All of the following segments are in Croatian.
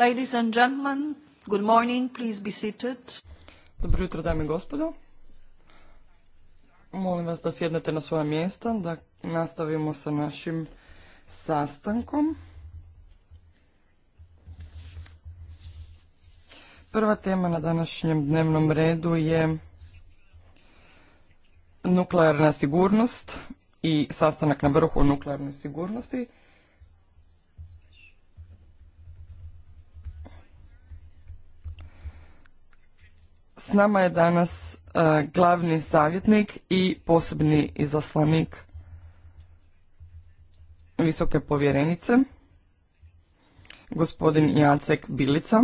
Ladies and gentlemen, good morning, please be seated. Dobro jutro, dame i gospodo. Molim vas da sjednete na svoja mjesta, da nastavimo sa našim sastankom. Prva tema na današnjem dnevnom redu je nuklearna sigurnost i sastanak na vrhu o nuklearnoj sigurnosti – S nama je danas e, glavni savjetnik i posebni izaslanik visoke povjerenice, gospodin Jacek Bilica,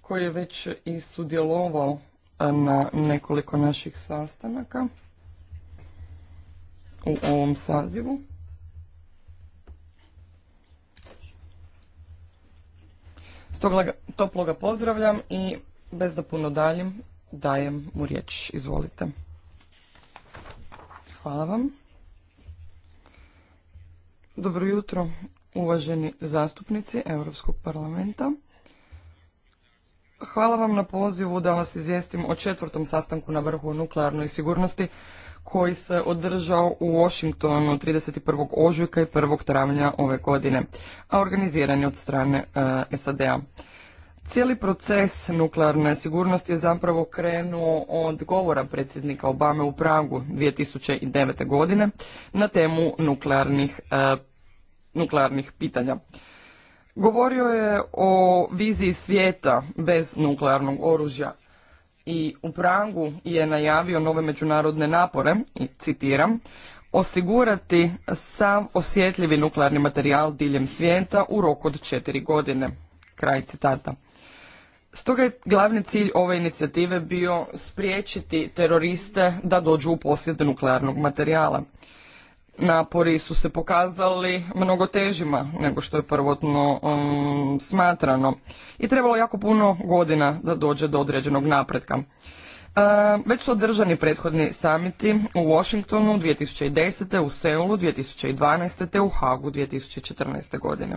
koji je već i sudjelovao e, na nekoliko naših sastanaka u ovom sazivu. toplo ga pozdravljam i bez da puno daljem, dajem mu riječ. Izvolite. Hvala vam. Dobro jutro, uvaženi zastupnici Europskog parlamenta. Hvala vam na pozivu da vas izvijestim o četvrtom sastanku na vrhu o nuklearnoj sigurnosti koji se održao u Washingtonu 31. ožujka i 1. travnja ove godine, a organiziran je od strane eh, SAD-a. Cijeli proces nuklearne sigurnosti je zapravo krenuo od govora predsjednika Obame u Pragu 2009. godine na temu nuklearnih, eh, nuklearnih pitanja. Govorio je o viziji svijeta bez nuklearnog oružja i u Prangu je najavio nove međunarodne napore, i citiram, osigurati sav osjetljivi nuklearni materijal diljem svijeta u roku od četiri godine. Kraj citata. Stoga je glavni cilj ove inicijative bio spriječiti teroriste da dođu u posjed nuklearnog materijala napori su se pokazali mnogo težima nego što je prvotno um, smatrano i trebalo jako puno godina da dođe do određenog napretka. E, već su održani prethodni samiti u Washingtonu 2010. u Seulu 2012. te u Hagu 2014. godine.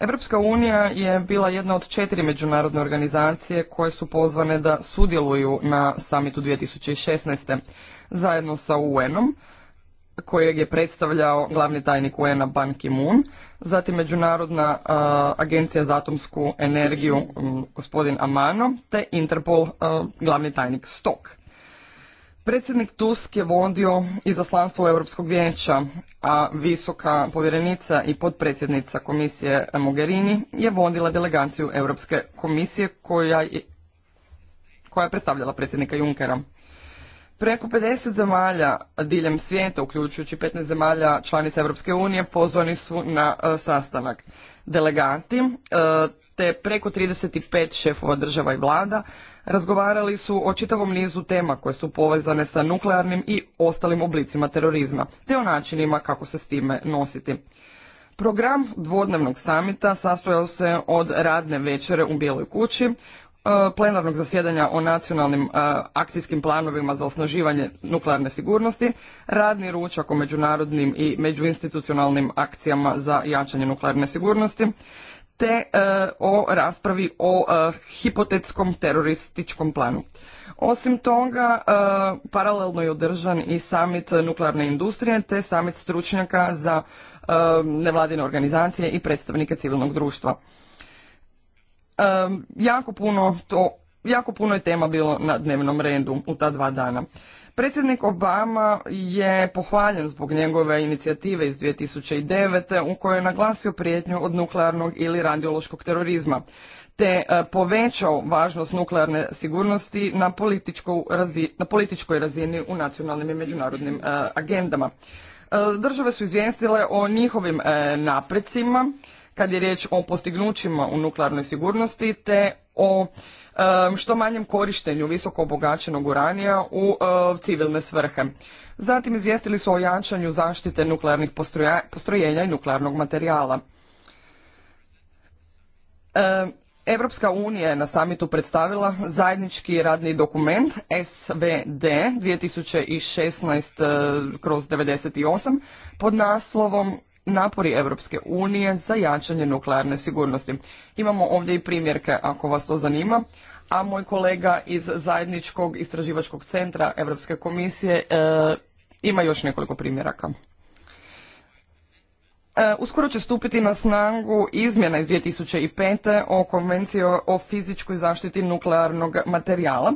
Europska unija je bila jedna od četiri međunarodne organizacije koje su pozvane da sudjeluju na samitu 2016. zajedno sa UN-om kojeg je predstavljao glavni tajnik UN-a Ban Ki-moon, zatim Međunarodna agencija za atomsku energiju gospodin Amano, te Interpol glavni tajnik Stok. Predsjednik Tusk je vodio izaslanstvo Europskog vijeća, a visoka povjerenica i potpredsjednica komisije Mogherini je vodila delegaciju Europske komisije koja je predstavljala predsjednika Junckera. Preko 50 zemalja diljem svijeta, uključujući 15 zemalja članica Europske unije, pozvani su na e, sastanak. Delegati e, te preko 35 šefova država i vlada razgovarali su o čitavom nizu tema koje su povezane sa nuklearnim i ostalim oblicima terorizma, te o načinima kako se s time nositi. Program dvodnevnog samita sastojao se od radne večere u Bijeloj kući E, plenarnog zasjedanja o nacionalnim e, akcijskim planovima za osnaživanje nuklearne sigurnosti, radni ručak o međunarodnim i međuinstitucionalnim akcijama za jačanje nuklearne sigurnosti, te e, o raspravi o hipotetskom terorističkom planu. Osim toga, paralelno je održan i summit nuklearne industrije te samit stručnjaka za nevladine organizacije i predstavnike civilnog društva jako puno to jako puno je tema bilo na dnevnom redu u ta dva dana. Predsjednik Obama je pohvaljen zbog njegove inicijative iz 2009. u kojoj je naglasio prijetnju od nuklearnog ili radiološkog terorizma, te e, povećao važnost nuklearne sigurnosti na, na političkoj razini u nacionalnim i međunarodnim e, agendama. E, države su izvijestile o njihovim naprecima, kad je riječ o postignućima u nuklearnoj sigurnosti te o što manjem korištenju visoko obogaćenog uranija u civilne svrhe. Zatim izvijestili su o jačanju zaštite nuklearnih postrojenja i nuklearnog materijala. Europska unija je na samitu predstavila zajednički radni dokument SVD 2016 kroz 98 pod naslovom napori Europske unije za jačanje nuklearne sigurnosti. Imamo ovdje i primjerke ako vas to zanima, a moj kolega iz zajedničkog istraživačkog centra Europske komisije e, ima još nekoliko primjeraka. E, uskoro će stupiti na snagu izmjena iz 2005. o konvenciji o fizičkoj zaštiti nuklearnog materijala.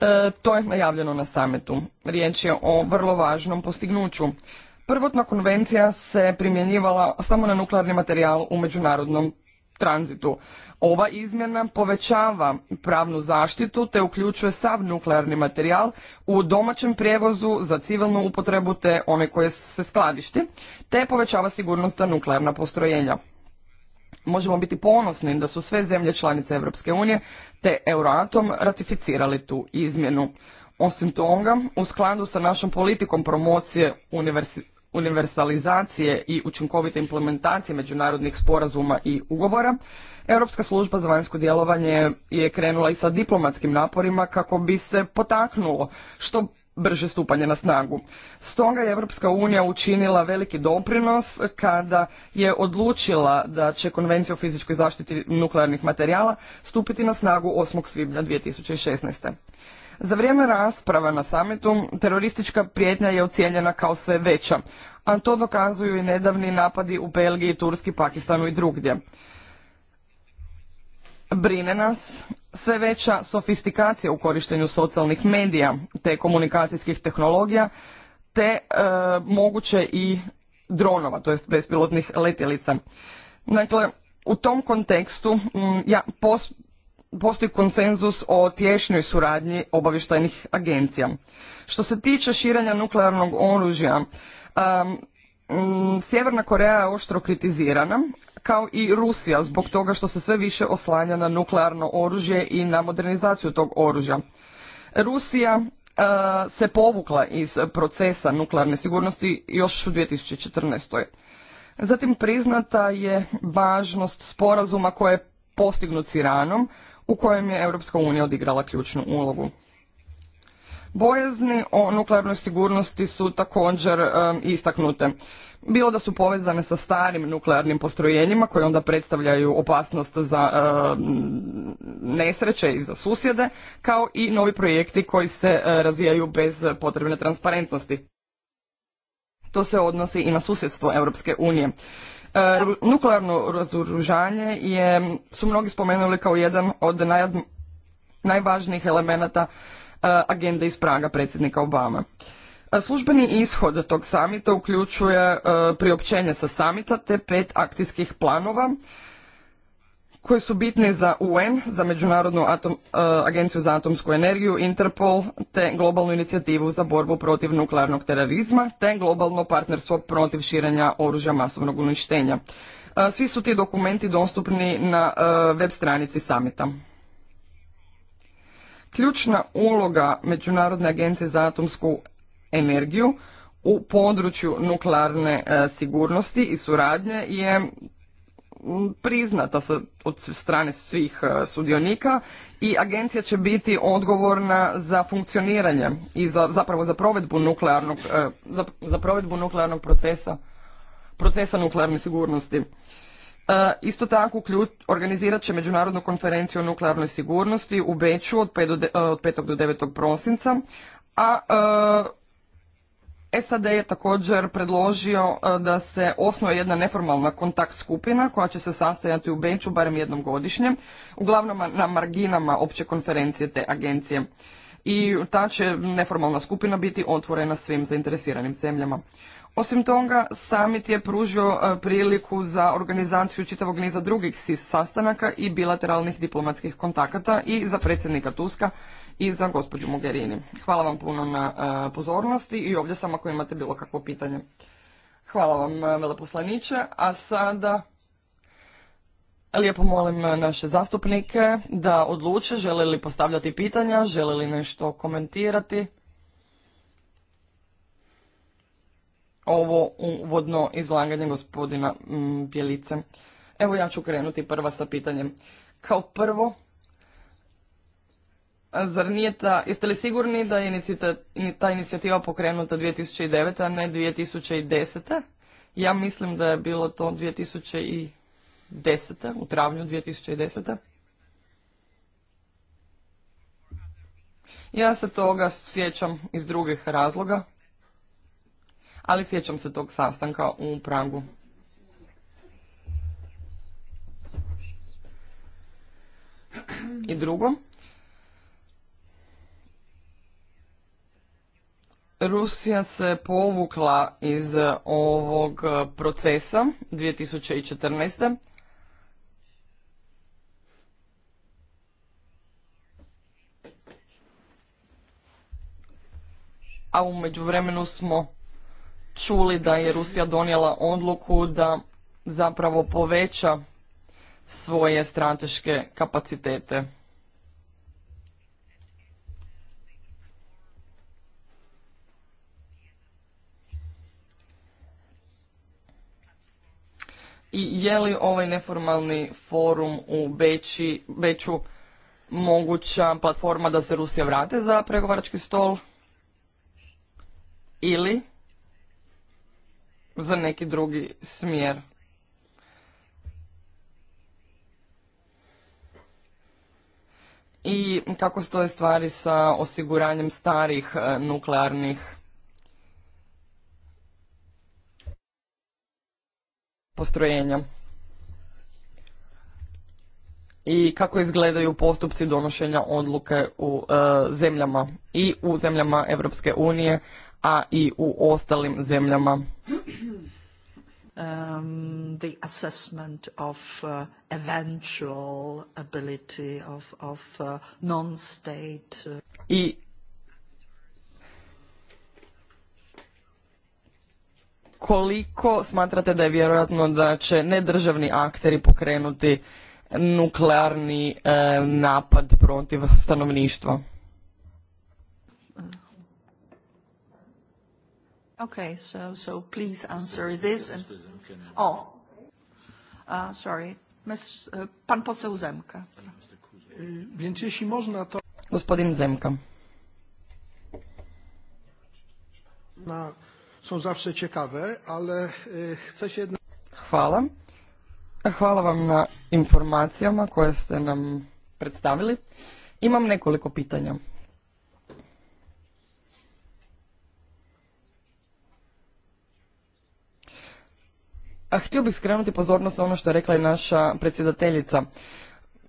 E, to je najavljeno na sametu. Riječ je o vrlo važnom postignuću. Prvotna konvencija se primjenjivala samo na nuklearni materijal u međunarodnom tranzitu. Ova izmjena povećava pravnu zaštitu te uključuje sav nuklearni materijal u domaćem prijevozu za civilnu upotrebu te one koje se skladišti, te povećava sigurnost za nuklearna postrojenja. Možemo biti ponosni da su sve zemlje članice Europske unije te Euroatom ratificirali tu izmjenu. Osim toga, u skladu sa našom politikom promocije univerzi univerzalizacije i učinkovite implementacije međunarodnih sporazuma i ugovora, Europska služba za vanjsko djelovanje je krenula i sa diplomatskim naporima kako bi se potaknulo što brže stupanje na snagu. Stoga je Europska unija učinila veliki doprinos kada je odlučila da će Konvencija o fizičkoj zaštiti nuklearnih materijala stupiti na snagu 8. svibnja 2016. Za vrijeme rasprava na samitu teroristička prijetnja je ocijenjena kao sve veća, a to dokazuju i nedavni napadi u Belgiji, Turski, Pakistanu i drugdje. Brine nas sve veća sofistikacija u korištenju socijalnih medija te komunikacijskih tehnologija te e, moguće i dronova, to jest bespilotnih letjelica. Dakle, u tom kontekstu ja, pos, postoji konsenzus o tješnjoj suradnji obavještajnih agencija. Što se tiče širenja nuklearnog oružja, Sjeverna Koreja je oštro kritizirana, kao i Rusija, zbog toga što se sve više oslanja na nuklearno oružje i na modernizaciju tog oružja. Rusija se povukla iz procesa nuklearne sigurnosti još u 2014. Zatim priznata je važnost sporazuma koje je postignut s Iranom u kojem je Europska unija odigrala ključnu ulogu. Bojazni o nuklearnoj sigurnosti su također istaknute. Bilo da su povezane sa starim nuklearnim postrojenjima koje onda predstavljaju opasnost za nesreće i za susjede, kao i novi projekti koji se e, razvijaju bez potrebne transparentnosti. To se odnosi i na susjedstvo Europske unije. E, nuklearno razoružanje je, su mnogi spomenuli kao jedan od naj, najvažnijih elemenata e, agende iz Praga predsjednika Obama. E, službeni ishod tog samita uključuje priopćenje sa samita te pet akcijskih planova koje su bitne za UN, za Međunarodnu atom, e, agenciju za atomsku energiju, Interpol, te globalnu inicijativu za borbu protiv nuklearnog terorizma, te globalno partnerstvo protiv širenja oružja masovnog uništenja. E, svi su ti dokumenti dostupni na e, web stranici samita. Ključna uloga Međunarodne agencije za atomsku energiju u području nuklearne sigurnosti i suradnje je priznata sa, od strane svih e, sudionika i agencija će biti odgovorna za funkcioniranje i za, zapravo za provedbu nuklearnog, e, za, provedbu nuklearnog procesa, procesa nuklearne sigurnosti. E, isto tako ključ, organizirat će Međunarodnu konferenciju o nuklearnoj sigurnosti u Beču od do, de, od 5. do 9. prosinca, a SAD je također predložio e, da se osnuje jedna neformalna kontakt skupina koja će se sastajati u Beču barem jednom godišnje, uglavnom na marginama opće konferencije te agencije. I ta će neformalna skupina biti otvorena svim zainteresiranim zemljama. Osim toga, summit je pružio e, priliku za organizaciju čitavog niza drugih SIS sastanaka i bilateralnih diplomatskih kontakata i za predsjednika Tuska i za gospođu Mogherini. Hvala vam puno na e, pozornosti i ovdje sam ako imate bilo kakvo pitanje. Hvala vam, e, veleposlaniče. A sada lijepo molim e, naše zastupnike da odluče žele li postavljati pitanja, žele li nešto komentirati. Ovo uvodno izlaganje gospodina Bjelice. Evo ja ću krenuti prva sa pitanjem. Kao prvo, Zar nije ta, jeste li sigurni da je ta inicijativa pokrenuta 2009. a ne 2010. Ja mislim da je bilo to 2010. u travnju 2010. Ja se toga sjećam iz drugih razloga, ali sjećam se tog sastanka u Pragu. I drugo, Rusija se povukla iz eh, ovog eh, procesa 2014. A u međuvremenu smo čuli da je Rusija donijela odluku da zapravo poveća svoje strateške kapacitete. i je li ovaj neformalni forum u Beći, Beću moguća platforma da se Rusija vrate za pregovarački stol ili za neki drugi smjer. I kako stoje stvari sa osiguranjem starih e, nuklearnih postrojenja i kako izgledaju postupci donošenja odluke u e, zemljama i u zemljama Europske unije, a i u ostalim zemljama. Um, the assessment of uh, eventual ability of, of uh, non-state. Uh, I koliko smatrate da je vjerojatno da će nedržavni akteri pokrenuti nuklearni e, napad protiv stanovništva? Okay, so, so please answer this. And... Oh, uh, sorry. Miss, uh, e, pan poseł Zemka. E, więc jeśli można, to... Gospodin Zemka. Na są zawsze ciekawe, ale chcę się jednak... Hvala. vam na informacijama koje ste nam predstavili. Imam nekoliko pitanja. A htio bih skrenuti pozornost na ono što je rekla i naša predsjedateljica.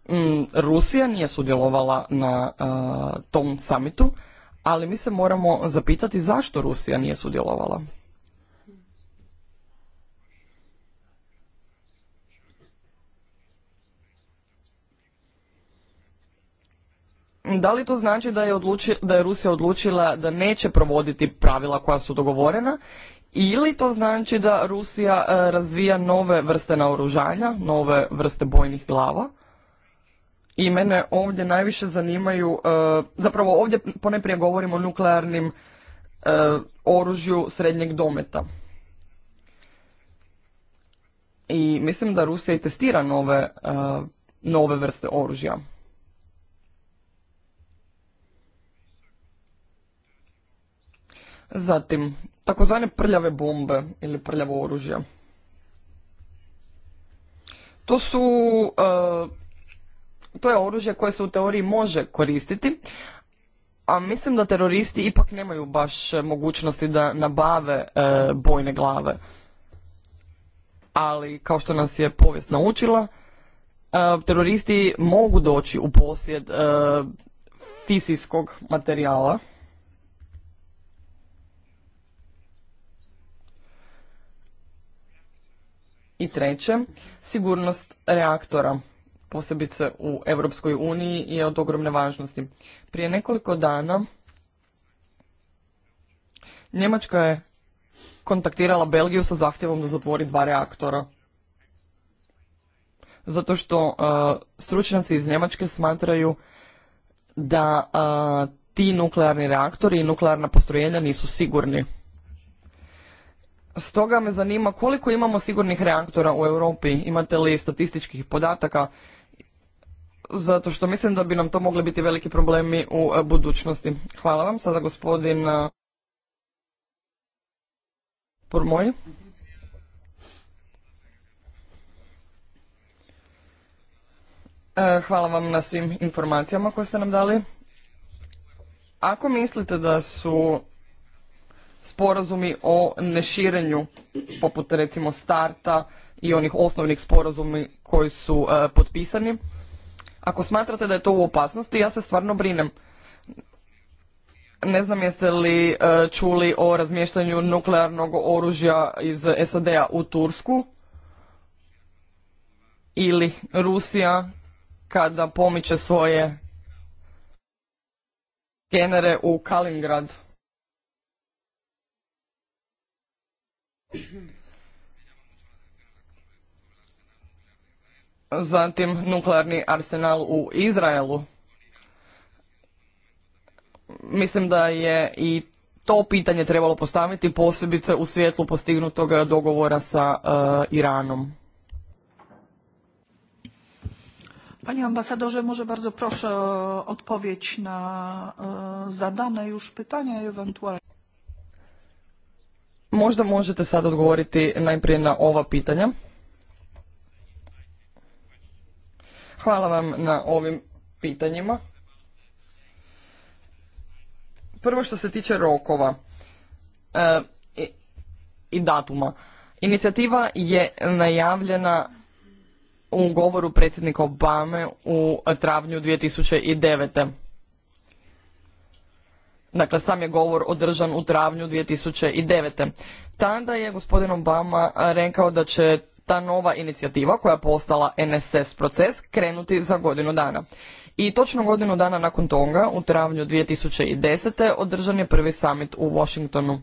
Mm, Rusija nije sudjelovala na tom samitu, ali mi se moramo zapitati zašto Rusija nije sudjelovala. Da li to znači da je, da je Rusija odlučila da neće provoditi pravila koja su dogovorena ili to znači da Rusija e, razvija nove vrste naoružanja, nove vrste bojnih glava? i mene ovdje najviše zanimaju, e, zapravo ovdje poneprije govorimo o nuklearnim e, oružju srednjeg dometa. I mislim da Rusija i testira nove, e, nove vrste oružja. Zatim, takozvane prljave bombe ili prljavo oružje. To su to je oružje koje se u teoriji može koristiti, a mislim da teroristi ipak nemaju baš e, mogućnosti da nabave e, bojne glave. Ali, kao što nas je povijest naučila, e, teroristi mogu doći u posjed e, fisijskog materijala. I treće, sigurnost reaktora posebice u Europskoj uniji je od ogromne važnosti. Prije nekoliko dana Njemačka je kontaktirala Belgiju sa zahtjevom da zatvori dva reaktora. Zato što uh, stručnjaci iz Njemačke smatraju da e, ti nuklearni reaktori i nuklearna postrojenja nisu sigurni. Stoga me zanima koliko imamo sigurnih reaktora u Europi, imate li statističkih podataka zato što mislim da bi nam to mogli biti veliki problemi u e, budućnosti. Hvala vam. Sada gospodin e, Pormoj. E, hvala vam na svim informacijama koje ste nam dali. Ako mislite da su sporazumi o neširenju, poput recimo starta i onih osnovnih sporazumi koji su potpisani, ako smatrate da je to u opasnosti, ja se stvarno brinem. Ne znam jeste li e, čuli o razmještanju nuklearnog oružja iz SAD-a u Tursku ili Rusija kada pomiče svoje genere u Kalingrad. zatim nuklearni arsenal u Izraelu. Mislim da je i to pitanje trebalo postaviti posebice u svjetlu postignutog dogovora sa eh, Iranom. Pani ambasadorze, może bardzo proszę o odpowiedź na e, zadane już pytania i ewentualnie. Možda možete sad odgovoriti najprije na ova pitanja. Hvala vam na ovim pitanjima. Prvo što se tiče rokova e, i datuma. Inicijativa je najavljena u govoru predsjednika Obame u travnju 2009. Dakle, sam je govor održan u travnju 2009. Tada je gospodin Obama rekao da će ta nova inicijativa koja je postala NSS proces krenuti za godinu dana. I točno godinu dana nakon toga, u travnju 2010. održan je prvi summit u Washingtonu.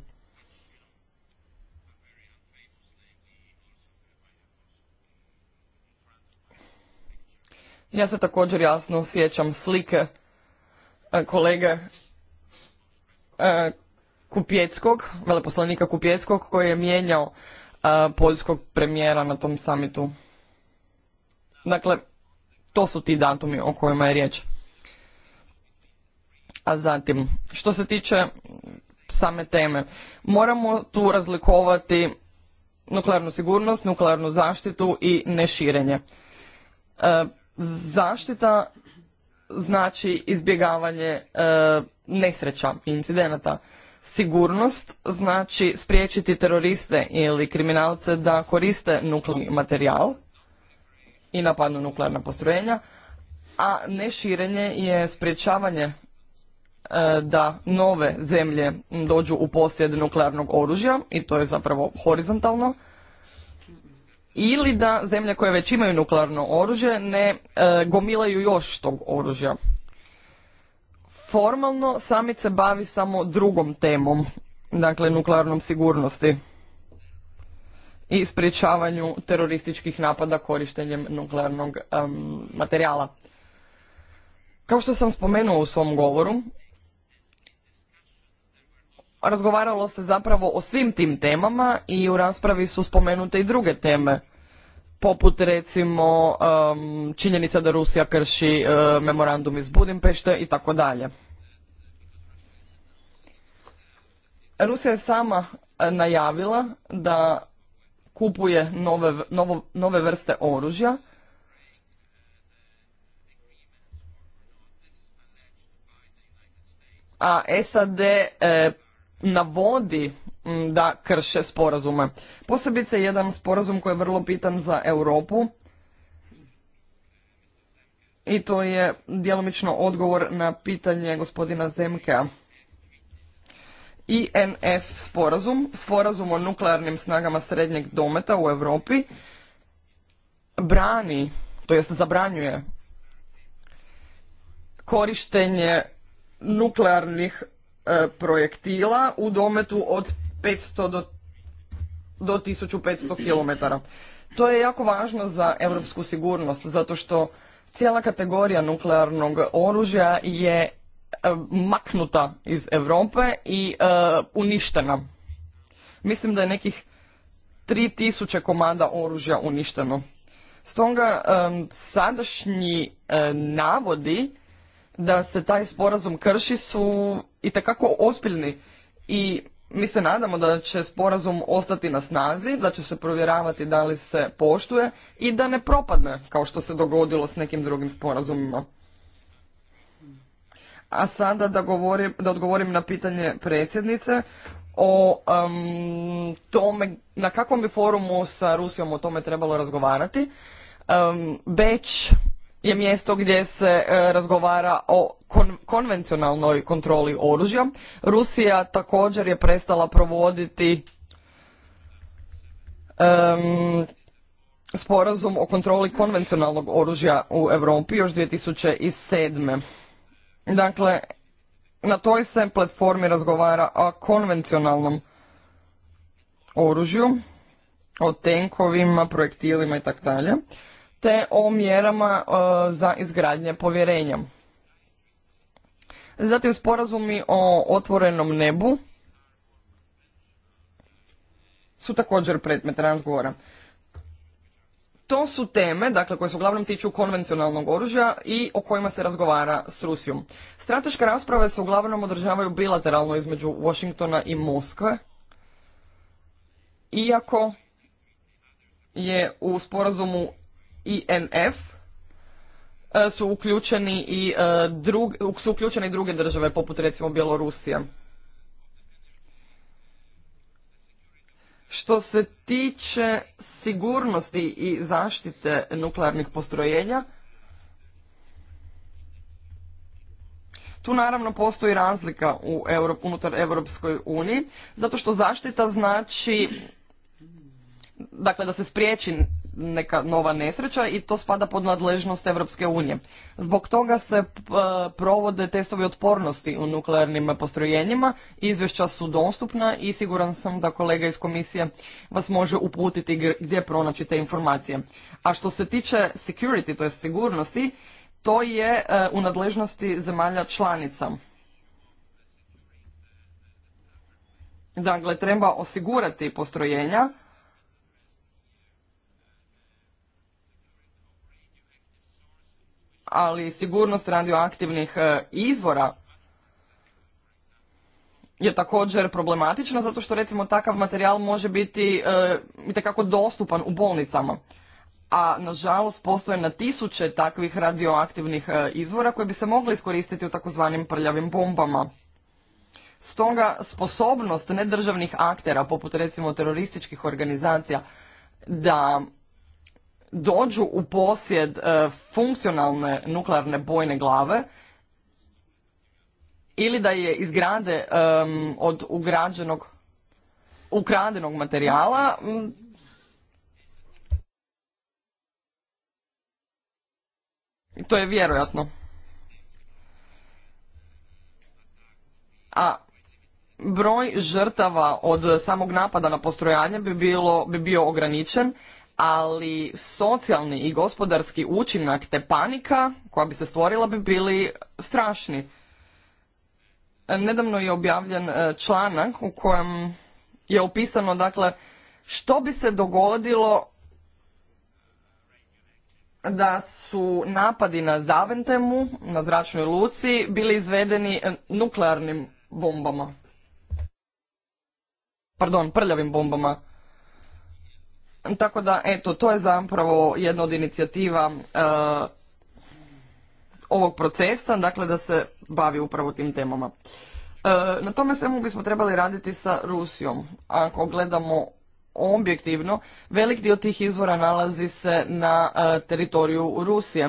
Ja se također jasno sjećam slike e, kolege e, Kupjeckog, veleposlanika Kupjeckog koji je mijenjao poljskog premijera na tom samitu. Dakle, to su ti datumi o kojima je riječ. A zatim, što se tiče same teme, moramo tu razlikovati nuklearnu sigurnost, nuklearnu zaštitu i neširenje. E, zaštita znači izbjegavanje e, nesreća i incidenata. Sigurnost znači spriječiti teroriste ili kriminalce da koriste nuklearni materijal i napadnu nuklearna postrojenja, a širenje je spriječavanje e, da nove zemlje dođu u posjed nuklearnog oružja i to je zapravo horizontalno ili da zemlje koje već imaju nuklearno oružje ne e, gomilaju još tog oružja Formalno summit se bavi samo drugom temom, dakle nuklearnom sigurnosti i sprječavanju terorističkih napada korištenjem nuklearnog materijala. Kao što sam spomenuo u svom govoru, razgovaralo se zapravo o svim tim temama i u raspravi su spomenute i druge teme, poput recimo činjenica da Rusija krši memorandum iz Budimpešte i tako dalje. Rusija je sama e, najavila da kupuje nove, nove vrste oružja a SAD e, navodi da krše sporazume. Posebice jedan sporazum koji je vrlo bitan za Europu i to je djelomično odgovor na pitanje gospodina Zemkea. INF sporazum, sporazum o nuklearnim snagama srednjeg dometa u Europi, brani, to jest zabranjuje korištenje nuklearnih e, projektila u dometu od 500 do, do 1500 km. To je jako važno za europsku sigurnost, zato što cijela kategorija nuklearnog oružja je E, maknuta iz Europe i e, uništena. Mislim da je nekih 3000 komada oružja uništeno. Stoga e, sadašnji navodi da se taj sporazum krši su itekako ozbiljni i mi se nadamo da će sporazum ostati na snazi, da će se provjeravati da li se poštuje i da ne propadne kao što se dogodilo s nekim drugim sporazumima. A sada da, govorim, da odgovorim na pitanje predsjednice o tome na kakvom bi forumu sa Rusijom o tome trebalo razgovarati. Um, Beč je mjesto gdje se e, razgovara o konvencionalnoj kontroli oružja. Rusija također je prestala provoditi sporazum o kontroli konvencionalnog oružja u Europi još 2007. Dakle, na toj se platformi razgovara o konvencionalnom oružju, o tenkovima, projektilima i tako dalje, te o mjerama e, za izgradnje povjerenja. Zatim sporazumi o otvorenom nebu su također predmet razgovora. To su teme, dakle, koje se uglavnom tiču konvencionalnog oružja i o kojima se razgovara s Rusijom. Strateške rasprave se uglavnom održavaju bilateralno između Washingtona i Moskve, iako je u sporazumu INF e, su uključeni i e, su uključene i druge države poput recimo Bjelorusije. Što se tiče sigurnosti i zaštite nuklearnih postrojenja, Tu naravno postoji razlika u unutar Europskoj uniji, zato što zaštita znači dakle da se spriječi neka nova nesreća i to spada pod nadležnost Europske unije. Zbog toga se e, provode testovi otpornosti u nuklearnim postrojenjima, izvješća su dostupna i siguran sam da kolega iz komisije vas može uputiti gdje pronaći te informacije. A što se tiče security, to je sigurnosti, to je e, u nadležnosti zemalja članica. Dakle, treba osigurati postrojenja ali sigurnost radioaktivnih e, izvora je također problematična zato što recimo takav materijal može biti e, itekako dostupan u bolnicama. A nažalost postoje na tisuće takvih radioaktivnih e, izvora koji bi se mogli iskoristiti u takozvanim prljavim bombama. Stoga sposobnost nedržavnih aktera poput recimo terorističkih organizacija da dođu u posjed e, funkcionalne nuklearne bojne glave ili da je izgrade od ugrađenog ukradenog materijala I to je vjerojatno. A broj žrtava od samog napada na postrojanje bi, bilo, bi bio ograničen, ali socijalni i gospodarski učinak te panika koja bi se stvorila bi bili strašni. Nedavno je objavljen e, članak u kojem je opisano dakle što bi se dogodilo da su napadi na Zaventemu, na zračnoj luci, bili izvedeni e, nuklearnim bombama. Pardon, prljavim bombama. Tako da, eto, to je zapravo jedna od inicijativa e, ovog procesa, dakle da se bavi upravo tim temama. E, na tome svemu bismo trebali raditi sa Rusijom. Ako gledamo objektivno, velik dio tih izvora nalazi se na e, teritoriju Rusije.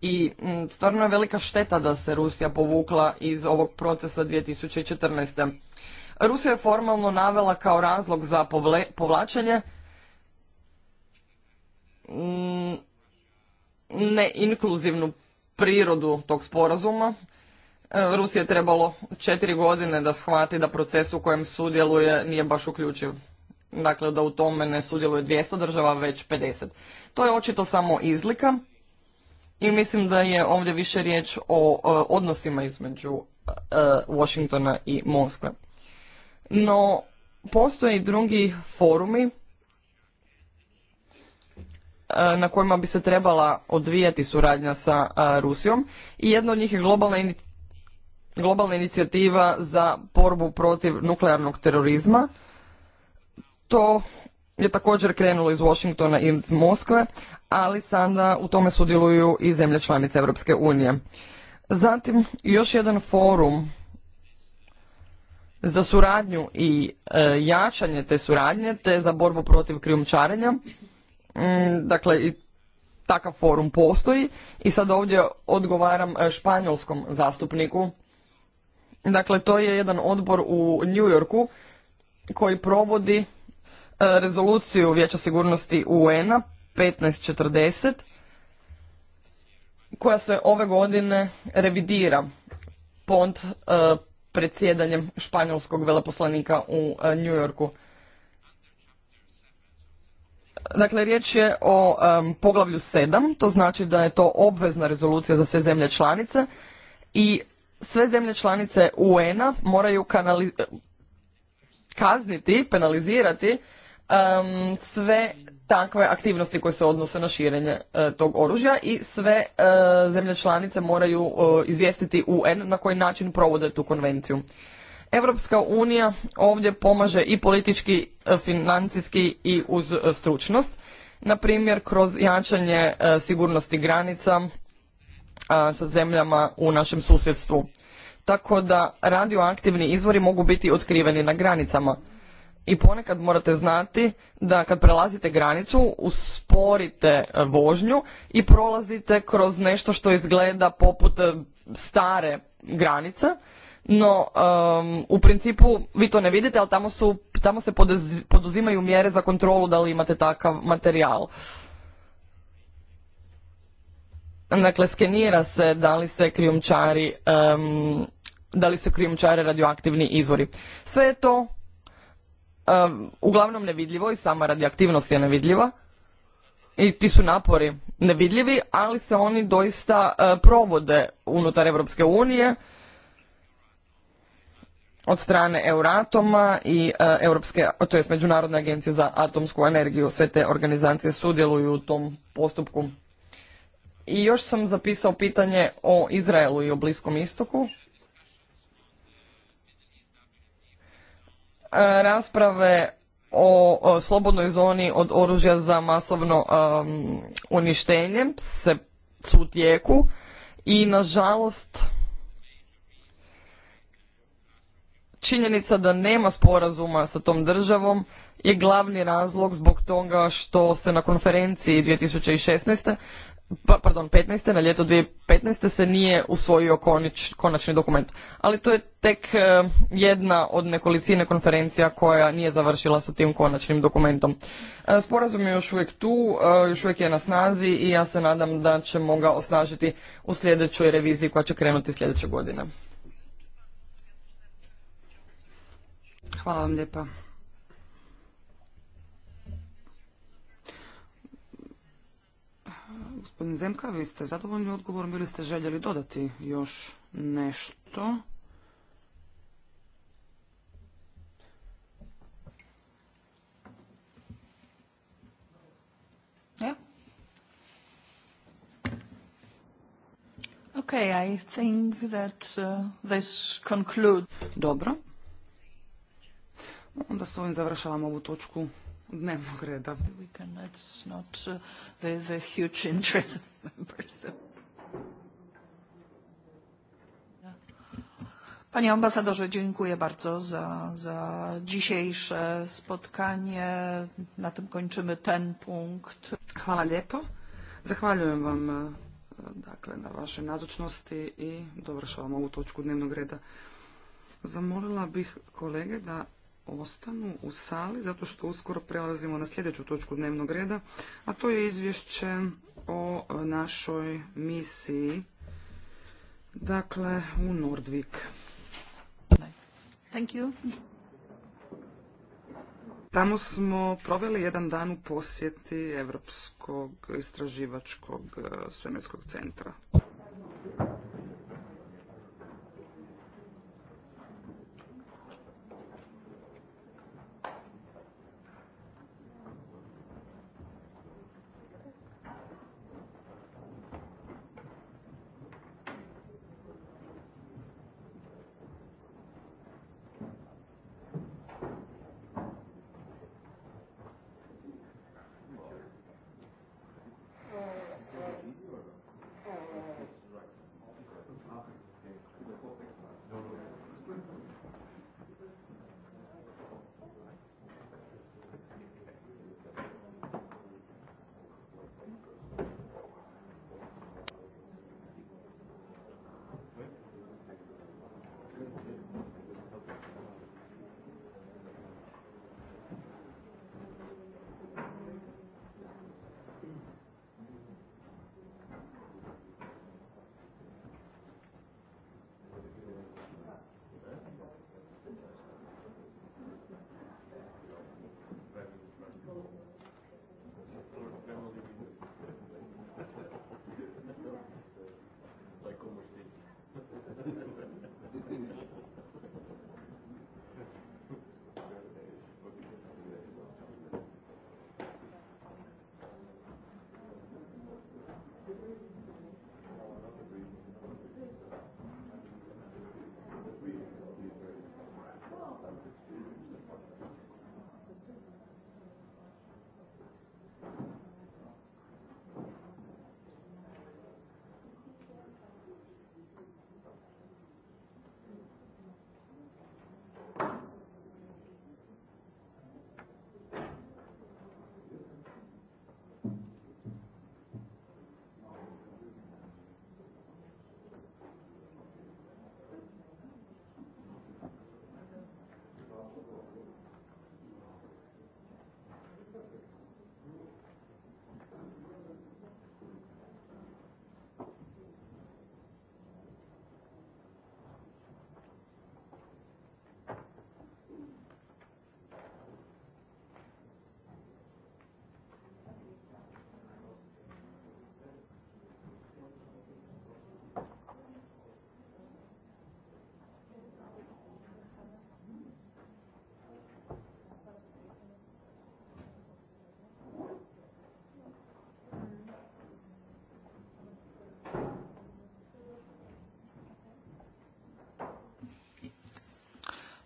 I stvarno je velika šteta da se Rusija povukla iz ovog procesa 2014. Rusija je formalno navela kao razlog za povlačenje Mm, neinkluzivnu prirodu tog sporazuma. E, rusija je trebalo četiri godine da shvati da proces u kojem sudjeluje nije baš uključiv. Dakle, da u tome ne sudjeluje 200 država, već 50. To je očito samo izlika i mislim da je ovdje više riječ o, e, odnosima između e, Washingtona i Moskve. No, postoje i drugi forumi E, na kojima bi se trebala odvijati suradnja sa e, Rusijom i jedna od njih je globalna, inicijativa za borbu protiv nuklearnog terorizma. To je također krenulo iz Washingtona i iz Moskve, ali sada u tome sudjeluju i zemlje članice Europske unije. Zatim još jedan forum za suradnju i e, jačanje te suradnje te za borbu protiv krijumčarenja Mm, dakle i takav forum postoji i sad ovdje odgovaram e, španjolskom zastupniku. Dakle, to je jedan odbor u New Yorku koji provodi e, rezoluciju Vijeća sigurnosti UN-a 1540 koja se ove godine revidira pod e, predsjedanjem španjolskog veleposlanika u New Yorku. Dakle, riječ je o poglavlju 7, to znači da je to obvezna rezolucija za sve zemlje članice i sve zemlje članice UN-a moraju kazniti, penalizirati sve takve aktivnosti koje se odnose na širenje e, tog oružja i sve e, zemlje članice moraju e, izvijestiti UN na koji način provode tu konvenciju. Europska unija ovdje pomaže i politički, e, financijski i uz e, stručnost, na primjer kroz jačanje e, sigurnosti granica sa zemljama u našem susjedstvu. Tako da radioaktivni izvori mogu biti otkriveni na granicama. I ponekad morate znati da kad prelazite granicu, usporite vožnju i prolazite kroz nešto što izgleda poput stare granice, no u principu vi to ne vidite ali tamo, su, tamo se poduzimaju mjere za kontrolu da li imate takav materijal dakle skenira se da li se krijumčari da li se krijumčare radioaktivni izvori sve je to uglavnom nevidljivo i sama radioaktivnost je nevidljiva i ti su napori nevidljivi ali se oni doista eh, provode unutar europske unije od strane Euratoma i Europske, to jest Međunarodne agencije za atomsku energiju. Sve te organizacije sudjeluju u tom postupku. I još sam zapisao pitanje o Izraelu i o Bliskom istoku. E, rasprave o, slobodnoj zoni od oružja za masovno e, uništenje se su u tijeku i nažalost Činjenica da nema sporazuma sa tom državom je glavni razlog zbog toga što se na konferenciji 2016. Pa, pardon, 15. na ljeto 2015. se nije usvojio konačni dokument. Ali to je tek e, jedna od nekolicine konferencija koja nije završila sa tim konačnim dokumentom. E, sporazum je još uvijek tu, e, još uvijek je na snazi i ja se nadam da ćemo ga osnažiti u sljedećoj reviziji koja će krenuti sljedeće godine. Hvala vam lijepa. Gospodin Zemka, vi ste zadovoljni odgovorom ili ste željeli dodati još nešto? Okay, I think that uh, this Dobro. Onda s ovim završavamo ovu točku dnevnog reda. Uh, Pani ambasadorze, dziękuję bardzo za, za dzisiejsze spotkanie. Na tym kończymy ten punkt. Hvala lijepo. Zahvaljujem vam e, dakle, na vaše nazočnosti i dovršavam ovu točku dnevnog reda. Zamolila bih kolege da ostanu u sali zato što uskoro prelazimo na sljedeću točku dnevnog reda, a to je izvješće o našoj misiji, dakle u Nordvik. Thank you. Tamo smo proveli jedan dan u posjeti Europskog istraživačkog eh, svemirskog centra.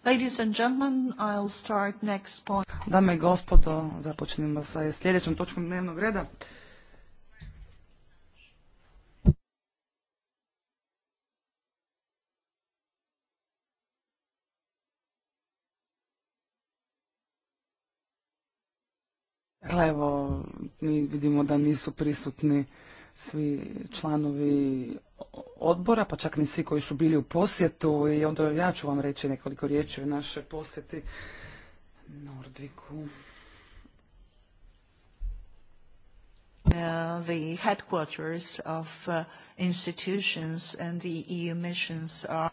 Ladies and gentlemen, I'll start next point. Dame i gospodo, započnimo sa sljedećom točkom dnevnog reda. Dakle, evo, mi vidimo da nisu prisutni svi članovi odbora, pa čak ni svi koji su bili u posjetu i onda ja ću vam reći nekoliko riječi o našoj posjeti Nordiku. Uh, the headquarters of uh, institutions and the EU missions are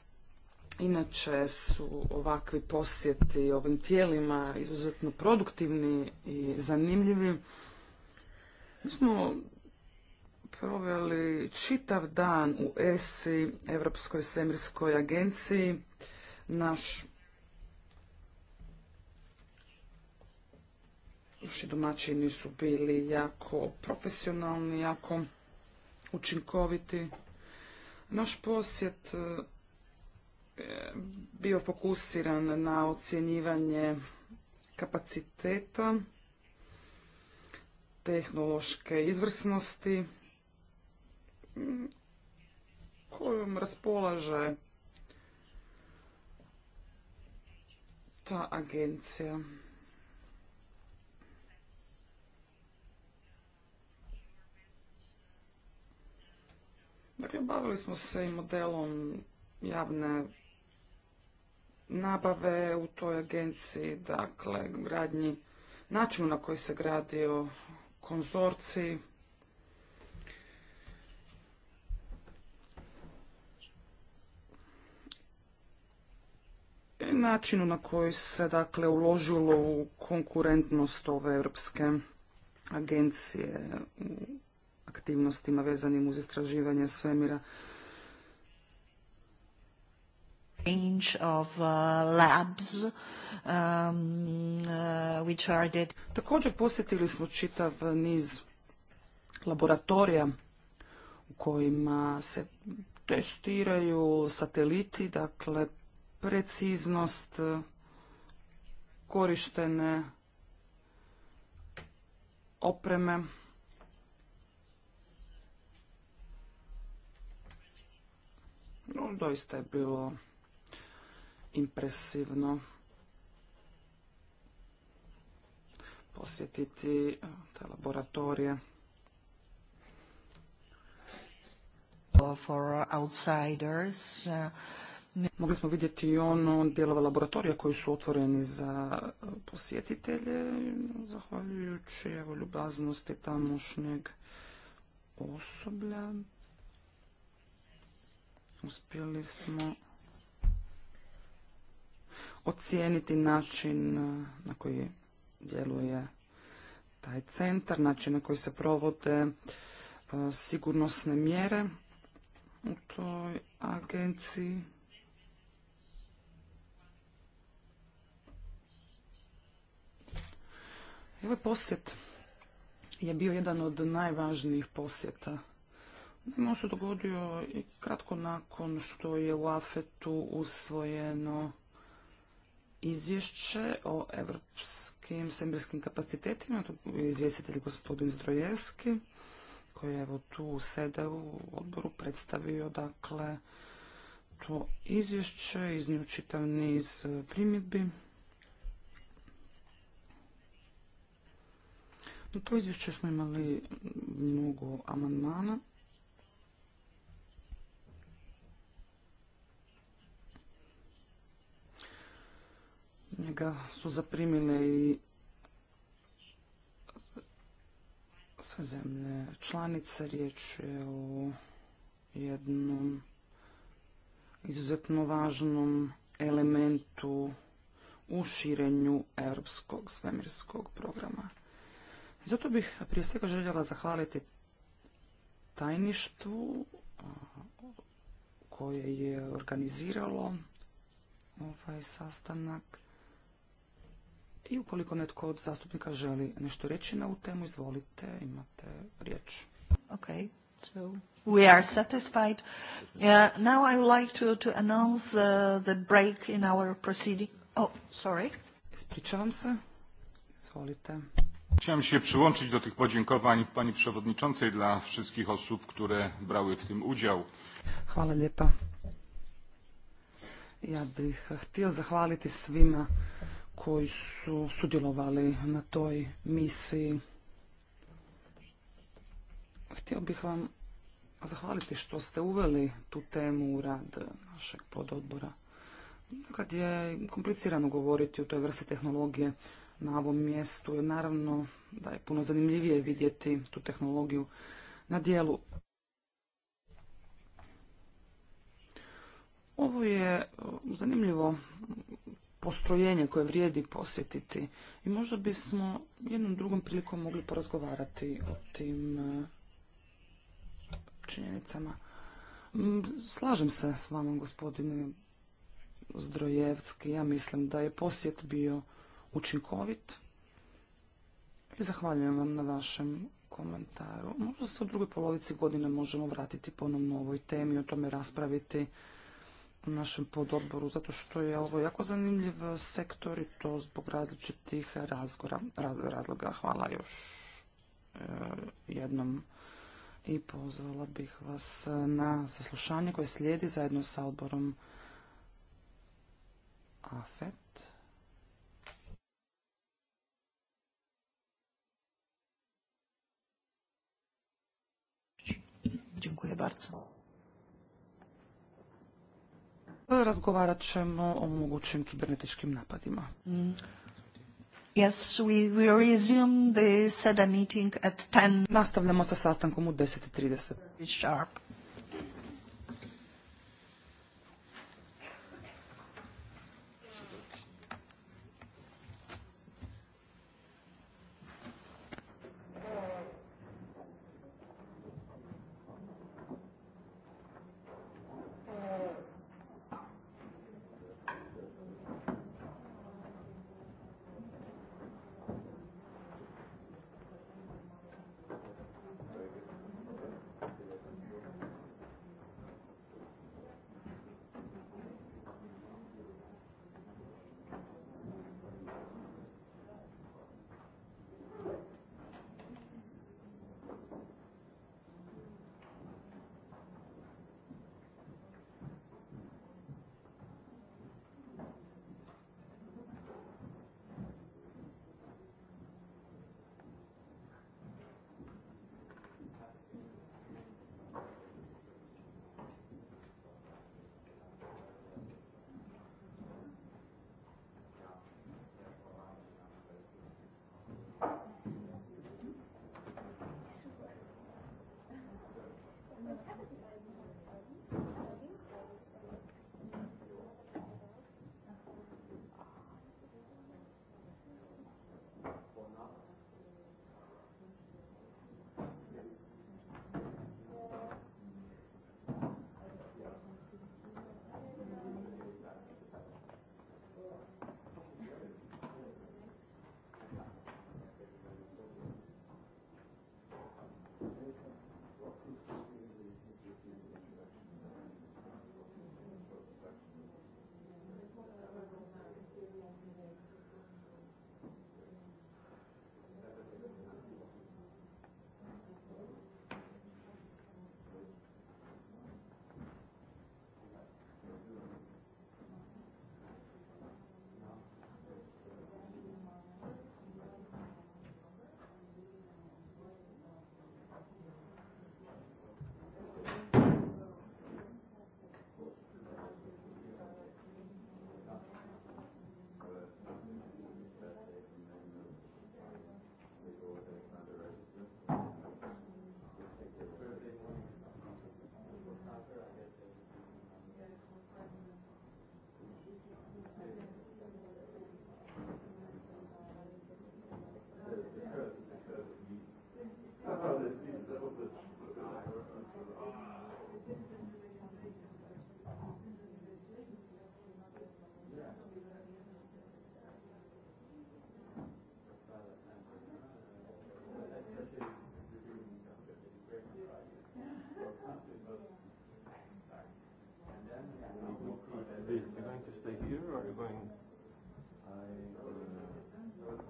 Inače su ovakvi posjeti ovim tijelima izuzetno produktivni i zanimljivi. Mi smo proveli čitav dan u ESI, Europskoj svemirskoj agenciji. Naš Naši domaćini su bili jako profesionalni, jako učinkoviti. Naš posjet e, bio fokusiran na ocjenjivanje kapaciteta, tehnološke izvrsnosti, kojom raspolaže ta agencija. Dakle, bavili smo se i modelom javne nabave u toj agenciji, dakle, gradnji, načinu na koji se gradio konzorciji. načinu na koji se dakle uložilo u konkurentnost ove europske agencije u aktivnostima vezanim uz istraživanje svemira. Of, uh, labs, um, uh, which are Također posjetili smo čitav niz laboratorija u kojima se testiraju sateliti, dakle preciznost e, korištene opreme. No, doista je bilo impresivno posjetiti e, te laboratorije. For outsiders, uh, Mogli smo vidjeti i ono dijelova laboratorija koji su otvoreni za posjetitelje, zahvaljujući evo, ljubaznosti tamošnjeg osoblja. Uspjeli smo ocijeniti način na koji djeluje taj centar, način na koji se provode e, sigurnosne mjere u toj agenciji. Ovaj posjet je bio jedan od najvažnijih posjeta. On se dogodio i kratko nakon što je u Afetu usvojeno izvješće o evropskim svemirskim kapacitetima. To je izvjestitelj gospodin Zdrojevski koji je tu sede u odboru predstavio dakle to izvješće, iznio čitav niz primjedbi. U to izvješće smo imali mnogo amandmana. Njega su zaprimile i sve zemlje članice. Riječ je o jednom izuzetno važnom elementu u širenju europskog svemirskog programa zato bih prije svega željela zahvaliti tajništvu koje je organiziralo ovaj sastanak. I ukoliko netko od zastupnika želi nešto reći na ovu temu, izvolite, imate riječ. Ok, So we are satisfied. Yeah, now I would like to, to announce uh, the break in our proceeding. Oh, sorry. Ispričavam se. Izvolite. Chciałem się przyłączyć do tych podziękowań pani przewodniczącej dla wszystkich osób, które brały w tym udział. Hvala lijepa. Ja bih htio zahvaliti svima koji su sudjelovali na toj misiji. Htio bih vam zahvaliti što ste uveli tu temu u rad našeg pododbora. Kad je komplicirano govoriti o toj vrsti tehnologije, na ovom mjestu. je naravno da je puno zanimljivije vidjeti tu tehnologiju na dijelu. Ovo je e, zanimljivo postrojenje koje vrijedi posjetiti i možda bismo jednom drugom prilikom mogli porazgovarati o tim e, činjenicama. Slažem se s vama, gospodine Zdrojevski. Ja mislim da je posjet bio učinkovit. I zahvaljujem vam na vašem komentaru. Možda se u drugoj polovici godine možemo vratiti ponovno ovoj temi i o tome raspraviti u našem podoboru, zato što je ovo jako zanimljiv sektor i to zbog različitih razloga. Hvala još e, jednom i pozvala bih vas na saslušanje koje slijedi zajedno sa odborom AFET. Dziękuję bardzo. Razgovarat ćemo o mogućim kibernetičkim napadima. Mm. Yes, we, we resume the meeting at 10. Nastavljamo sa sastankom u 10.30. Sharp. Are you going I would uh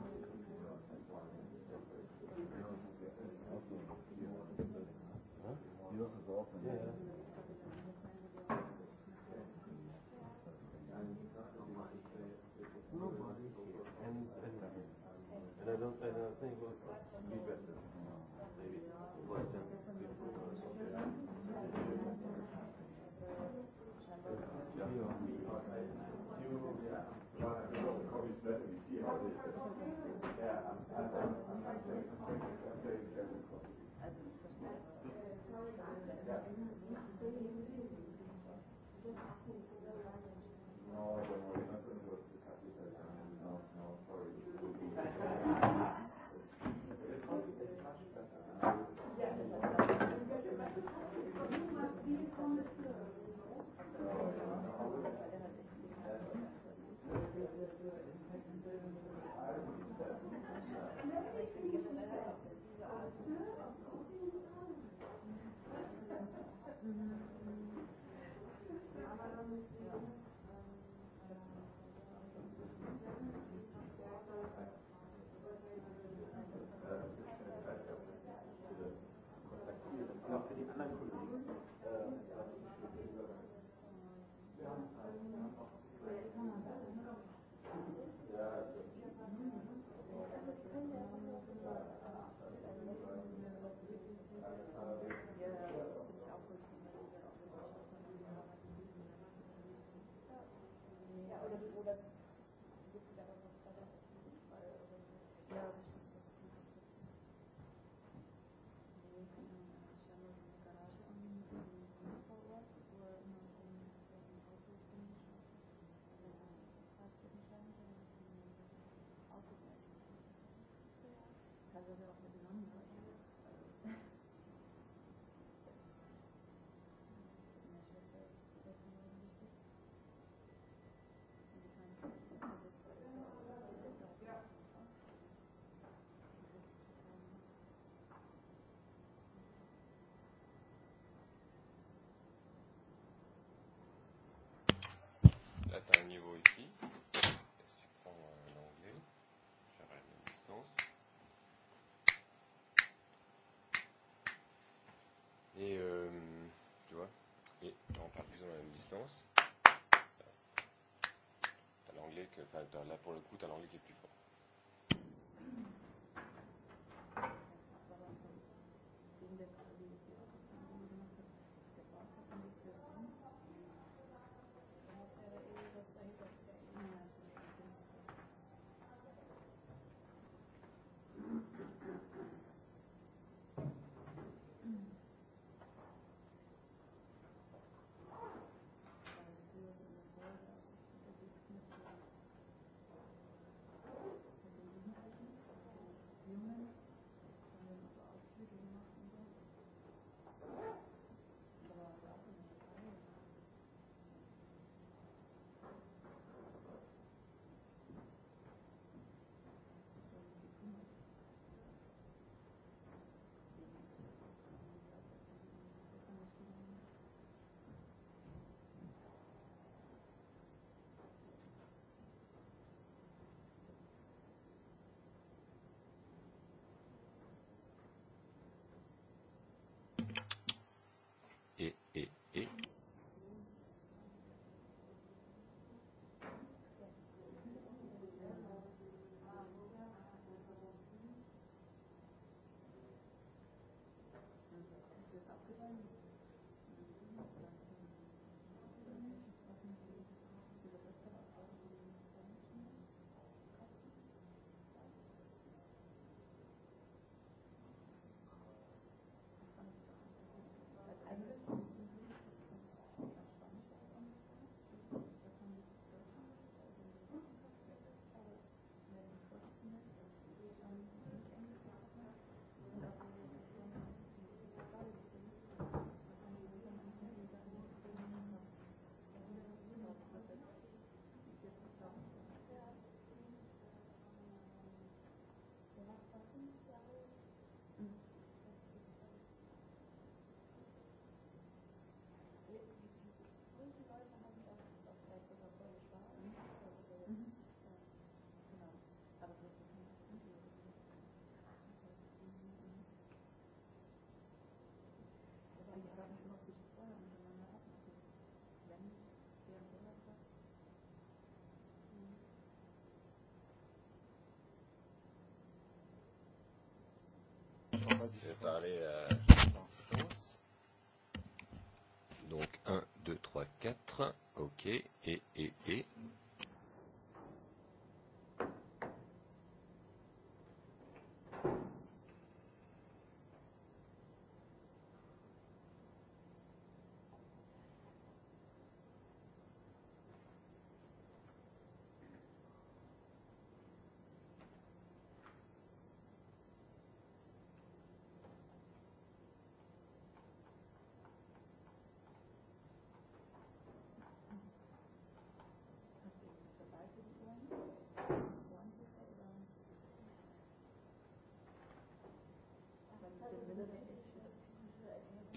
No, Là, à un niveau ici. si tu prends l'anglais, j'arrête la distance. Et euh, tu vois, et on part plus dans la même distance. T'as l'anglais que, enfin, là pour le coup, t'as l'anglais qui est plus fort. Eh. Donc 1, 2, 3, 4, ok, et, et, et,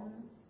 Mm -hmm.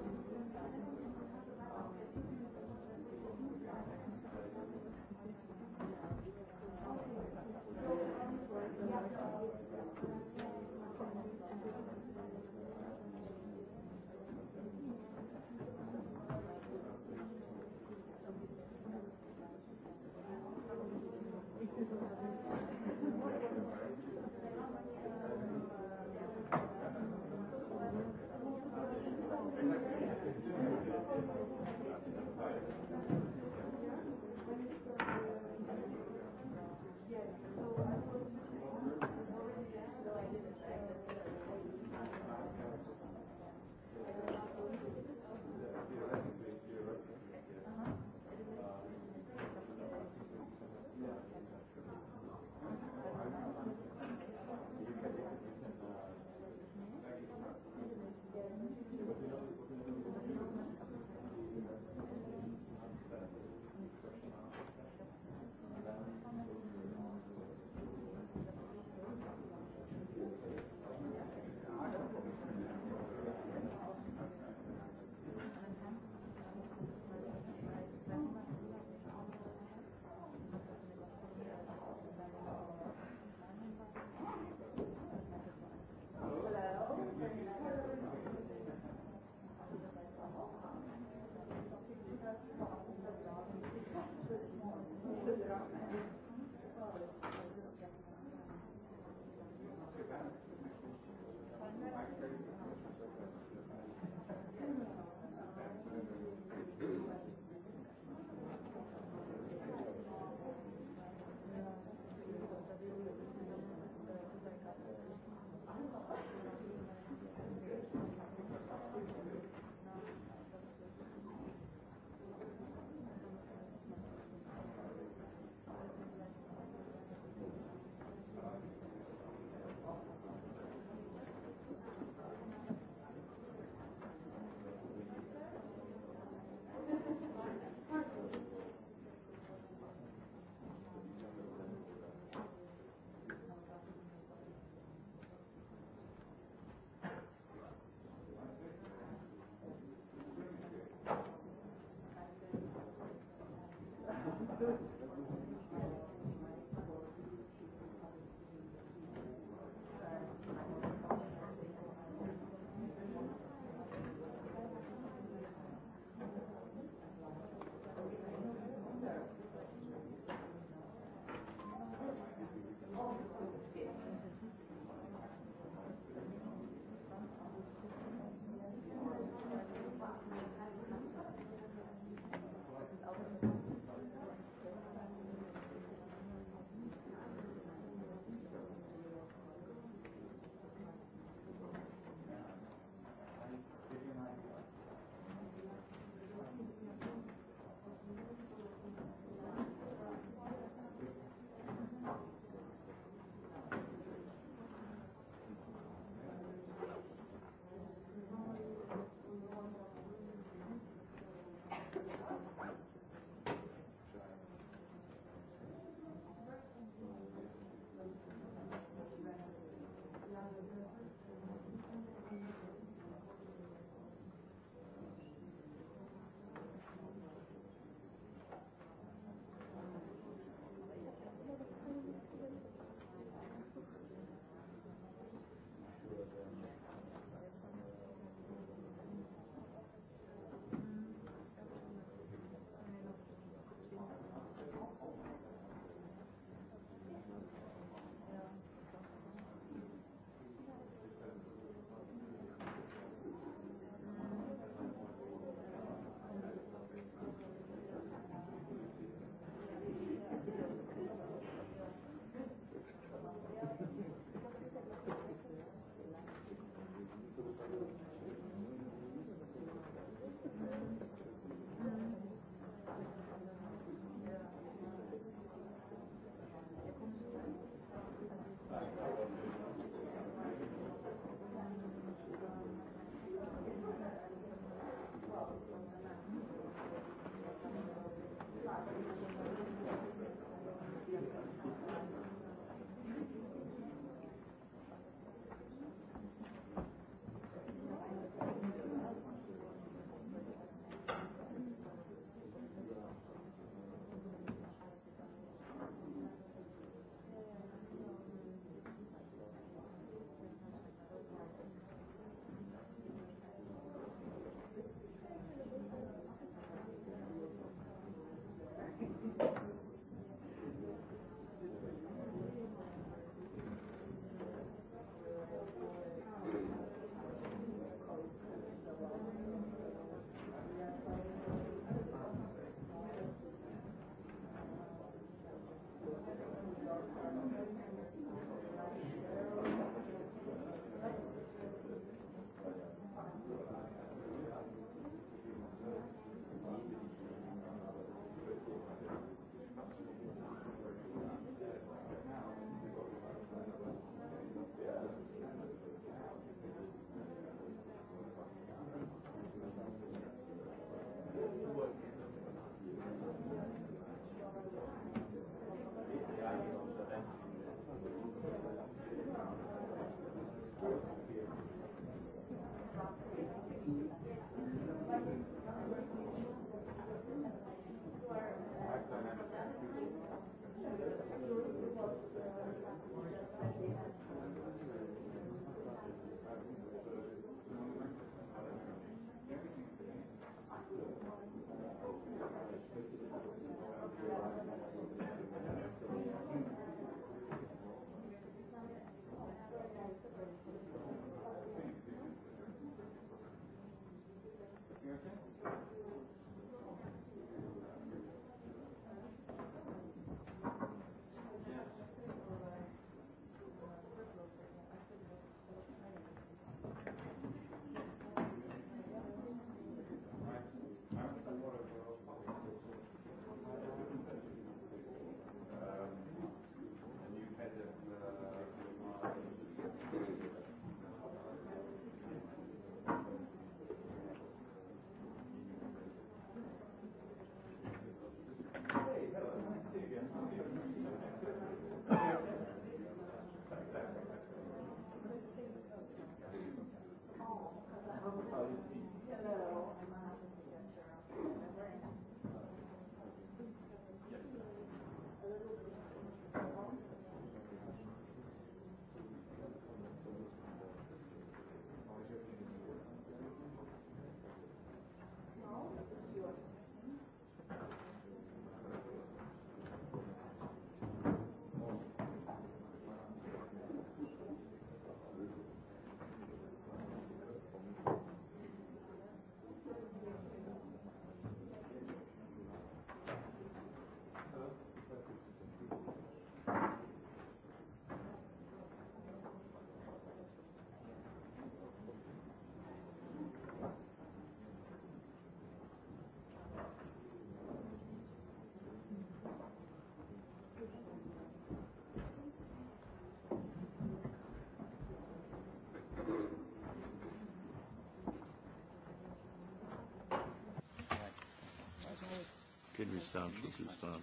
Kirgistan, Schusistan,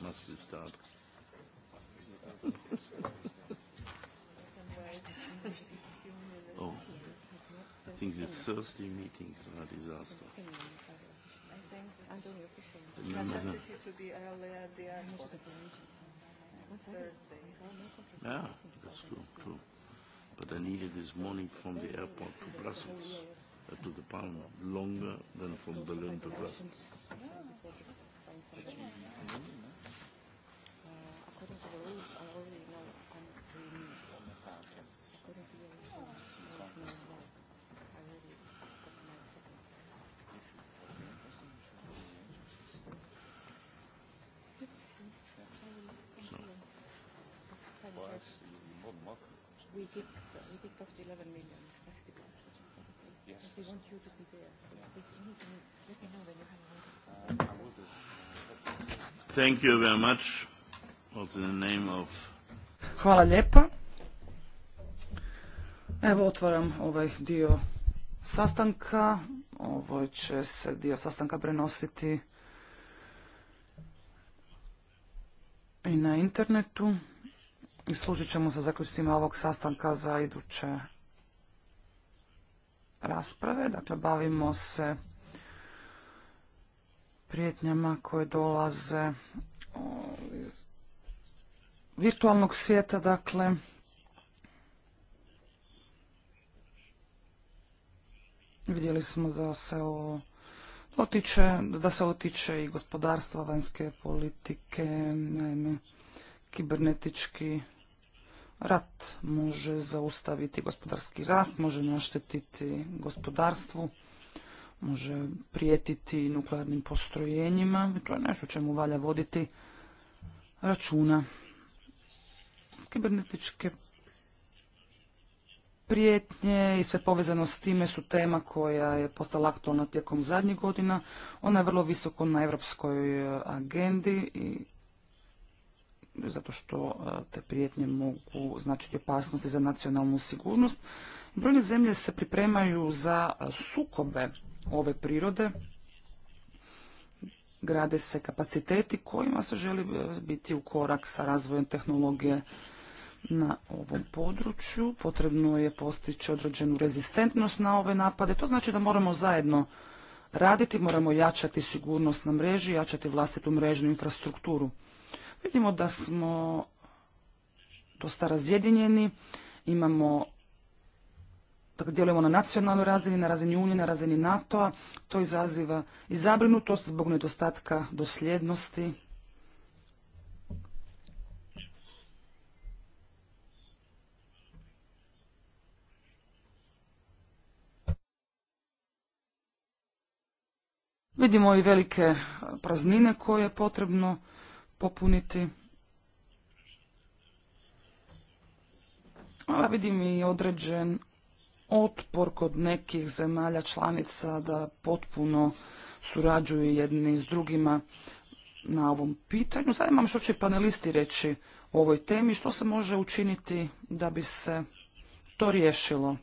Maslistan. oh, I think the Thursday meetings are a disaster. The necessity to be earlier, they are Thursday. Yeah, that's true, true. But I needed this morning from the airport to Brussels, uh, to the Palma, longer than from Berlin to Brussels. Thank Hvala lijepa. Evo otvaram ovaj dio sastanka. Ovo će se dio sastanka prenositi i na internetu. I služit ćemo sa zaključcima ovog sastanka za iduće rasprave. Dakle, bavimo se prijetnjama koje dolaze iz virtualnog svijeta, dakle, Vidjeli smo da se o, otiče, da se otiče i gospodarstva, vanjske politike, naime, kibernetički Rat može zaustaviti gospodarski rast, može naštetiti gospodarstvu, može prijetiti nuklearnim postrojenjima. To je nešto čemu valja voditi računa. Kibernetičke prijetnje i sve povezano s time su tema koja je postala aktualna tijekom zadnjih godina. Ona je vrlo visoko na evropskoj agendi i zato što e, te prijetnje mogu značiti opasnosti za nacionalnu sigurnost. Brojne zemlje se pripremaju za e, sukobe ove prirode, grade se kapaciteti kojima se želi e, biti u korak sa razvojem tehnologije na ovom području. Potrebno je postići određenu rezistentnost na ove napade. To znači da moramo zajedno raditi, moramo jačati sigurnost na mreži, jačati vlastitu mrežnu infrastrukturu. Vidimo da smo dosta razjedinjeni, imamo dakle, djelujemo na nacionalnoj razini, na razini Unije, na razini NATO-a. To izaziva i zabrinutost zbog nedostatka dosljednosti. Vidimo i velike praznine koje je potrebno popuniti. Ali vidim i određen otpor kod nekih zemalja članica da potpuno surađuju jedni s drugima na ovom pitanju. Zanima što će panelisti reći o ovoj temi, što se može učiniti da bi se to riješilo.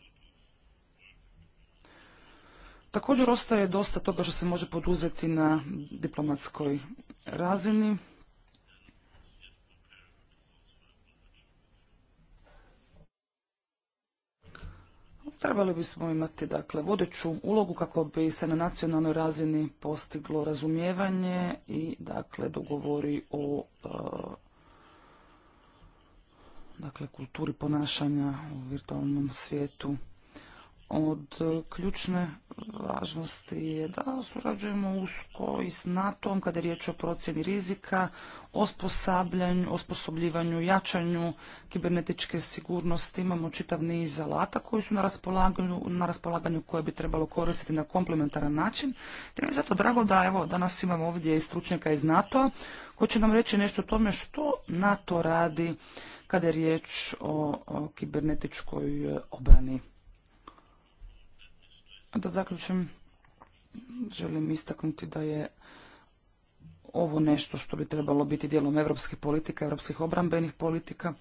Također ostaje dosta toga što se može poduzeti na diplomatskoj razini. Trebali bismo imati dakle vodeću ulogu kako bi se na nacionalnoj razini postiglo razumijevanje i dakle dogovori o e, dakle kulturi ponašanja u virtualnom svijetu od ključne važnosti je da surađujemo usko i s NATO-om kada je riječ o procjeni rizika, osposobljivanju, jačanju kibernetičke sigurnosti. Imamo čitav niz alata koji su na raspolaganju, na raspolaganju koje bi trebalo koristiti na komplementaran način. I mi je zato drago da evo, danas imamo ovdje i stručnjaka iz NATO-a koji će nam reći nešto o tome što NATO radi kada je riječ o kibernetičkoj obrani. Da zaključim, želim istaknuti da je ovo nešto što bi trebalo biti dijelom evropskih politika, evropskih obrambenih politika.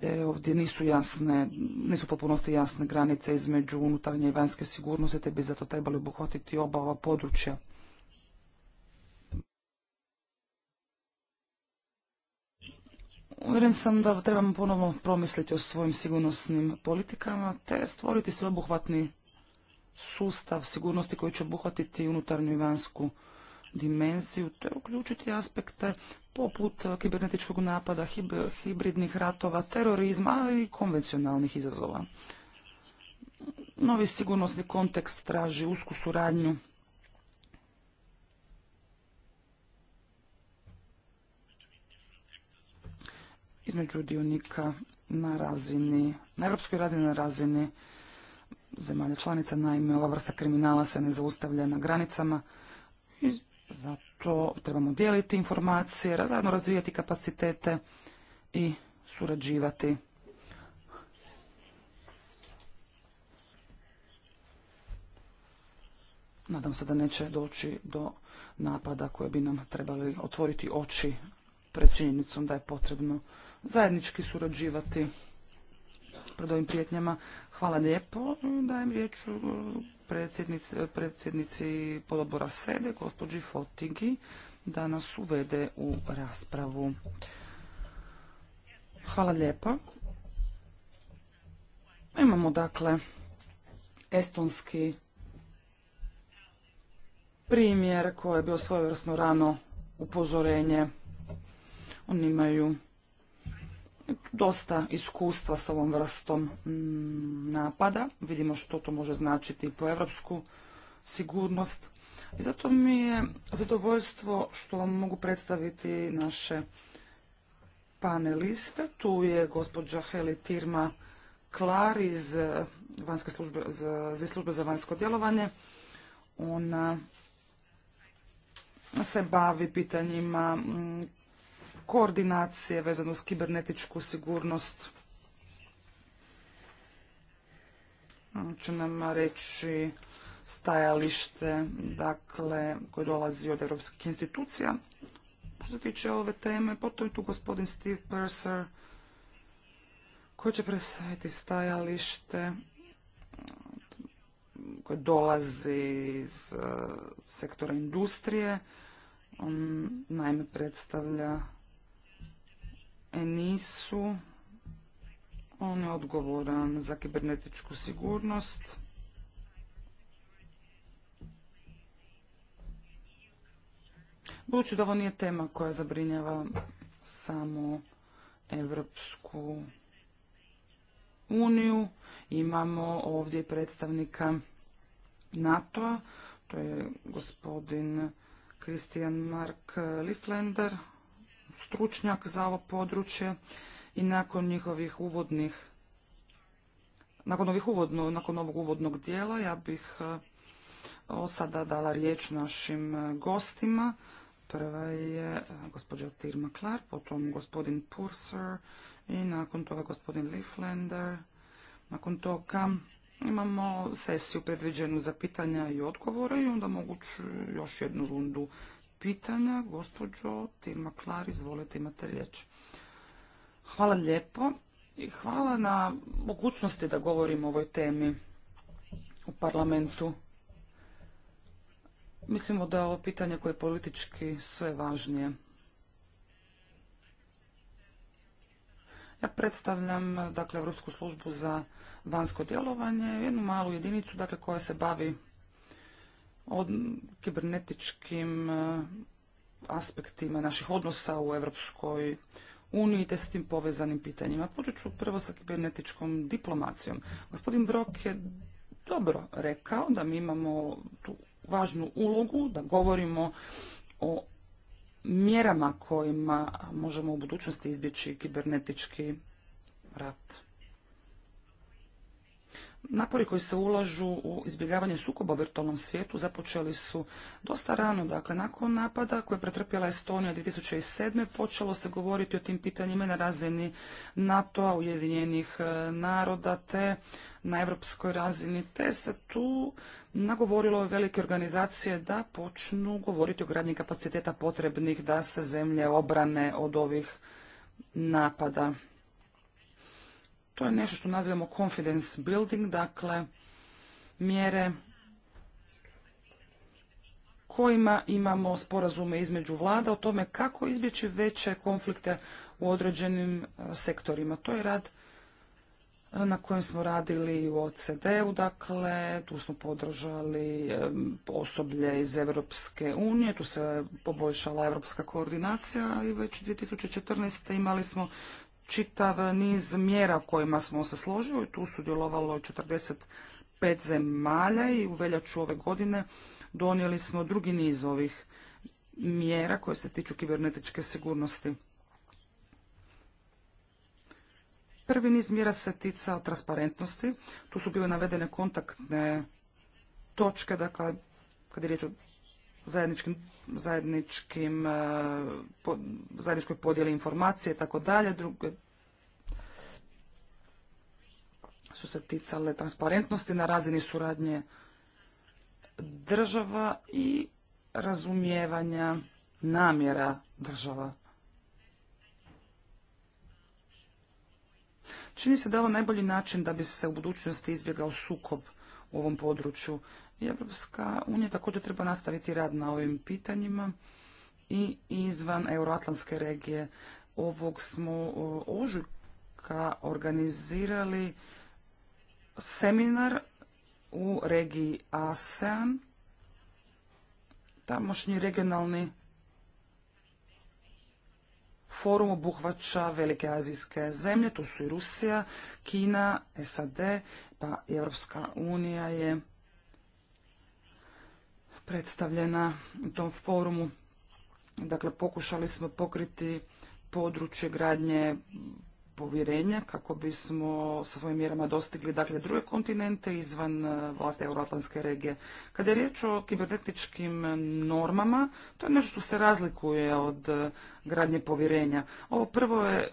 E, ovdje nisu jasne, nisu potpunosti jasne granice između unutarnje i vanjske sigurnosti, te bi zato trebali obuhvatiti oba ova područja. Uvjeren sam da trebamo ponovno promisliti o svojim sigurnosnim politikama te stvoriti sveobuhvatni sustav sigurnosti koji će obuhvatiti unutarnju i vanjsku dimenziju te uključiti aspekte poput kibernetičkog napada, hibridnih ratova, terorizma, ali i konvencionalnih izazova. Novi sigurnosni kontekst traži usku suradnju između dionika na razini, na europskoj razini, na razini zemalja članica. Naime, ova vrsta kriminala se ne zaustavlja na granicama i zato trebamo dijeliti informacije, zajedno razvijati kapacitete i surađivati. Nadam se da neće doći do napada koje bi nam trebali otvoriti oči pred činjenicom da je potrebno zajednički surađivati pred ovim prijetnjama. Hvala lijepo. Dajem riječ uh, predsjednici, predsjednici pododbora SEDE, gospođi Fotigi, da nas uvede u raspravu. Hvala lijepo. Imamo dakle estonski primjer koji je bio svojevrsno rano upozorenje. Oni imaju dosta iskustva s ovom vrstom mm, napada. Vidimo što to može značiti po evropsku sigurnost. I zato mi je zadovoljstvo što vam mogu predstaviti naše paneliste. Tu je gospođa Heli Tirma Klar iz, eh, iz službe za vanjsko djelovanje. Ona se bavi pitanjima mm, koordinacije vezano uz kibernetičku sigurnost. Ono će nam reći stajalište dakle, koje dolazi od europskih institucija. Što se tiče ove teme, potom je tu gospodin Steve Purser koji će predstaviti stajalište koje dolazi iz eh, sektora industrije. On naime predstavlja E, nisu. On je odgovoran za kibernetičku sigurnost. Budući da ovo nije tema koja zabrinjava samo Evropsku uniju, imamo ovdje predstavnika NATO-a, to je gospodin Kristijan Mark Liflender, stručnjak za ovo područje i nakon njihovih uvodnih nakon, ovih nakon ovog uvodnog dijela ja bih e, sada dala riječ našim e, gostima. Prva je e, gospođa Tirma Klar, potom gospodin Purser i nakon toga gospodin Liflander. Nakon toga imamo sesiju predviđenu za pitanja i odgovore i onda moguću još jednu rundu pitanja. Gospođo Tim Klar, izvolite, imate riječ. Hvala lijepo i hvala na mogućnosti da govorim o ovoj temi u parlamentu. Mislimo da je ovo pitanje koje je politički sve važnije. Ja predstavljam dakle Europsku službu za vanjsko djelovanje, jednu malu jedinicu dakle koja se bavi o kibernetičkim e, aspektima naših odnosa u Europskoj uniji te s tim povezanim pitanjima. Počet ću prvo sa kibernetičkom diplomacijom. Gospodin Brok je dobro rekao da mi imamo tu važnu ulogu, da govorimo o mjerama kojima možemo u budućnosti izbjeći kibernetički rat. Napori koji se ulažu u izbjegavanje sukoba u virtualnom svijetu započeli su dosta rano, dakle nakon napada koje je pretrpjela Estonija 2007. počelo se govoriti o tim pitanjima na razini NATO-a, Ujedinjenih e, naroda te na europskoj razini, te se tu nagovorilo velike organizacije da počnu govoriti o gradnji kapaciteta potrebnih da se zemlje obrane od ovih napada. To je nešto što nazivamo confidence building, dakle mjere kojima imamo sporazume između vlada o tome kako izbjeći veće konflikte u određenim e, sektorima. To je rad e, na kojem smo radili u OCD-u, dakle, tu smo podržali e, osoblje iz Europske unije, tu se poboljšala europska koordinacija i već 2014. imali smo čitav niz mjera kojima smo se složili. Tu sudjelovalo djelovalo 45 zemalja i u veljaču ove godine donijeli smo drugi niz ovih mjera koje se tiču kibernetičke sigurnosti. Prvi niz mjera se ticao transparentnosti. Tu su bile navedene kontaktne točke, dakle, kad je riječ o zajedničkim, e, zajedničkoj podjeli informacije i tako dalje. Druge su se ticale transparentnosti na razini suradnje država i razumijevanja namjera država. Čini se da je ovo najbolji način da bi se u budućnosti izbjegao sukob u ovom području. I Evropska unija također treba nastaviti rad na ovim pitanjima i izvan Euroatlantske regije. Ovog smo ožujka organizirali seminar u regiji ASEAN, tamošnji regionalni forum obuhvaća velike azijske zemlje, to su i Rusija, Kina, SAD, pa i Europska unija je predstavljena u tom forumu. Dakle, pokušali smo pokriti područje gradnje povjerenja kako bismo sa svojim mjerama dostigli dakle druge kontinente izvan e, vlasti euroatlantske regije. Kada je riječ o kibernetičkim normama, to je nešto što se razlikuje od e, gradnje povjerenja. Ovo prvo je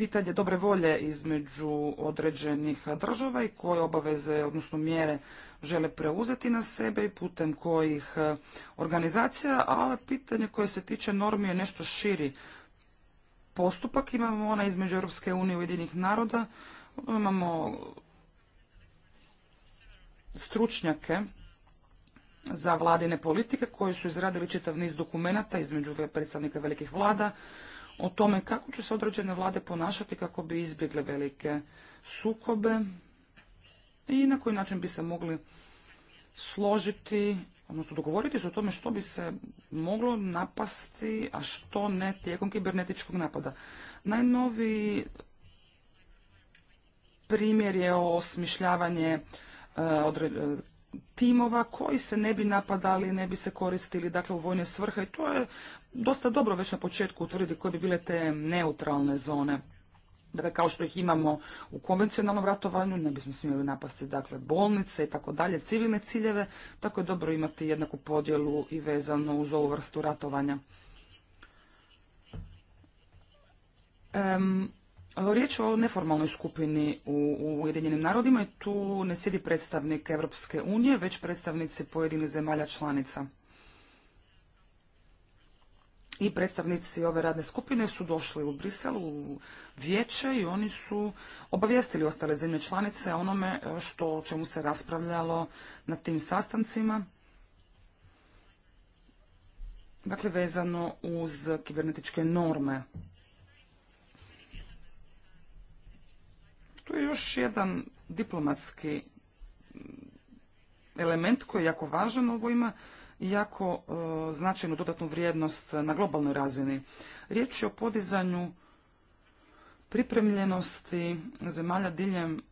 pitanje dobre volje između određenih država i koje obaveze, odnosno mjere žele preuzeti na sebe i putem kojih e, organizacija, a ovo pitanje koje se tiče normi je nešto širi postupak. Imamo ona između Europske unije i Ujedinih naroda, imamo stručnjake za vladine politike koji su izradili čitav niz dokumenata između predstavnika velikih vlada, o tome kako će se određene vlade ponašati kako bi izbjegle velike sukobe i na koji način bi se mogli složiti, odnosno dogovoriti se o tome što bi se moglo napasti, a što ne tijekom kibernetičkog napada. Najnoviji primjer je osmišljavanje e, timova koji se ne bi napadali, ne bi se koristili dakle, u vojne svrhe i to je dosta dobro već na početku utvrditi koje bi bile te neutralne zone. Dakle, kao što ih imamo u konvencionalnom ratovanju, ne bismo smjeli napasti dakle, bolnice i tako dalje, civilne ciljeve, tako je dobro imati jednaku podjelu i vezano uz ovu vrstu ratovanja. Riječ je o neformalnoj skupini u Ujedinjenim narodima i tu ne sjedi predstavnik Evropske unije, već predstavnici pojedinih zemalja članica. I predstavnici ove radne skupine su došli u Brisel, u vijeće i oni su obavijestili ostale zemlje članice onome e, što o čemu se raspravljalo na tim sastancima. Dakle, vezano uz kibernetičke norme Tu je još jedan diplomatski element koji je jako važan, ovo ima jako e, značajnu dodatnu vrijednost na globalnoj razini. Riječ je o podizanju pripremljenosti zemalja diljem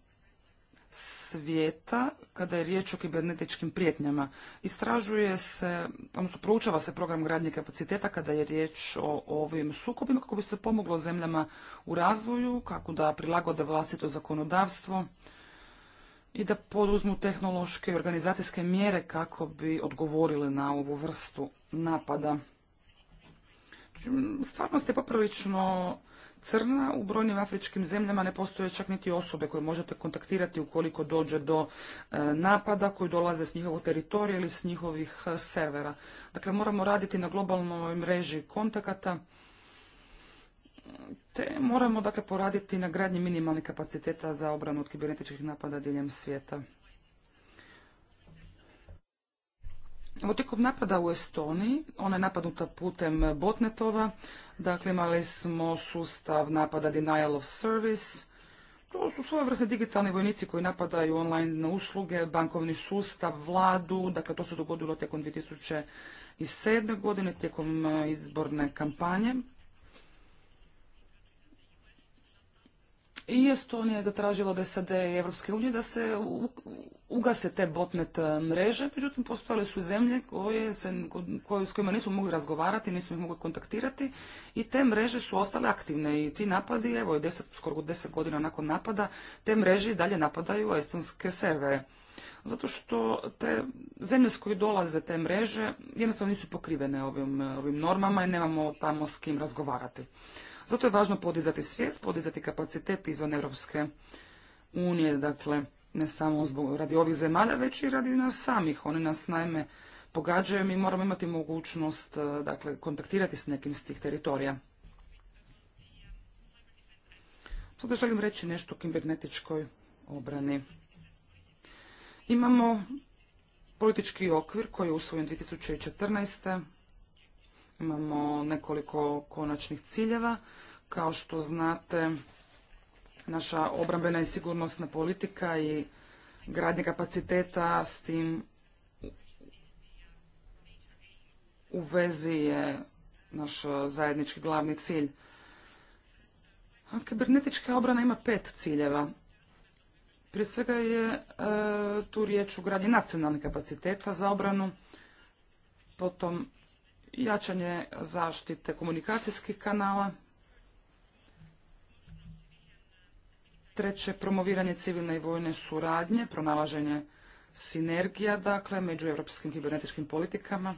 svijeta kada je riječ o kibernetičkim prijetnjama. Istražuje se, odnosno proučava se program gradnje kapaciteta kada je riječ o ovim sukobima kako bi se pomoglo zemljama u razvoju, kako da prilagode vlastito zakonodavstvo i da poduzmu tehnološke i organizacijske mjere kako bi odgovorile na ovu vrstu napada. Stvarnost je poprilično crna. U brojnim afričkim zemljama ne postoje čak niti osobe koje možete kontaktirati ukoliko dođe do e, napada koji dolaze s njihovog teritorija ili s njihovih e, servera. Dakle, moramo raditi na globalnoj mreži kontakata te moramo dakle poraditi na gradnji minimalnih kapaciteta za obranu od kibernetičkih napada diljem svijeta. Tijekom napada u Estoniji, ona je napadnuta putem botnetova, dakle imali smo sustav napada denial of service, to su vrste digitalni vojnici koji napadaju online usluge, bankovni sustav, vladu, dakle to se dogodilo tijekom 2007. godine, tijekom eh, izborne kampanje. i Estonija je zatražila od SAD i Evropske unije da se ugase te botnet e, mreže, međutim postojale su zemlje koje s kojima nismo mogli razgovarati, nismo ih mogli kontaktirati i te mreže su ostale aktivne i ti napadi, evo je skoro deset godina nakon napada, te mreže i dalje napadaju estonske servere. Zato što te zemlje s koje dolaze te mreže jednostavno nisu pokrivene ovim, ovim normama i nemamo tamo s kim razgovarati. Zato je važno podizati svijet, podizati kapacitet izvan Europske unije, dakle, ne samo zbog, radi ovih zemalja, već i radi nas samih. Oni nas naime pogađaju, mi moramo imati mogućnost, e, dakle, kontaktirati s nekim s tih teritorija. Sada želim reći nešto o kibernetičkoj obrani. Imamo politički okvir koji je usvojen 2014. Imamo nekoliko konačnih ciljeva. Kao što znate, naša obrambena i sigurnosna politika i gradnje kapaciteta s tim u vezi je naš zajednički glavni cilj. A kibernetička obrana ima pet ciljeva. Prije svega je e, tu riječ u gradnji nacionalnih kapaciteta za obranu, potom jačanje zaštite komunikacijskih kanala, treće promoviranje civilne i vojne suradnje, pronalaženje sinergija dakle među europskim kibernetičkim politikama,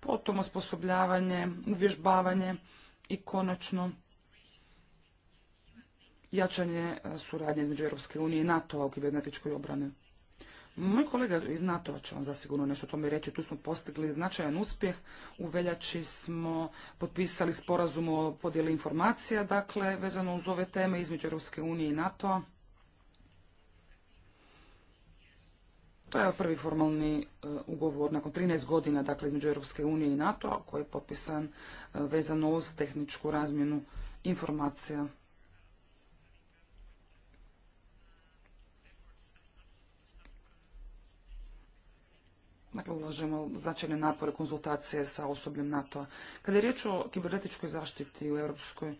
potom osposobljavanje, uvježbavanje i konačno jačanje suradnje između Europske unije i NATO-a u kibernetičkoj obrani. Moj kolega iz NATO-a će vam zasigurno nešto o tome reći. Tu smo postigli značajan uspjeh. U veljači smo potpisali sporazum o podjeli informacija, dakle, vezano uz ove teme između Europske unije i nato To je prvi formalni e, ugovor nakon 13 godina, dakle, između Europske unije i nato koji je potpisan e, vezano uz tehničku razmjenu informacija. Dakle, ulažemo značajne napore konzultacije sa osobljem NATO-a. Kada je riječ o kibernetičkoj zaštiti u Europskoj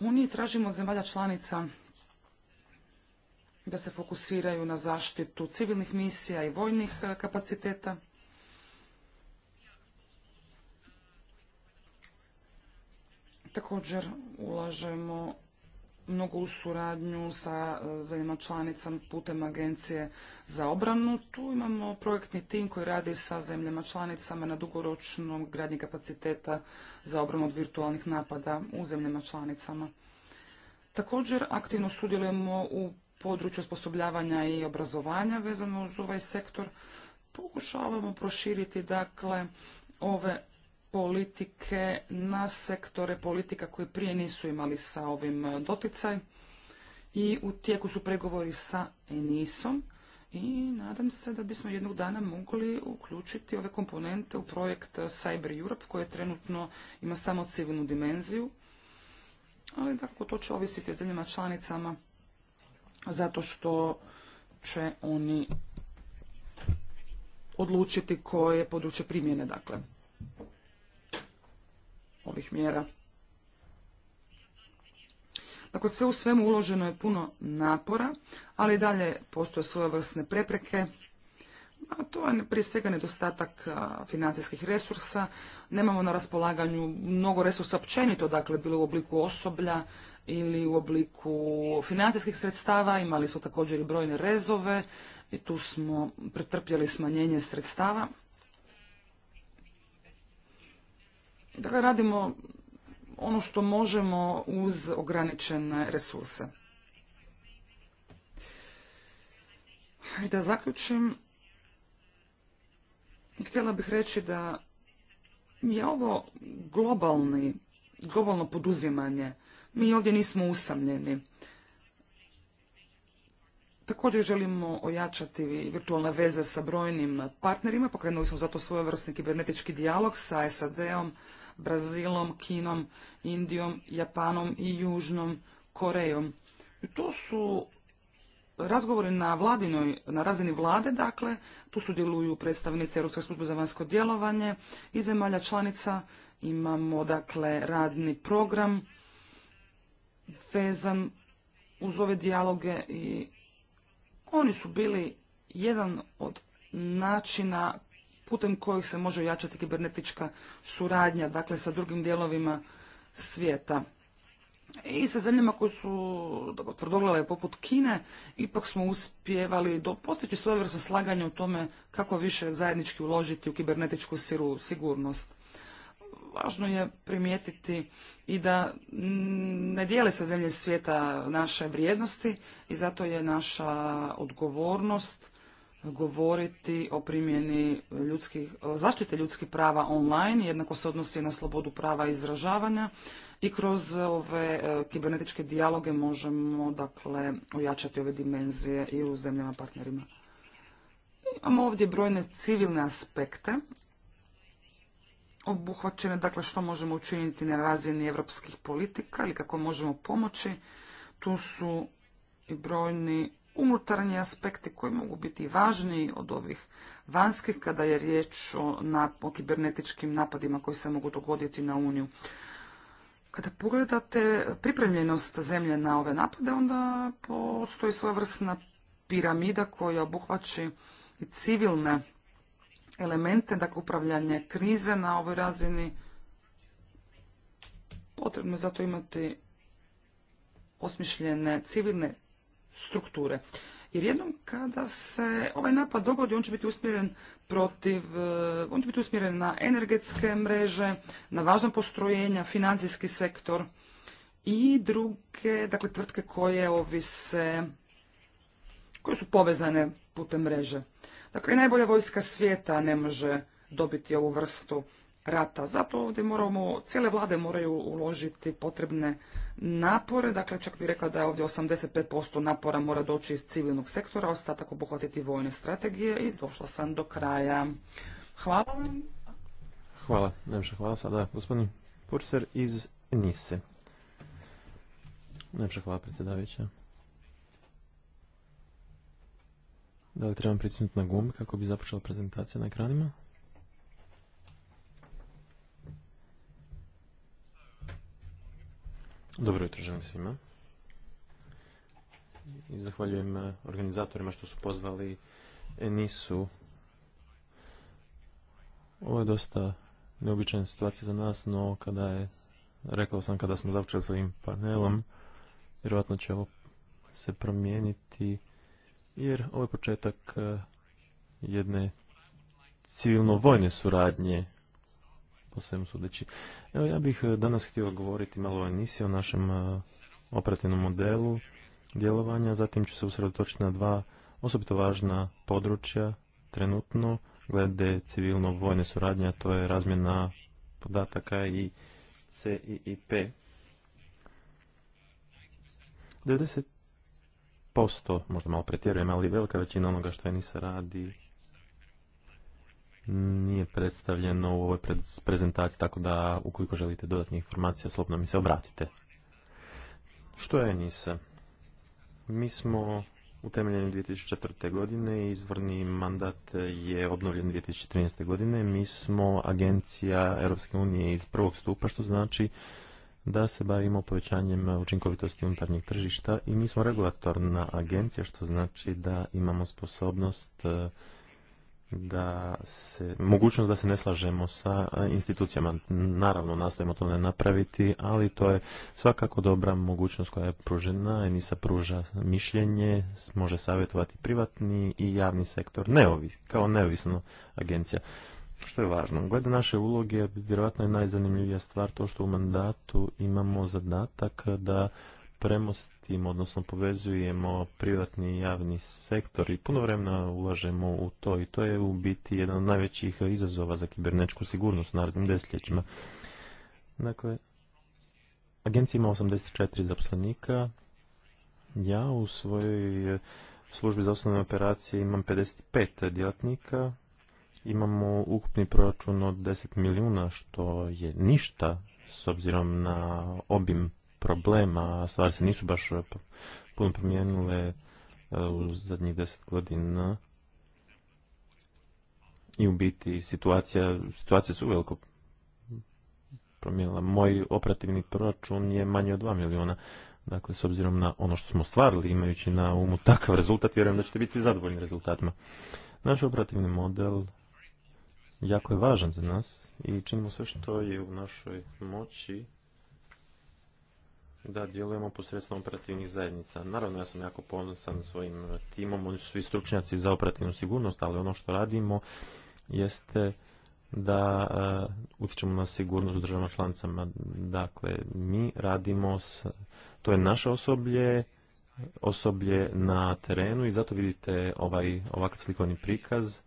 uniji, tražimo od zemalja članica da se fokusiraju na zaštitu civilnih misija i vojnih e, kapaciteta. Također ulažemo mnogo u suradnju sa e, zemljama članicama putem Agencije za obranu. Tu imamo projektni tim koji radi sa zemljama članicama na dugoročnom gradnji kapaciteta za obranu od virtualnih napada u zemljama članicama. Također aktivno sudjelujemo u području osposobljavanja i obrazovanja vezano uz ovaj sektor. Pokušavamo proširiti dakle ove politike na sektore politika koje prije nisu imali sa ovim e, doticaj. I u tijeku su pregovori sa Enisom i nadam se da bismo jednog dana mogli uključiti ove komponente u projekt e, Cyber Europe koji trenutno ima samo civilnu dimenziju. Ali tako dakle, to će ovisiti o zemljama članicama zato što će oni odlučiti koje područje primjene dakle ovih mjera. Dakle, sve u svemu uloženo je puno napora, ali dalje postoje svojevrsne prepreke, a to je prije svega nedostatak financijskih resursa. Nemamo na raspolaganju mnogo resursa općenito, dakle, bilo u obliku osoblja ili u obliku financijskih sredstava. Imali smo također i brojne rezove i tu smo pretrpjeli smanjenje sredstava. Dakle, radimo ono što možemo uz ograničene resurse. I da zaključim, htjela bih reći da je ovo globalni, globalno poduzimanje. Mi ovdje nismo usamljeni. Također želimo ojačati virtualne veze sa brojnim partnerima, pokrenuli smo zato svojevrsni kibernetički dijalog sa SAD-om, Brazilom, Kinom, Indijom, Japanom i Južnom Korejom. I to su razgovori na, vladinoj, na razini vlade, dakle, tu sudjeluju predstavnici Europske službe za vanjsko djelovanje i zemalja članica. Imamo, dakle, radni program vezan uz ove dijaloge i oni su bili jedan od načina putem kojih se može ojačati kibernetička suradnja, dakle sa drugim dijelovima svijeta. I sa zemljama koje su dakle, tvrdoglave poput Kine, ipak smo uspjevali do, postići svoje vrste slaganja u tome kako više zajednički uložiti u kibernetičku siru, sigurnost. Važno je primijetiti i da ne dijele se zemlje svijeta naše vrijednosti i zato je naša odgovornost govoriti o primjeni ljudskih, zaštite ljudskih prava online, jednako se odnosi na slobodu prava izražavanja i kroz ove e, kibernetičke dijaloge možemo dakle ojačati ove dimenzije i u zemljama partnerima. Imamo ovdje brojne civilne aspekte obuhvaćene, dakle što možemo učiniti na razini europskih politika ili kako možemo pomoći. Tu su i brojni unutarnji aspekti koji mogu biti važniji od ovih vanjskih kada je riječ o, na, kibernetičkim napadima koji se mogu dogoditi na Uniju. Kada pogledate pripremljenost zemlje na ove napade, onda postoji svojevrsna piramida koja obuhvaći i civilne elemente, dakle upravljanje krize na ovoj razini. Potrebno je zato imati osmišljene civilne strukture. Jer jednom kada se ovaj napad dogodi, on će biti usmjeren protiv, eh, on će biti usmjeren na energetske mreže, na važna postrojenja, financijski sektor i druge, dakle, tvrtke koje ovise, koje su povezane putem mreže. Dakle, najbolja vojska svijeta ne može dobiti ovu vrstu rata. Zato ovdje moramo, cijele vlade moraju uložiti potrebne napore, dakle čak bih rekla da je ovdje 85% napora mora doći iz civilnog sektora, ostatak obuhvatiti vojne strategije i došla sam do kraja. Hvala vam. Hvala, najviše hvala sada gospodin Purser iz Nise. Najviše hvala predsjedavajuća. Da li trebam pricinuti na gumb kako bi započela prezentacija na ekranima? Dobro jutro želim svima. I zahvaljujem eh, organizatorima što su pozvali Enisu. Ovo je dosta neobičajna situacija za nas, no kada je, rekao sam kada smo započeli s ovim panelom, vjerojatno će ovo se promijeniti, jer ovo je početak eh, jedne civilno-vojne suradnje po svemu sudeći. Evo, ja bih e, danas htio govoriti malo o emisiji o našem e, operativnom modelu djelovanja, zatim ću se usredotočiti na dva osobito važna područja trenutno glede civilno-vojne suradnje, a to je razmjena podataka i CIP. 90%, možda malo pretjerujem, ali velika većina onoga što je NISA radi nije predstavljeno u ovoj prezentaciji, tako da ukoliko želite dodatnih informacija, slobno mi se obratite. Što je NISA? Mi smo utemeljeni 2004. godine, i izvorni mandat je obnovljen 2013. godine. Mi smo agencija Europske unije iz prvog stupa, što znači da se bavimo povećanjem učinkovitosti unutarnjeg tržišta i mi smo regulatorna agencija, što znači da imamo sposobnost da se, mogućnost da se ne slažemo sa e, institucijama. Naravno, nastojimo to ne napraviti, ali to je svakako dobra mogućnost koja je pružena. Enisa pruža mišljenje, može savjetovati privatni i javni sektor, ovi, kao neovisno agencija. Što je važno, glede naše uloge, vjerojatno je najzanimljivija stvar to što u mandatu imamo zadatak da premostimo, odnosno povezujemo privatni i javni sektor i puno vremena ulažemo u to i to je u biti jedan od najvećih izazova za kibernetičku sigurnost u narednim desetljećima. Dakle, agencija ima 84 zaposlenika, ja u svojoj službi za osnovne operacije imam 55 djelatnika, imamo ukupni proračun od 10 milijuna, što je ništa s obzirom na obim problema, stvari se nisu baš eh, puno promijenile eh, u zadnjih deset godina i u biti situacija, situacija se uveliko promijenila. Moj operativni proračun je manje od 2 milijuna. Dakle, s obzirom na ono što smo stvarili, imajući na umu takav rezultat, vjerujem da ćete biti zadovoljni rezultatima. Naš operativni model jako je važan za nas i činimo sve što je u našoj moći da djelujemo posredstvom operativnih zajednica. Naravno, ja sam jako ponosan svojim timom, oni su svi stručnjaci za operativnu sigurnost, ali ono što radimo jeste da e, utječemo na sigurnost u državama članicama. Dakle, mi radimo, s, to je naše osoblje, osoblje na terenu i zato vidite ovaj ovakav slikovni prikaz.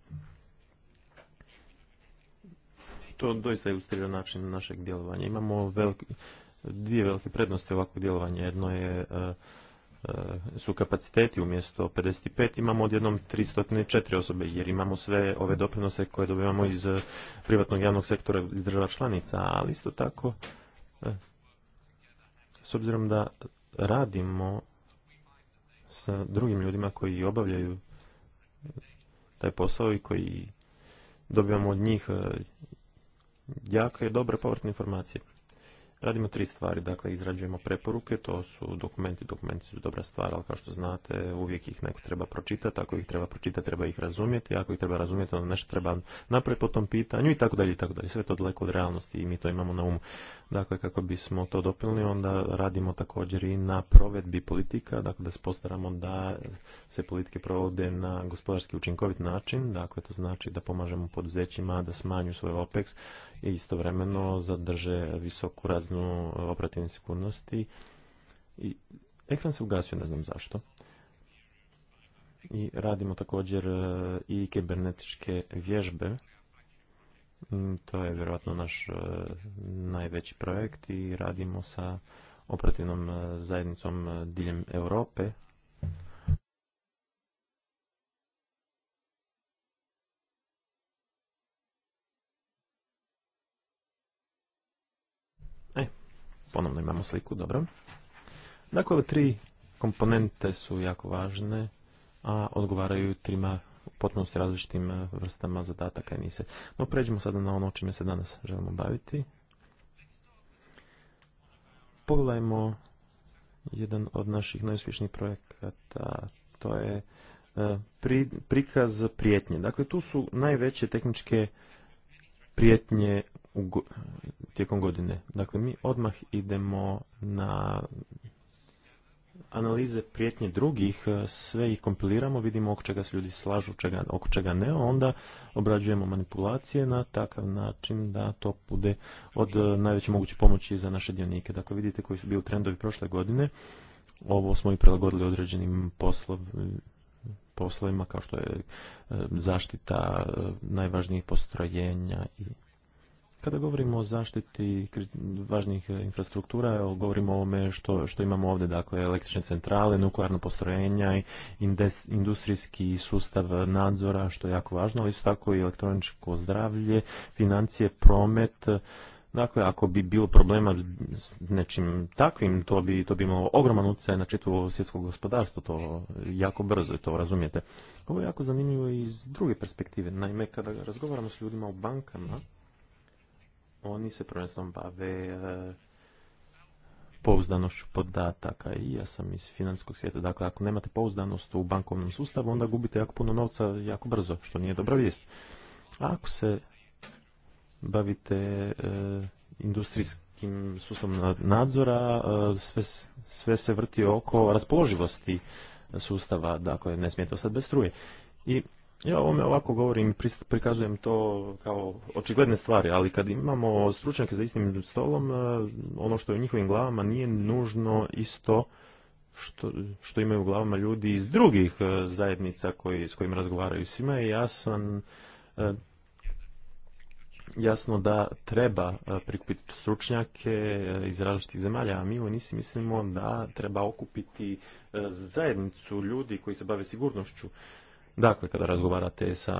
To doista ilustrira način našeg djelovanja. Imamo veliki, dvije velike prednosti ovakvog djelovanja. Jedno je e, e, su kapaciteti umjesto 55 imamo odjednom 304 osobe jer imamo sve ove doprinose koje dobivamo iz e, privatnog javnog sektora i država članica, ali isto tako s obzirom da radimo sa drugim ljudima koji obavljaju taj posao i koji dobivamo od njih jake i dobre povratne informacije. Radimo tri stvari, dakle izrađujemo preporuke, to su dokumenti, dokumenti su dobra stvar, ali kao što znate uvijek ih neko treba pročitati, ako ih treba pročitati treba ih razumjeti, ako ih treba razumjeti onda nešto treba napraviti po tom pitanju i tako dalje i tako dalje. Sve to daleko od realnosti i mi to imamo na umu. Dakle, kako bismo to dopilni, onda radimo također i na provedbi politika, dakle da se postaramo da se politike provode na gospodarski učinkovit način, dakle to znači da pomažemo poduzećima da smanju svoj OPEX i istovremeno zadrže visoku raznu operativne sigurnosti. I ekran se ugasio, ne znam zašto. I radimo također e, i kibernetičke vježbe Mm, to je vjerojatno naš e, najveći projekt i radimo sa operativnom e, zajednicom e, diljem Europe. E, ponovno imamo sliku, dobro. Dakle, tri komponente su jako važne, a odgovaraju trima potpuno s različitim e, vrstama zadataka i nise. No pređemo sada na ono čime se danas želimo baviti. Pogledajmo jedan od naših najuspješnijih projekata, to je e, prikaz prijetnje. Dakle, tu su najveće tehničke prijetnje u, tijekom godine. Dakle, mi odmah idemo na analize prijetnje drugih, e, sve ih kompiliramo, vidimo oko čega se ljudi slažu, čega, oko čega ne, onda obrađujemo manipulacije na takav način da to bude od e, najveće moguće pomoći za naše dionike. Dakle, vidite koji su bili trendovi prošle godine, ovo smo i prilagodili određenim poslov, e, poslovima kao što je zaštita najvažnijih postrojenja i kada govorimo o zaštiti važnih e, infrastruktura, govorimo o ovome što, što imamo ovdje, dakle električne centrale, nuklearno postrojenja, industrijski sustav nadzora, što je jako važno, ali isto tako i elektroničko zdravlje, financije, promet. Dakle, ako bi bilo problema s nečim takvim, to bi, to bi imalo ogroman utjecaj na čitavo svjetsko gospodarstvo, to jako brzo je to razumijete. Ovo je jako zanimljivo iz druge perspektive. Naime, kada razgovaramo s ljudima u bankama, oni se prvenstveno bave eh, pouzdanošću podataka i ja sam iz financijskog svijeta. Dakle, ako nemate pouzdanost u bankovnom sustavu, onda gubite jako puno novca jako brzo, što nije dobra vijest. ako se bavite eh, industrijskim sustavom nadzora, eh, sve, sve se vrti oko raspoloživosti sustava, dakle, ne smijete ostati bez struje. I ja ovome ovako govorim, prikazujem to kao očigledne stvari, ali kad imamo stručnjake za istim stolom, e, ono što je u njihovim glavama nije nužno isto što, što imaju u glavama ljudi iz drugih e, zajednica koji, s kojim razgovaraju. Svima je jasan, e, jasno da treba prikupiti stručnjake iz različitih zemalja, a mi u nisi mislimo da treba okupiti zajednicu ljudi koji se bave sigurnošću Dakle, kada razgovarate sa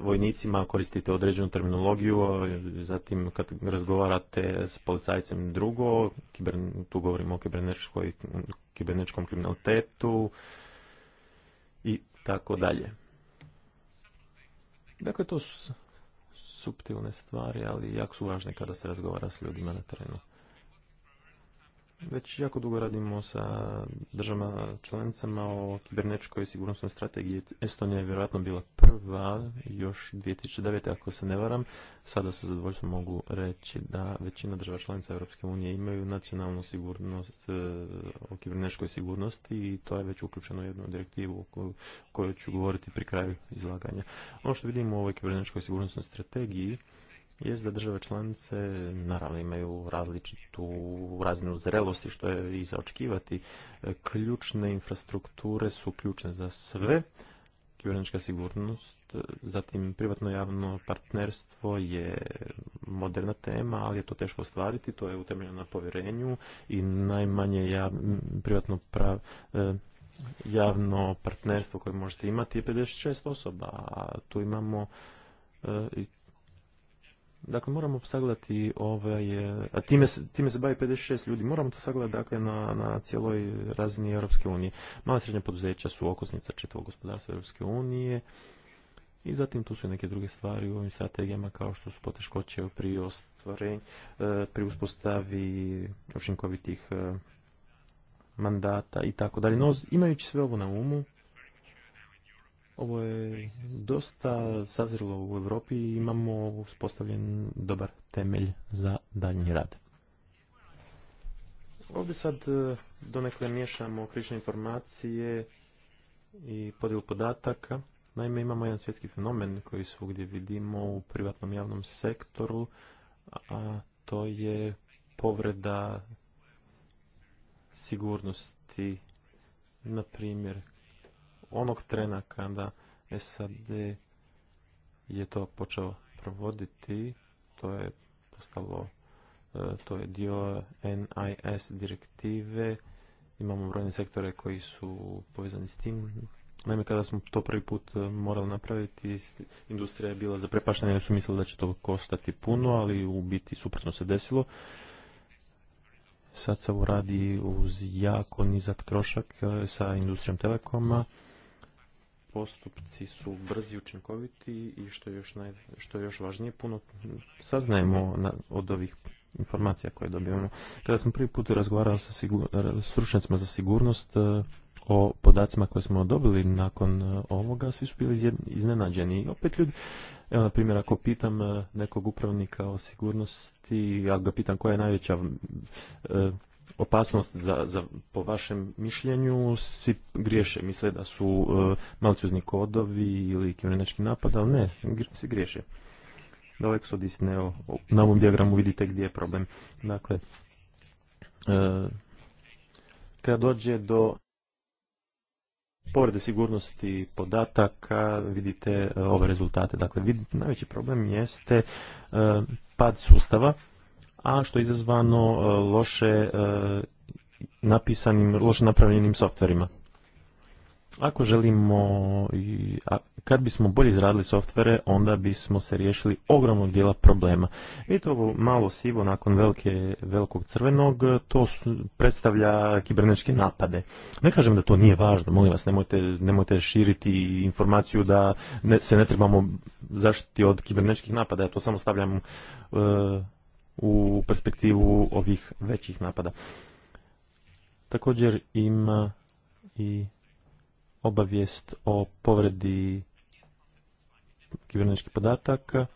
vojnicima, koristite određenu terminologiju, zatim kad razgovarate s policajcem drugo, tu govorimo o kibernetičkom kriminalitetu i tako dalje. Dakle, to su suptilne stvari, ali jako su važne kada se razgovara s ljudima na terenu. Već jako dugo radimo sa državama članicama o kibernetičkoj sigurnosnoj strategiji. Estonija je vjerojatno bila prva još 2009. ako se ne varam. Sada se zadovoljstvo mogu reći da većina država članica Europske unije imaju nacionalnu sigurnost e, o kibernetičkoj sigurnosti i to je već uključeno u jednu direktivu o kojoj ću govoriti pri kraju izlaganja. Ono što vidimo u ovoj kibernetičkoj sigurnosnoj strategiji jest da države članice naravno imaju različitu razinu zrelosti što je i za očekivati. Ključne infrastrukture su ključne za sve, kibernetička sigurnost, zatim privatno javno partnerstvo je moderna tema, ali je to teško ostvariti, to je utemeljeno na povjerenju i najmanje privatno e, javno partnerstvo koje možete imati je 56 osoba, a tu imamo e, Dakle, moramo sagledati ovaj, e, a time, time se bavi 56 ljudi, moramo to sagledati dakle, na, na cijeloj razini Europske unije. Mala srednja poduzeća su okosnica četvog gospodarstva Europske unije i zatim tu su i neke druge stvari u ovim strategijama kao što su poteškoće pri ostvarenju, e, pri uspostavi učinkovitih e, mandata i tako dalje. No, imajući sve ovo na umu, ovo je dosta sazrilo u Europi i imamo uspostavljen dobar temelj za daljnji rad. Ovdje sad e, donekle miješamo krične informacije i podjelu podataka. Naime, imamo jedan svjetski fenomen koji svugdje vidimo u privatnom javnom sektoru, a to je povreda sigurnosti. Na primjer, onog trena kada SAD je to počeo provoditi, to je postalo, e, to je dio NIS direktive, imamo brojne sektore koji su povezani s tim. Naime, kada smo to prvi put e, morali napraviti, industrija je bila zaprepaštena jer su mislili da će to koštati puno, ali u biti suprotno se desilo. Sad se radi uz jako nizak trošak e, sa industrijom telekoma postupci su brzi, učinkoviti i što je još, naj, što je još važnije, puno saznajemo od ovih informacija koje dobivamo. Kada sam prvi put razgovarao sa sigur, za sigurnost e, o podacima koje smo dobili nakon e, ovoga, svi su bili iznenađeni. I opet ljudi, evo na primjer, ako pitam e, nekog upravnika o sigurnosti, ja ga pitam koja je najveća opasnost za, za, po vašem mišljenju svi griješe, misle da su e, kodovi ili kibernetički napad, ali ne, svi griješe. Daleko su od na ovom dijagramu vidite gdje je problem. Dakle, e, kada dođe do povrede sigurnosti podataka, vidite e, ove rezultate. Dakle, najveći problem jeste e, pad sustava, a što je izazvano e, loše e, napisanim, loše napravljenim softverima. Ako želimo, kad bismo bolje izradili softvere, onda bismo se riješili ogromnog dijela problema. Vidite ovo malo sivo nakon velike, velikog crvenog, to predstavlja kibernetičke napade. Ne kažem da to nije važno, molim vas, nemojte, nemojte širiti informaciju da se ne trebamo zaštiti od kibernetičkih napada, ja to samo stavljam e, u perspektivu ovih većih napada. Također ima i obavijest o povredi kibernetičkih podataka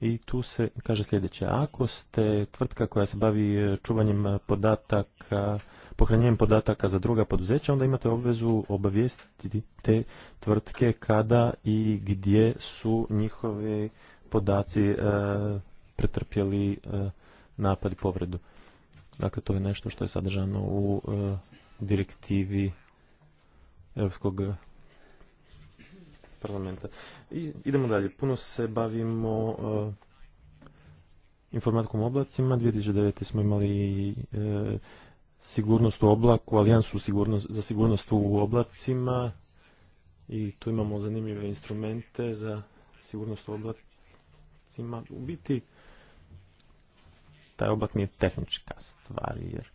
i tu se kaže sljedeće. Ako ste tvrtka koja se bavi čuvanjem podataka, pohranjenjem podataka za druga poduzeća, onda imate obvezu obavijestiti te tvrtke kada i gdje su njihove podaci e, pretrpjeli e, napad i povredu. Dakle, to je nešto što je sadržano u e, direktivi Europskog e, parlamenta. I idemo dalje. Puno se bavimo informatikom oblacima. 2009. smo imali sigurnost u oblaku, alijansu za sigurnost u oblacima i tu imamo zanimljive instrumente za sigurnost u oblacima. U biti taj oblak nije tehnička stvar, jer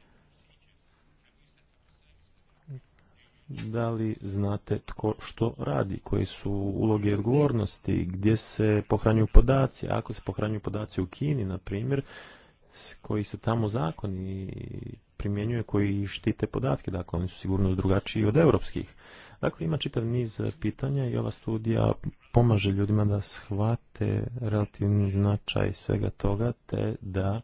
da li znate tko što radi, koje su uloge i odgovornosti, gdje se pohranjuju podaci, ako se pohranjuju podaci u Kini, na primjer, koji se tamo zakoni primjenjuje, koji štite podatke, dakle oni su sigurno drugačiji od europskih. Dakle, ima čitav niz e, pitanja i ova studija pomaže ljudima da shvate relativni značaj svega toga, te da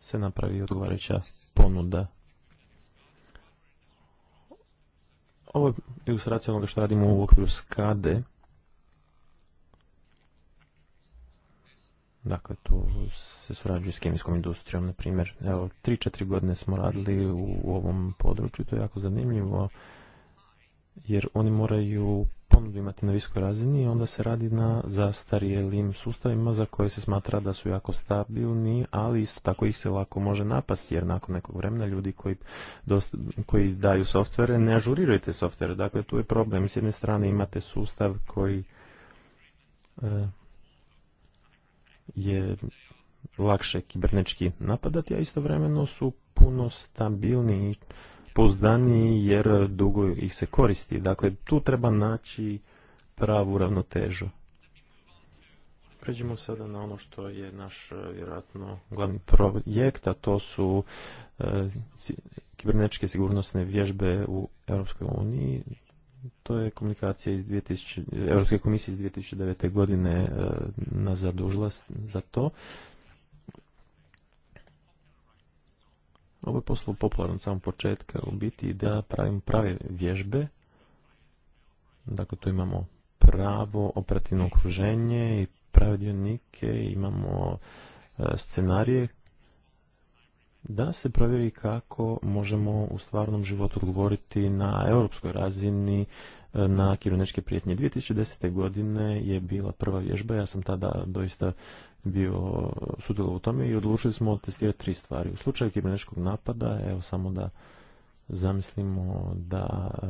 se napravi odgovarajuća ponuda. Ovo je ilustracija onoga što radimo u okviru skade. Dakle, tu se surađuje s kemijskom industrijom, na primjer. Evo, 3-4 godine smo radili u ovom području, to je jako zanimljivo, jer oni moraju ponudu imati na viskoj razini, onda se radi na zastarijelim sustavima za koje se smatra da su jako stabilni, ali isto tako ih se lako može napasti, jer nakon nekog vremena ljudi koji, koji daju softvere ne ažuriraju te softvere. Dakle, tu je problem. S jedne strane imate sustav koji eh, je lakše kibernečki napadati, a istovremeno su puno stabilniji pouzdaniji jer dugo ih se koristi. Dakle, tu treba naći pravu ravnotežu. Pređimo sada na ono što je naš e, vjerojatno glavni projekt, a to su e, kibernetičke sigurnosne vježbe u Europskoj uniji. To je komunikacija iz 2000, Europske komisije iz 2009. godine e, nas zadužila za to. Ovo je poslo popularno od samog početka u biti da pravimo prave vježbe. Dakle, tu imamo pravo operativno okruženje i prave dionike, imamo e, scenarije da se provjeri kako možemo u stvarnom životu odgovoriti na europskoj razini e, na kirunečke prijetnje. 2010. godine je bila prva vježba, ja sam tada doista bio sudjelo u tome i odlučili smo testirati tri stvari. U slučaju kibernetičkog napada, evo samo da zamislimo da e,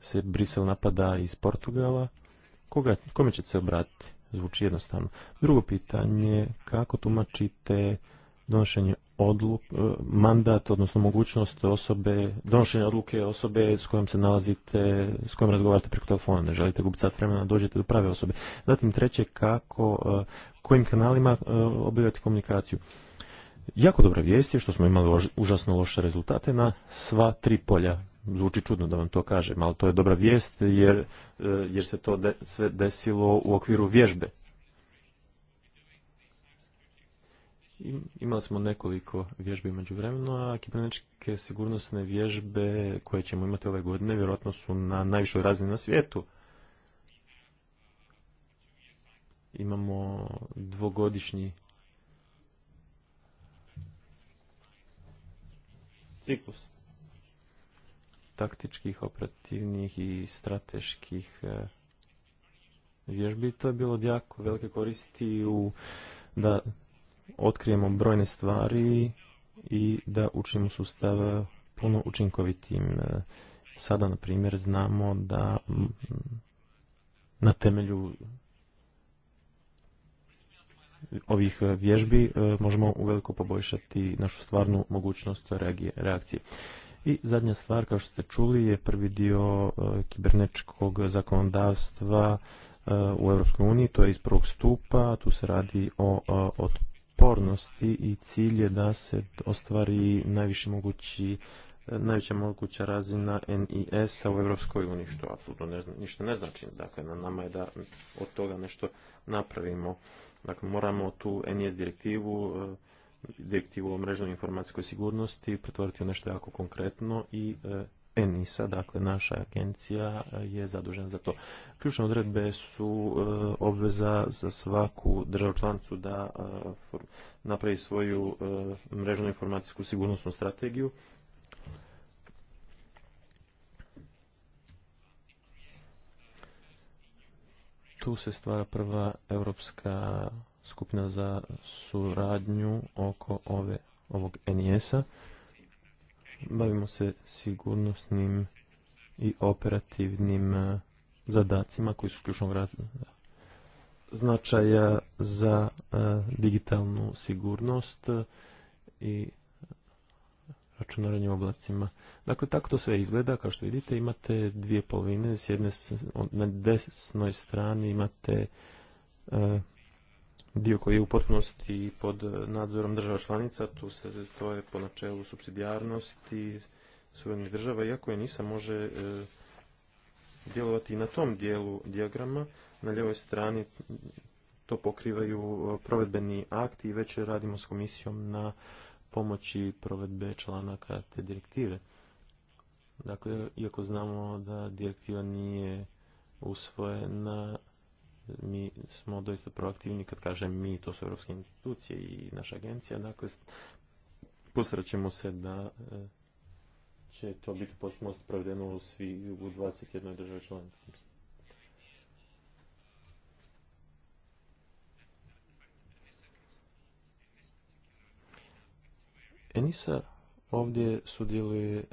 se Brisel napada iz Portugala, koga, kome ćete se obratiti? Zvuči jednostavno. Drugo pitanje, kako tumačite donošenje odluk, e, mandat, odnosno mogućnost osobe, donošenja odluke osobe s kojom se nalazite, s kojom razgovarate preko telefona, ne želite gubiti sat vremena, dođete do prave osobe. Zatim treće, kako, e, kojim kanalima e, obavljati komunikaciju. Jako dobra vijest je što smo imali užasno loše rezultate na sva tri polja. Zvuči čudno da vam to kažem, ali to je dobra vijest jer, jer se to sve desilo u okviru vježbe Imali smo nekoliko vježbi među vremenu, a kibernetičke sigurnosne vježbe koje ćemo imati ove godine vjerojatno su na najvišoj razini na svijetu. Imamo dvogodišnji ciklus taktičkih, operativnih i strateških e, vježbi. To je bilo od jako velike koristi u da otkrijemo brojne stvari i da učinimo sustav puno učinkovitim. E, sada, na primjer, znamo da na temelju ovih vježbi e, možemo uveliko poboljšati našu stvarnu mogućnost reakcije. I zadnja stvar, kao što ste čuli, je prvi dio e, kibernetičkog zakonodavstva u EU, to je iz prvog stupa, tu se radi o, o i cilj je da se ostvari najviše mogući najveća moguća razina NIS-a u Evropskoj uniji, što apsolutno ništa ne znači. Dakle, na nama je da od toga nešto napravimo. Dakle, moramo tu NIS direktivu, e, direktivu o mrežnoj informacijskoj sigurnosti pretvoriti u nešto jako konkretno i e, ENISA, dakle naša agencija e, je zadužena za to. Ključne odredbe su e, obveza za svaku državu člancu da e, napravi svoju mrežnu informacijsku sigurnosnu strategiju. Tu se stvara prva europska skupina za suradnju oko ove, ovog NIS-a bavimo se sigurnosnim i operativnim e, zadacima koji su ključno značaja za e, digitalnu sigurnost i računaranje oblacima. Dakle, tako to sve izgleda, kao što vidite, imate dvije polovine, s na desnoj strani imate e, dio koji je u potpunosti pod nadzorom država članica, tu se to je po načelu subsidijarnosti suverenih država, iako je nisam može e, djelovati i na tom dijelu dijagrama. Na ljevoj strani to pokrivaju e, provedbeni akti i već radimo s komisijom na pomoći provedbe članaka te direktive. Dakle, iako znamo da direktiva nije usvojena, mi smo doista proaktivni kad kažem mi, to su europske institucije i naša agencija, dakle posrećemo se da e, će to biti potpuno provedeno u, svi, u 21. državi članica. Enisa ovdje sudjeluje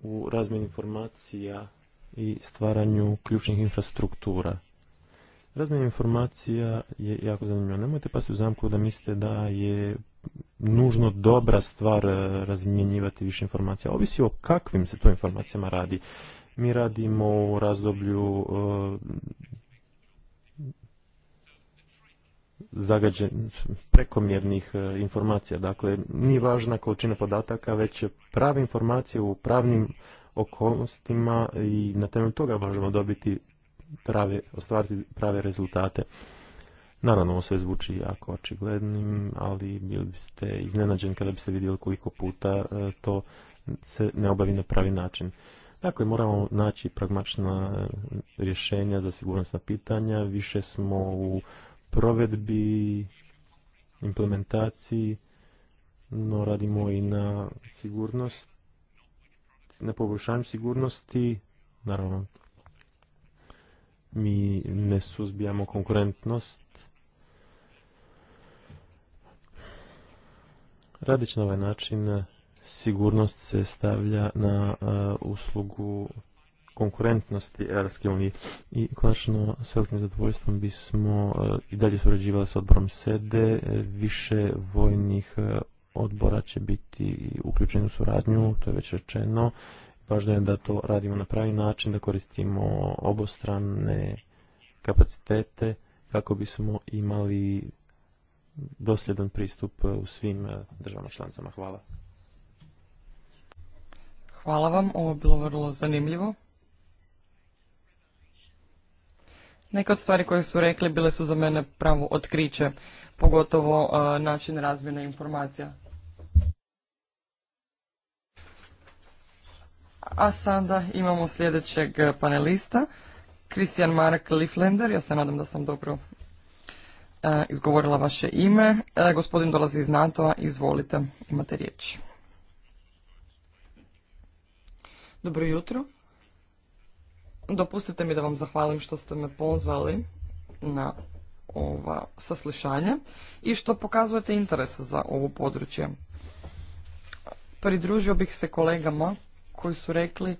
u razmjeni informacija i stvaranju ključnih infrastruktura. Razmjena informacija je jako zanimljiva. Nemojte pa u zamku da mislite da je nužno dobra stvar e, razmjenjivati više informacija. Ovisi o kakvim se to informacijama radi. Mi radimo u razdoblju e, zagađen, prekomjernih e, informacija. Dakle, nije važna količina podataka, već je prave informacije u pravnim okolnostima i na temelju toga možemo dobiti prave, ostvariti prave rezultate. Naravno, ovo sve zvuči jako očiglednim, ali bili biste iznenađeni kada biste vidjeli koliko puta e, to se ne obavi na pravi način. Dakle, moramo naći pragmačna e, rješenja za sigurnosna pitanja. Više smo u provedbi, implementaciji, no radimo i na sigurnost, na poboljšanju sigurnosti, naravno mi ne suzbijamo konkurentnost. Radeći na ovaj način, sigurnost se stavlja na e, uslugu konkurentnosti Europske unije. I konačno s velikim zadovoljstvom bismo e, i dalje surađivali sa odborom SEDE, e, više vojnih odbora će biti uključeni u suradnju, to je već rečeno Važno je da to radimo na pravi način, da koristimo obostrane kapacitete kako bismo imali dosljedan pristup u svim eh, državama članicama. Hvala. Hvala vam, ovo je bilo vrlo zanimljivo. Neke od stvari koje su rekli bile su za mene pravo otkriće, pogotovo eh, način razmjene informacija. A sada imamo sljedećeg eh, panelista, Christian Mark Liflender, ja se nadam da sam dobro eh, izgovorila vaše ime. Eh, gospodin dolazi iz NATO-a, izvolite, imate riječ. Dobro jutro. Dopustite mi da vam zahvalim što ste me pozvali na ova saslušanje i što pokazujete interes za ovo područje. Pridružio bih se kolegama koji su rekli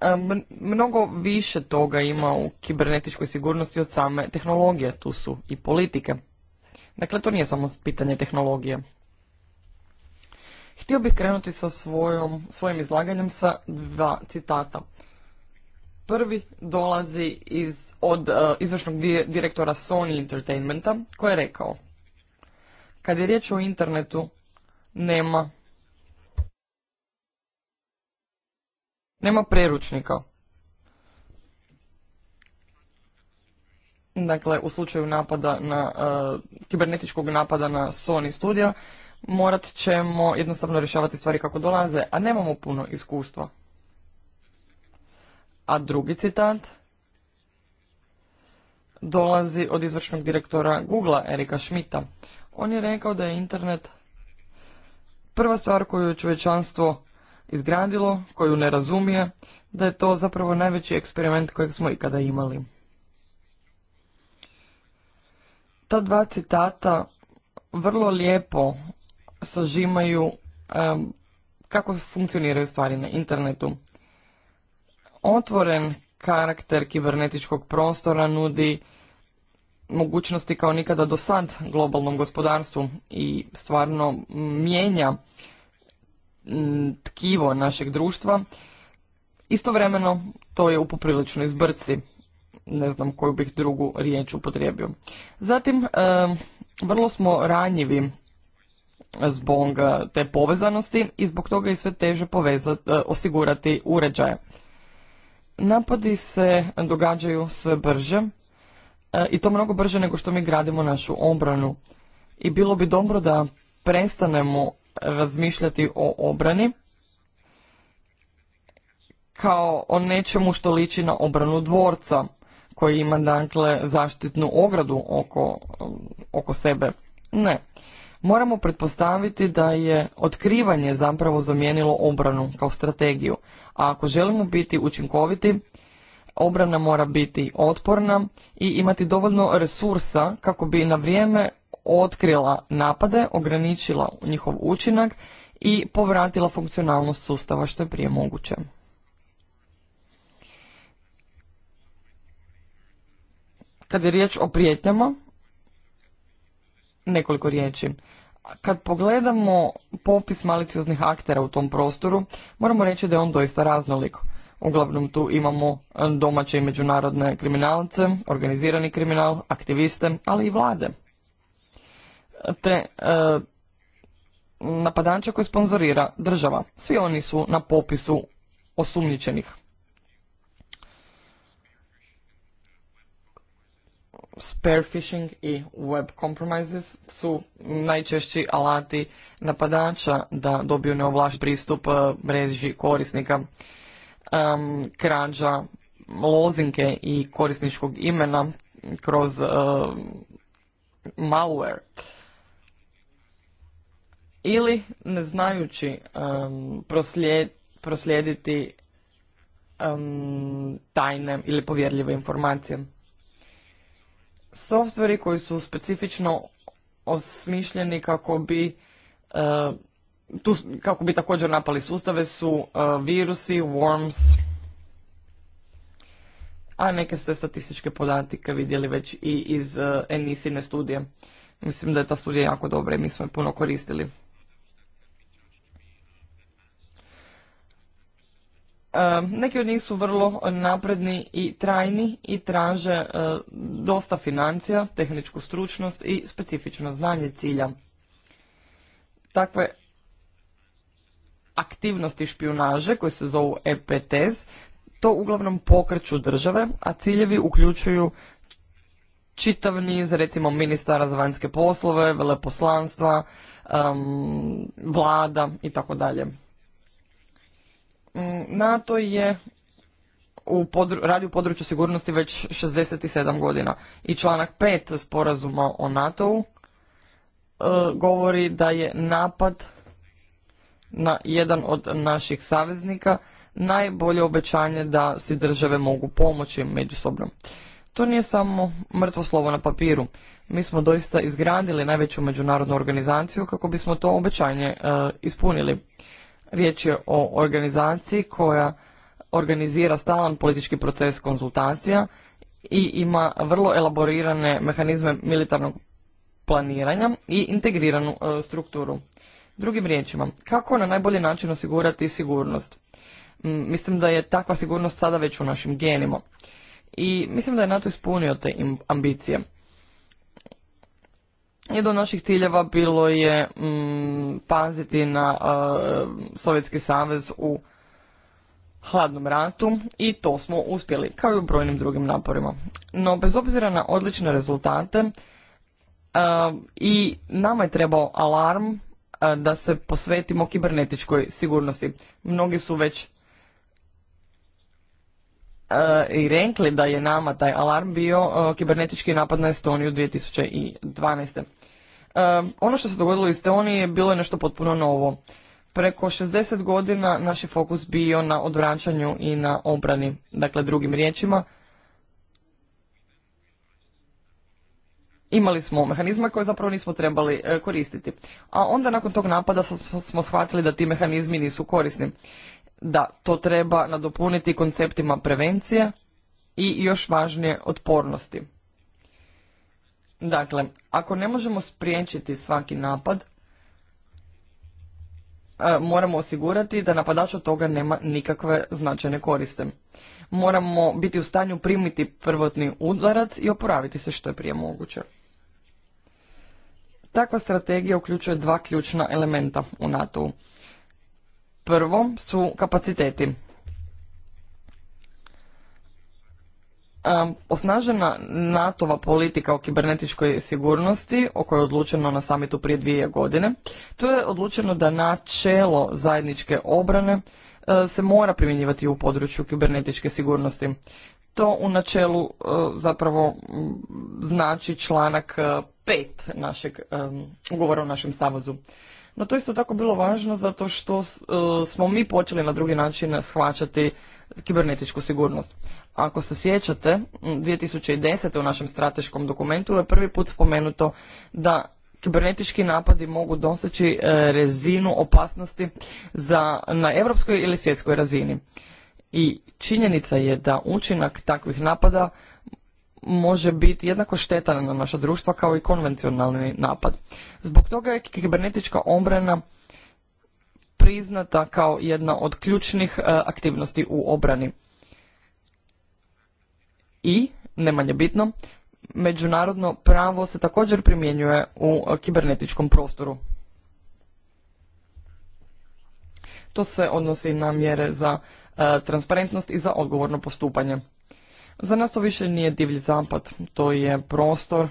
e, mnogo više toga ima u kibernetičkoj sigurnosti od same tehnologije, tu su i politike. Dakle, to nije samo pitanje tehnologije. Htio bih krenuti sa svojom, svojim izlaganjem sa dva citata. Prvi dolazi iz, od e, izvršnog direktora Sony Entertainmenta koji je rekao Kad je riječ o internetu, nema Nema preručnika. Dakle, u slučaju napada na, e, kibernetičkog napada na Sony studio morat ćemo jednostavno rješavati stvari kako dolaze, a nemamo puno iskustva. A drugi citat dolazi od izvršnog direktora Google-a, Erika Schmidta. On je rekao da je internet prva stvar koju čovječanstvo izgradilo, koju ne razumije, da je to zapravo najveći eksperiment kojeg smo ikada imali. Ta dva citata vrlo lijepo sažimaju kako funkcioniraju stvari na internetu. Otvoren karakter kibernetičkog prostora nudi mogućnosti kao nikada do sad globalnom gospodarstvu i stvarno mijenja Mm, tkivo našeg društva. Istovremeno, to je u popriličnoj zbrci. Ne znam koju bih drugu riječ upotrijebio. Zatim, vrlo smo ranjivi zbog eh, te povezanosti i zbog toga je sve teže povezati, eh, osigurati uređaje. Napadi se događaju sve brže eh, i to mnogo brže nego što mi gradimo našu obranu. I bilo bi dobro da prestanemo razmišljati o obrani kao o nečemu što liči na obranu dvorca koji ima dakle zaštitnu ogradu oko, oko sebe. Ne. Moramo pretpostaviti da je otkrivanje zapravo zamijenilo obranu kao strategiju. A ako želimo biti učinkoviti, obrana mora biti otporna i imati dovoljno resursa kako bi na vrijeme otkrila napade, ograničila njihov učinak i povratila funkcionalnost sustava što je prije moguće. Kad je riječ o prijetnjama, nekoliko riječi. Kad pogledamo popis malicioznih aktera u tom prostoru, moramo reći da je on doista raznolik. Uglavnom tu imamo e, domaće i međunarodne kriminalce, organizirani kriminal, aktiviste, ali i vlade te e, napadača koje sponzorira država. Svi oni su na popisu osumnjičenih. Spare phishing i web compromises su najčešći alati napadača da dobiju neovlašten pristup e, mreži korisnika, um, krađa lozinke i korisničkog imena kroz e, malware ili ne znajući proslijediti tajne ili povjerljive informacije. Softveri koji su specifično osmišljeni kako bi e, tu, kako bi također napali sustave su e, virusi, worms, a neke ste statističke podatke vidjeli već i iz uh, e, Enisine studije. Mislim da je ta studija jako dobra i mi smo je puno koristili. Neki od njih su vrlo napredni i trajni i traže e, dosta financija, tehničku stručnost i specifično znanje cilja. Takve aktivnosti špionaže koje se zovu EPTs, to uglavnom pokreću države, a ciljevi uključuju čitav niz recimo ministara za vanjske poslove, veleposlanstva, vlada i tako dalje. Mm, NATO je u podru, radi u području sigurnosti već 67 godina i članak 5 sporazuma o NATO-u e, govori da je napad na jedan od naših saveznika najbolje obećanje da si države mogu pomoći međusobno. To nije samo mrtvo slovo na papiru. Mi smo doista izgradili najveću međunarodnu organizaciju kako bismo to obećanje e, ispunili. Riječ je o organizaciji koja organizira stalan politički proces konzultacija i ima vrlo elaborirane mehanizme militarnog planiranja i integriranu e, strukturu. Drugim riječima, kako na najbolji način osigurati sigurnost? mislim da je takva sigurnost sada već u našim genima. I mislim da je NATO ispunio te ambicije. Jedan od naših ciljeva bilo je mm, paziti na e, Sovjetski savez u hladnom ratu i to smo uspjeli, kao i u brojnim drugim naporima. No, bez obzira na odlične rezultate e, i nama je trebao alarm e, da se posvetimo kibernetičkoj sigurnosti. Mnogi su već E, i rekli da je nama taj alarm bio e, kibernetički napad na Estoniju 2012. E, ono što se dogodilo u Estoniji je bilo je nešto potpuno novo. Preko 60 godina naš je fokus bio na odvraćanju i na obrani. Dakle, drugim riječima, imali smo mehanizme koje zapravo nismo trebali koristiti. A onda nakon tog napada smo shvatili da ti mehanizmi nisu korisni da to treba nadopuniti konceptima prevencije i još važnije otpornosti. Dakle, ako ne možemo spriječiti svaki napad, e, moramo osigurati da napadač od toga nema nikakve značajne koriste. Moramo biti u stanju primiti prvotni udarac i oporaviti se što je prije moguće. Takva strategija uključuje dva ključna elementa u NATO-u. Prvo su kapaciteti. Osnažena NATO-va politika o kibernetičkoj sigurnosti, o kojoj je odlučeno na samitu prije dvije godine, to je odlučeno da načelo zajedničke obrane e, se mora primjenjivati u području kibernetičke sigurnosti. To u načelu e, zapravo znači članak 5 e, našeg ugovora o našem stavozu. No to isto tako bilo važno zato što e, smo mi počeli na drugi način shvaćati kibernetičku sigurnost. Ako se sjećate, 2010. u našem strateškom dokumentu je prvi put spomenuto da kibernetički napadi mogu doseći e, rezinu opasnosti za, na europskoj ili svjetskoj razini. I činjenica je da učinak takvih napada može biti jednako štetan na naša društva kao i konvencionalni napad. Zbog toga je kibernetička obrana priznata kao jedna od ključnih e, aktivnosti u obrani. I, ne manje bitno, međunarodno pravo se također primjenjuje u e, kibernetičkom prostoru. To se odnosi na mjere za e, transparentnost i za odgovorno postupanje. Za nas to više nije divlji zapad, to je prostor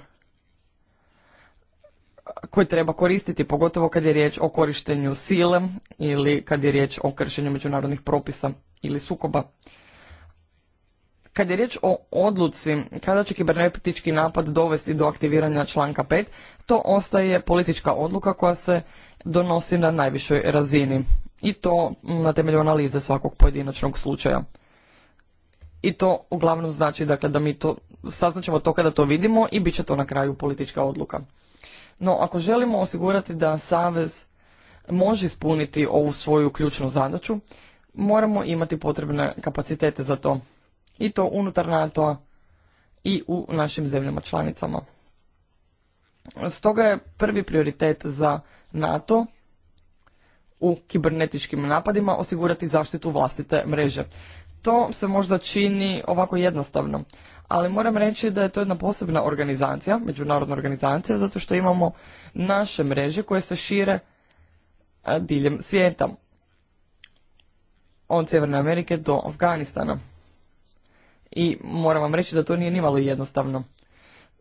koji treba koristiti, pogotovo kad je riječ o korištenju sile ili kad je riječ o kršenju međunarodnih propisa ili sukoba. Kad je riječ o odluci kada će kibernetički napad dovesti do aktiviranja članka 5, to ostaje politička odluka koja se donosi na najvišoj razini i to na temelju analize svakog pojedinačnog slučaja i to uglavnom znači dakle, da mi to saznaćemo to kada to vidimo i bit će to na kraju politička odluka. No, ako želimo osigurati da Savez može ispuniti ovu svoju ključnu zadaću, moramo imati potrebne kapacitete za to. I to unutar NATO-a i u našim zemljama članicama. Stoga je prvi prioritet za NATO u kibernetičkim napadima osigurati zaštitu vlastite mreže. To se možda čini ovako jednostavno, ali moram reći da je to jedna posebna organizacija, međunarodna organizacija, zato što imamo naše mreže koje se šire e, diljem svijeta. Od Sjeverne Amerike do Afganistana. I moram vam reći da to nije nimalo jednostavno.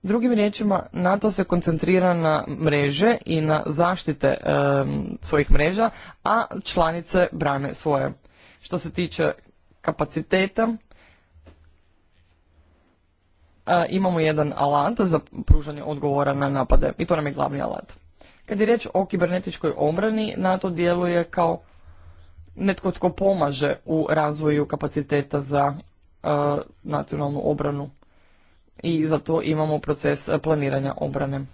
Drugim riječima, NATO se koncentrira na mreže i na zaštite e, svojih mreža, a članice brane svoje. Što se tiče kapaciteta. Imamo jedan alat za pružanje odgovora na napade i to nam je glavni alat. Kad je riječ o kibernetičkoj obrani, NATO djeluje kao netko tko pomaže u razvoju kapaciteta za nacionalnu obranu i za to imamo proces planiranja obrane.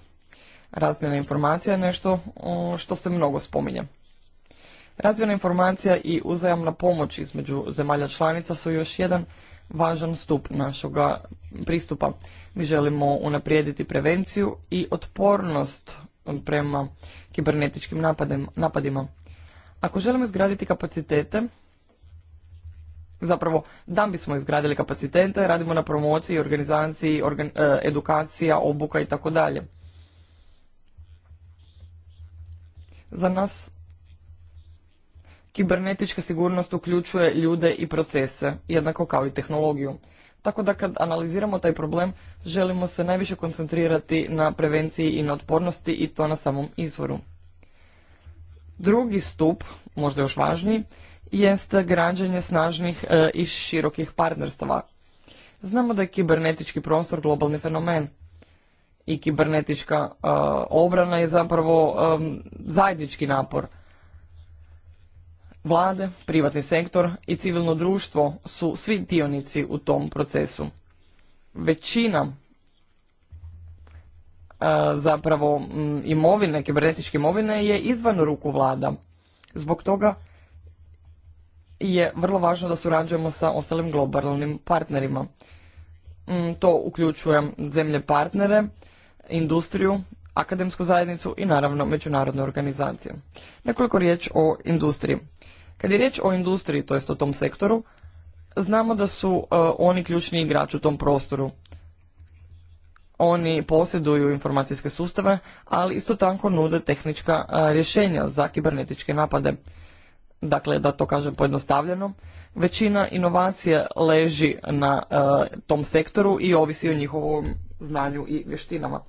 Razmjena informacija je nešto što se mnogo spominje. Razvijena informacija i uzajamna pomoć između zemalja članica su još jedan važan stup našega pristupa. Mi želimo unaprijediti prevenciju i otpornost prema kibernetičkim napadima. Ako želimo izgraditi kapacitete, zapravo da bismo izgradili kapacitete, radimo na promociji, organizaciji, e, edukacija, obuka i tako dalje. Za nas Kibernetička sigurnost uključuje ljude i procese, jednako kao i tehnologiju. Tako da kad analiziramo taj problem, želimo se najviše koncentrirati na prevenciji i na otpornosti i to na samom izvoru. Drugi stup, možda još važniji, jest građanje snažnih e, i širokih partnerstava. Znamo da je kibernetički prostor globalni fenomen i kibernetička e, obrana je zapravo e, zajednički napor – Vlade, privatni sektor i civilno društvo su svi dionici u tom procesu. Većina e, zapravo mm, imovine, kibernetičke imovine je izvan ruku vlada. Zbog toga je vrlo važno da surađujemo sa ostalim globalnim partnerima. Mm, to uključuje zemlje partnere, industriju, akademsku zajednicu i naravno međunarodne organizacije. Nekoliko riječ o industriji. Kad je riječ o industriji, to jest o tom sektoru, znamo da su e, oni ključni igrač u tom prostoru. Oni posjeduju informacijske sustave, ali isto tako nude tehnička e, rješenja za kibernetičke napade. Dakle, da to kažem pojednostavljeno, većina inovacije leži na e, tom sektoru i ovisi o njihovom znanju i vještinama.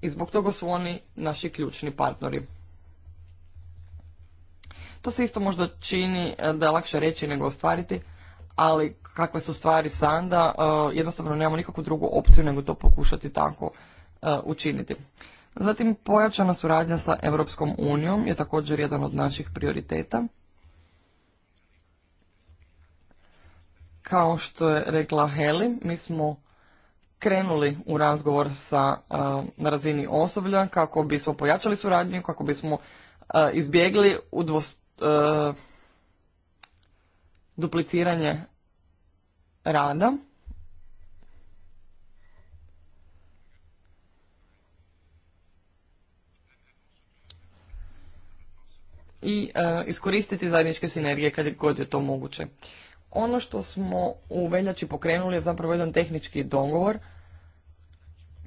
I zbog toga su oni naši ključni partneri. To se isto možda čini e, da je lakše reći nego ostvariti, ali kakve su stvari sanda, e, jednostavno nemamo nikakvu drugu opciju nego to pokušati tako e, učiniti. Zatim pojačana suradnja sa Europskom unijom je također jedan od naših prioriteta. Kao što je rekla Heli, mi smo krenuli u razgovor sa na razini osoblja kako bismo pojačali suradnju, kako bismo izbjegli udvost E, dupliciranje rada. i e, iskoristiti zajedničke sinergije kad god je to moguće. Ono što smo u veljači pokrenuli je zapravo jedan tehnički dogovor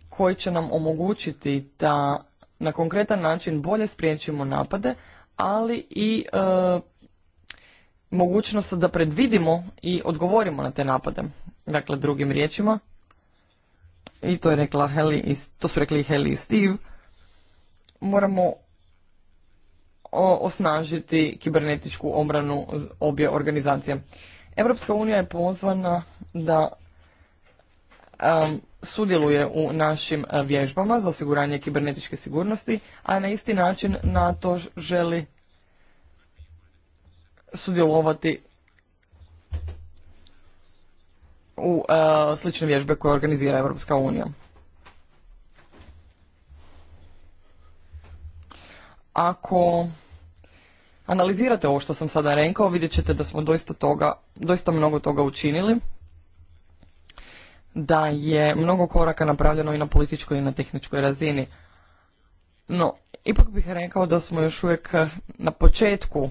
koji će nam omogućiti da na konkretan način bolje spriječimo napade, ali i e, mogućnost da predvidimo i odgovorimo na te napade. Dakle, drugim riječima, i to, je rekla Heli to su rekli Heli i Steve, moramo osnažiti kibernetičku obranu obje organizacije. Europska unija je pozvana da sudjeluje u našim e, vježbama za osiguranje kibernetičke sigurnosti, a na isti način NATO želi sudjelovati u e, slične vježbe koje organizira Europska unija. Ako analizirate ovo što sam sada rekao, vidjet ćete da smo toga, doista mnogo toga učinili da je mnogo koraka napravljeno i na političkoj i na tehničkoj razini. No, ipak bih rekao da smo još uvijek na početku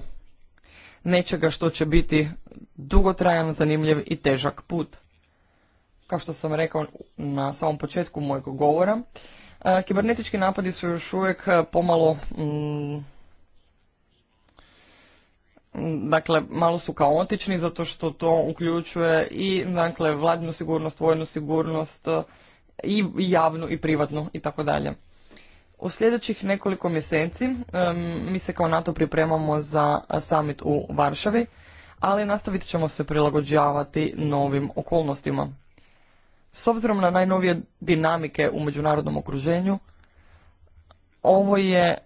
nečega što će biti dugotrajan, zanimljiv i težak put. Kao što sam rekao na samom početku mojeg govora, e, kibernetički napadi su još uvijek pomalo mm, Dakle, malo su kaotični zato što to uključuje i dakle, vladinu sigurnost, vojnu sigurnost, i javnu i privatnu i tako dalje. U sljedećih nekoliko mjeseci mi se kao NATO pripremamo za summit u Varšavi, ali nastavit ćemo se prilagođavati novim okolnostima. S obzirom na najnovije dinamike u međunarodnom okruženju, ovo je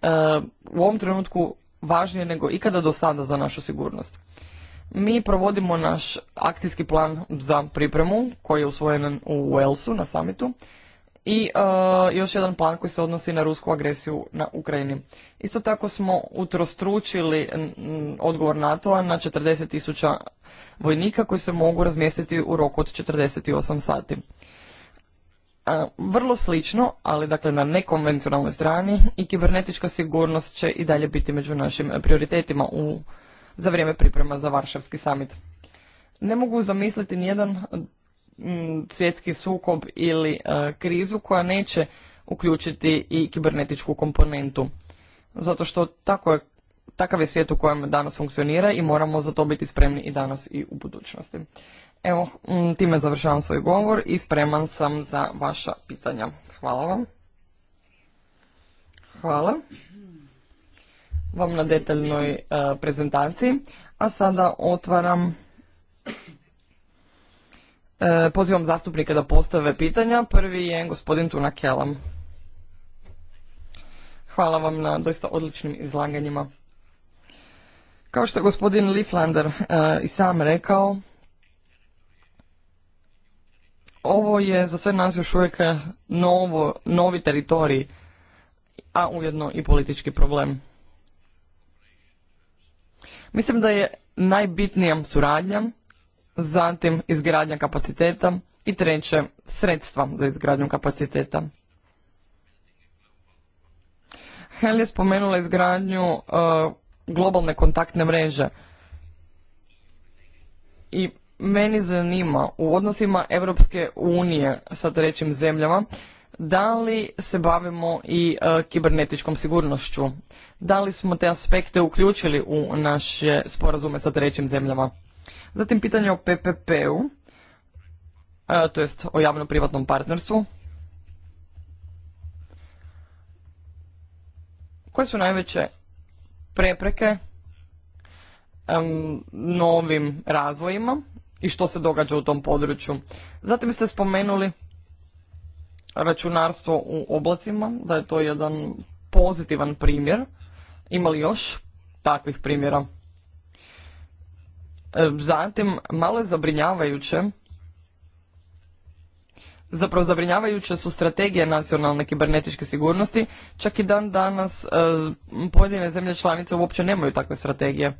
u ovom trenutku važnije nego ikada do sada za našu sigurnost. Mi provodimo naš akcijski plan za pripremu koji je usvojen u Walesu na samitu i e, još jedan plan koji se odnosi na rusku agresiju na Ukrajini. Isto tako smo utrostručili odgovor NATO-a na 40 tisuća vojnika koji se mogu razmjestiti u roku od 48 sati vrlo slično, ali dakle na nekonvencionalnoj strani i kibernetička sigurnost će i dalje biti među našim prioritetima za vrijeme priprema za Varšavski samit. Ne mogu zamisliti nijedan mm, svjetski sukob ili e, krizu koja neće uključiti i kibernetičku komponentu. Zato što tako je, takav je svijet u kojem danas funkcionira i moramo za to biti spremni i danas i u budućnosti. Evo, mm, time završavam svoj govor i spreman sam za vaša pitanja. Hvala vam. Hvala vam na detaljnoj e, prezentaciji. A sada otvaram, e, pozivam zastupnike da postave pitanja. Prvi je gospodin Tuna Kelam. Hvala vam na doista odličnim izlaganjima. Kao što je gospodin Liflander e, i sam rekao, ovo je za sve nas još uvijek eh, novo, novi teritorij, a ujedno i politički problem. Mislim da je najbitnija suradnja, zatim izgradnja kapaciteta i treće sredstva za izgradnju kapaciteta. Hel je spomenula izgradnju eh, globalne kontaktne mreže i meni zanima u odnosima Europske unije sa trećim zemljama da li se bavimo i e, kibernetičkom sigurnošću? Da li smo te aspekte uključili u naše sporazume sa trećim zemljama? Zatim pitanje o PPP-u, e, to jest o javno-privatnom partnerstvu. Koje su najveće prepreke novim razvojima? i što se događa u tom području. Zatim ste spomenuli računarstvo u oblacima, da je to jedan pozitivan primjer. Ima li još takvih primjera? E, zatim, malo je zabrinjavajuće, zapravo zabrinjavajuće su strategije nacionalne kibernetičke sigurnosti, čak i dan danas e, pojedine zemlje članice uopće nemaju takve strategije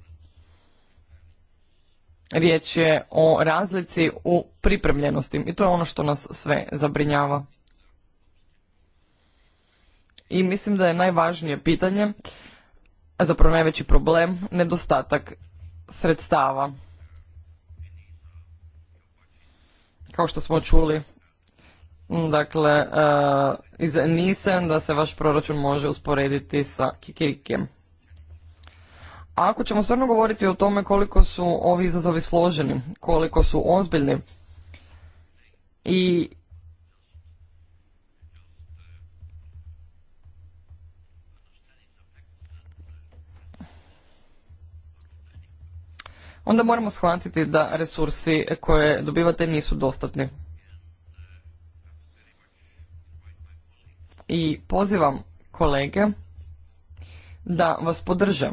riječ je o razlici u pripremljenosti i to je ono što nas sve zabrinjava. I mislim da je najvažnije pitanje, zapravo najveći problem, nedostatak sredstava. Kao što smo čuli, dakle, e, iz Nisen da se vaš proračun može usporediti sa Kikirikem ako ćemo stvarno govoriti o tome koliko su ovi izazovi složeni, koliko su ozbiljni i onda moramo shvatiti da resursi koje dobivate nisu dostatni. I pozivam kolege da vas podrže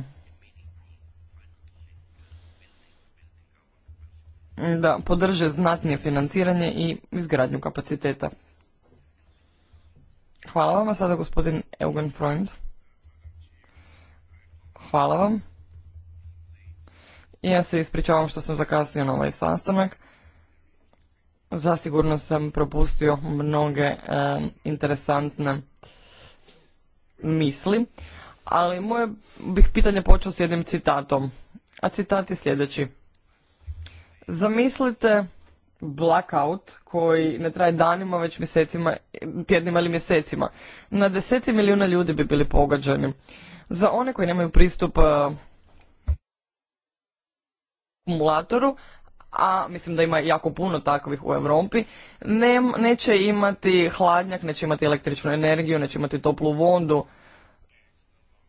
da podrže znatnije financiranje i izgradnju kapaciteta. Hvala vam, a sada gospodin Eugen Freund. Hvala vam. Ja se ispričavam što sam zakasnio na ovaj sastanak. Zasigurno sam propustio mnoge e, interesantne misli, ali moje bih pitanje počeo s jednim citatom. A citat je sljedeći. Zamislite blackout koji ne traje danima, već mjesecima, tjednima ili mjesecima. Na deseci milijuna ljudi bi bili pogađani. Za one koji nemaju pristup kumulatoru, e, a mislim da ima jako puno takvih u Europi, neće imati hladnjak, neće imati električnu energiju, neće imati toplu vondu,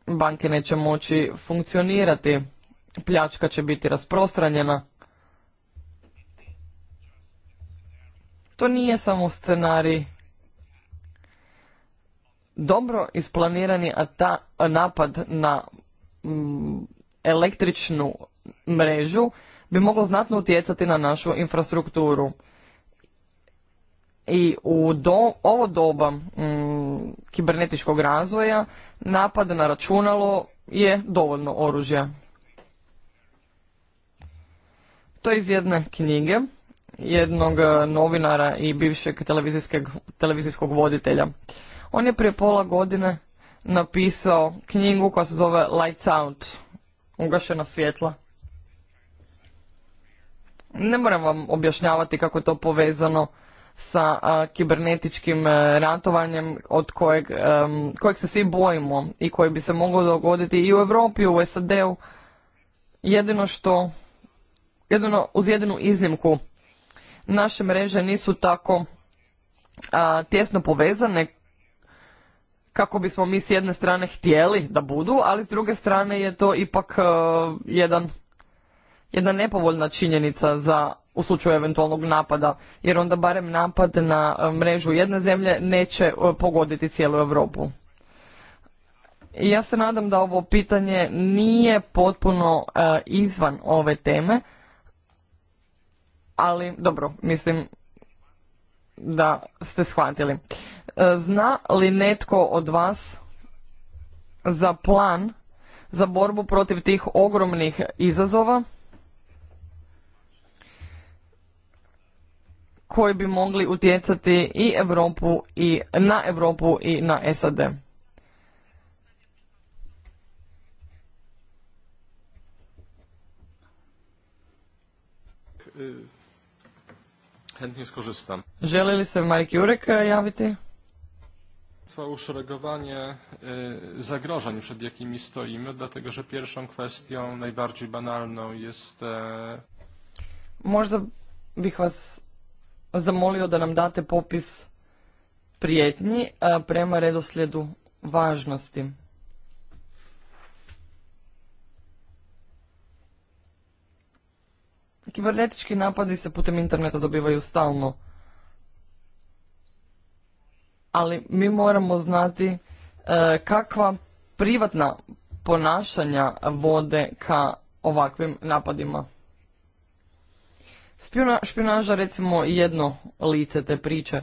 banke neće moći funkcionirati, pljačka će biti rasprostranjena. To nije samo scenarij dobro isplanirani ta napad na mm, električnu mrežu bi moglo znatno utjecati na našu infrastrukturu. I u do, ovo doba mm, kibernetičkog razvoja napad na računalo je dovoljno oružja. To je iz jedne knjige jednog e, novinara i bivšeg televizijskog voditelja. On je prije pola godine napisao knjigu koja se zove Lights Out, ugašena svjetla. Ne moram vam objašnjavati kako je to povezano sa kibernetičkim e, ratovanjem od kojeg, kojeg se svi bojimo i koji bi se moglo dogoditi i u Europi, u SAD-u. Jedino što, jedino uz jedinu iznimku naše mreže nisu tako a, tjesno povezane kako bismo mi s jedne strane htjeli da budu, ali s druge strane je to ipak e, jedan, jedna nepovoljna činjenica za u slučaju eventualnog napada, jer onda barem napad na e, mrežu jedne zemlje neće e, pogoditi cijelu Europu. ja se nadam da ovo pitanje nije potpuno izvan ove teme, ali dobro, mislim da ste shvatili. E, zna li netko od vas za plan za borbu protiv tih ogromnih izazova koji bi mogli utjecati i Europu i na Europu i na SAD? Chętnie skorzystam. Želi li se Mike Jurek e, javiti? Uszeregowanie e, zagrożeń, przed jakimi stoimy, dlatego że pierwszą kwestią, najbardziej banalną jest... E, Možda bih vas zamolio da nam date popis prijetnji prema redosledu ważności. Kibernetički napadi se putem interneta dobivaju stalno. Ali mi moramo znati e, kakva privatna ponašanja vode ka ovakvim napadima. Špionaža recimo jedno lice te priče.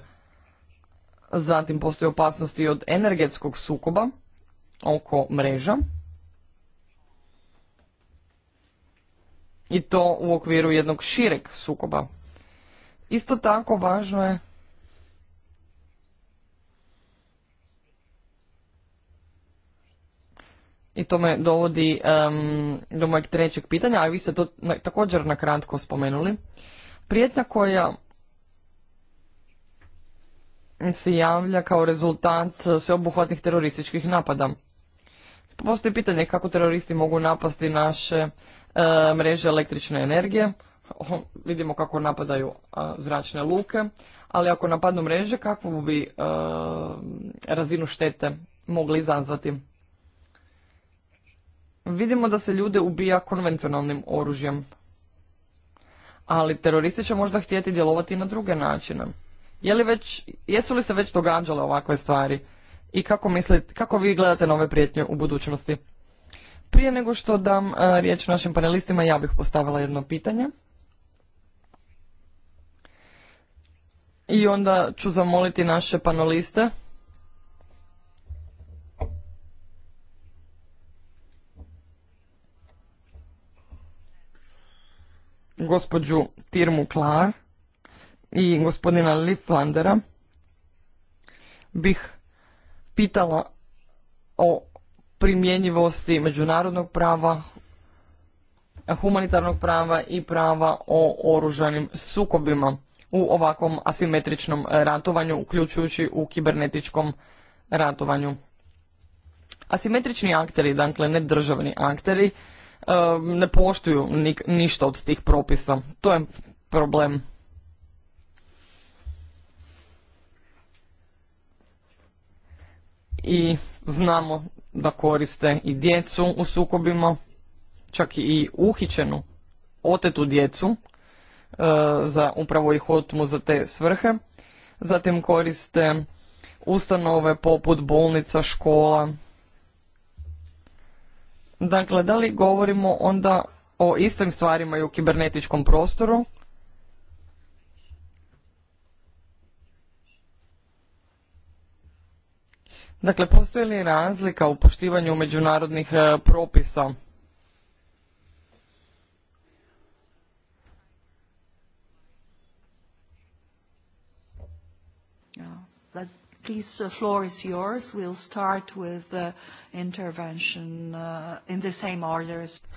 Zatim postoje opasnosti od energetskog sukoba oko mreža i to u okviru jednog šireg sukoba. Isto tako važno je i to me dovodi do mojeg trećeg pitanja, a vi ste to također na spomenuli. Prijetnja koja se javlja kao rezultat sveobuhvatnih terorističkih napada. Postoji pitanje kako teroristi mogu napasti naše e, mreže električne energije. vidimo kako napadaju e, zračne luke, ali ako napadnu mreže, kakvu bi e, razinu štete mogli izazvati? Vidimo da se ljude ubija konvencionalnim oružjem, ali teroristi će možda htjeti djelovati na druge načine. Je li već, jesu li se već događale ovakve stvari? i kako, mislite, kako vi gledate nove prijetnje u budućnosti? Prije nego što dam e, riječ našim panelistima, ja bih postavila jedno pitanje. I onda ću zamoliti naše paneliste gospođu Tirmu Klar i gospodina Liflandera bih pitala o primjenjivosti međunarodnog prava, humanitarnog prava i prava o oružanim sukobima u ovakvom asimetričnom ratovanju, uključujući u kibernetičkom ratovanju. Asimetrični akteri, dakle nedržavni akteri, eh, ne poštuju ništa od tih propisa. To je problem. i znamo da koriste i djecu u sukobima, čak i uhićenu, otetu djecu e, za upravo ih otmu za te svrhe. Zatim koriste ustanove poput bolnica, škola. Dakle, da li govorimo onda o istim stvarima i u kibernetičkom prostoru? Dakle, postoji li razlika u poštivanju međunarodnih e, propisa? Please, the floor is yours.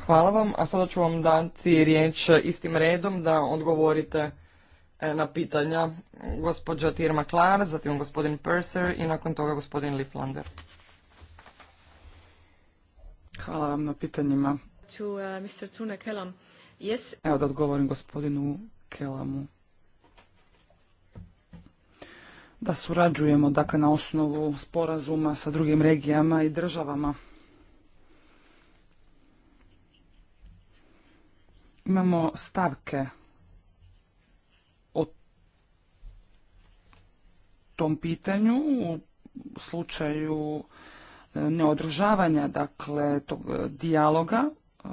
Hvala vam, a sada ću vam dati riječ e, istim redom da odgovorite E, na pitanja gospođa Tirma Klar, zatim gospodin Purser i nakon toga gospodin Liflander. Hvala vam na pitanjima. Uh, Evo da odgovorim gospodinu Kelamu. Da surađujemo dakle, na osnovu sporazuma sa drugim regijama i državama. Imamo stavke tom pitanju u slučaju e, neodržavanja dakle tog e, dijaloga e,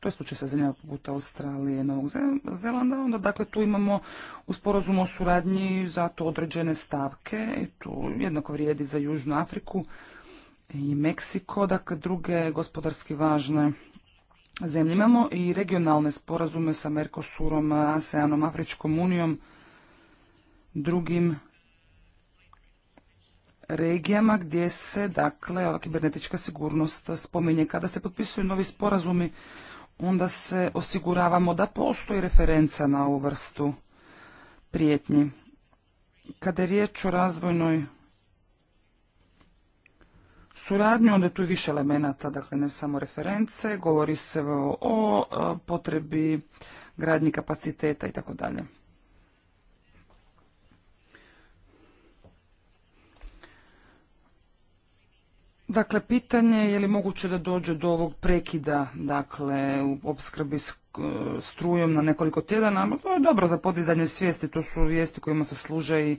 to je slučaj sa zemljama poput Australije i Novog Zelanda, onda dakle tu imamo u sporazumu o suradnji za to određene stavke i tu jednako vrijedi za Južnu Afriku i Meksiko, dakle druge gospodarski važne zemlje. Imamo i regionalne sporazume sa Mercosurom, ASEANom, Afričkom unijom, drugim regijama gdje se dakle ova kibernetička sigurnost spominje. Kada se potpisuju novi sporazumi onda se osiguravamo da postoji referenca na ovu vrstu prijetnji. Kada je riječ o razvojnoj suradnji onda je tu više elemenata, dakle ne samo reference, govori se o potrebi gradnji kapaciteta i tako dalje. Dakle, pitanje je li moguće da dođe do ovog prekida, dakle, u opskrbi e, strujom na nekoliko tjedana, to je dobro za podizanje svijesti, to su vijesti kojima se služe i,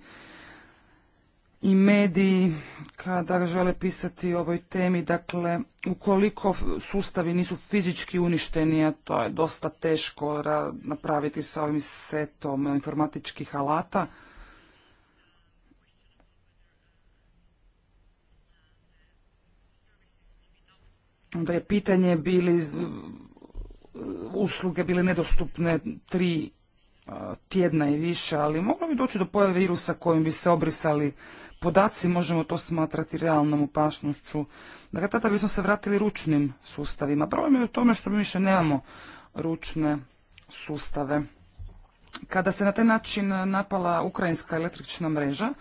i mediji kada žele pisati o ovoj temi, dakle, ukoliko sustavi nisu fizički uništeni, a to je dosta teško napraviti sa ovim setom informatičkih alata, da je pitanje bili usluge bile nedostupne tri tjedna i više, ali moglo bi doći do pojave virusa kojim bi se obrisali podaci, možemo to smatrati realnom opasnošću. Dakle, tada bismo se vratili ručnim sustavima. Problem je u tome što mi više nemamo ručne sustave. Kada se na taj način napala ukrajinska električna mreža,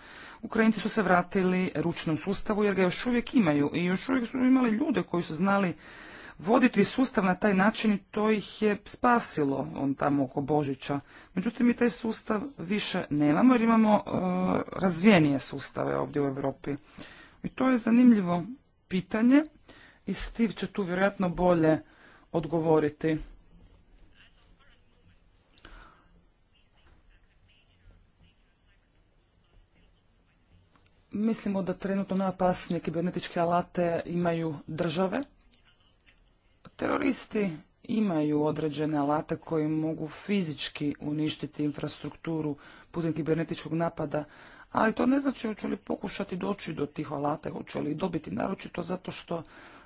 Ukrajinci su se vratili ručnom sustavu jer ga još uvijek imaju i još uvijek su imali ljude koji su znali voditi sustav na taj način i to ih je spasilo on tamo oko Božića. Međutim, mi taj sustav više nemamo jer imamo e, razvijenije sustave ovdje u Europi. I to je zanimljivo pitanje i Steve će tu vjerojatno bolje odgovoriti. Mislimo da trenutno najopasnije kibernetičke alate imaju države. Teroristi imaju određene alate koji mogu fizički uništiti infrastrukturu putem kibernetičkog napada, ali to ne znači hoće li pokušati doći do tih alata, hoće li dobiti naročito zato što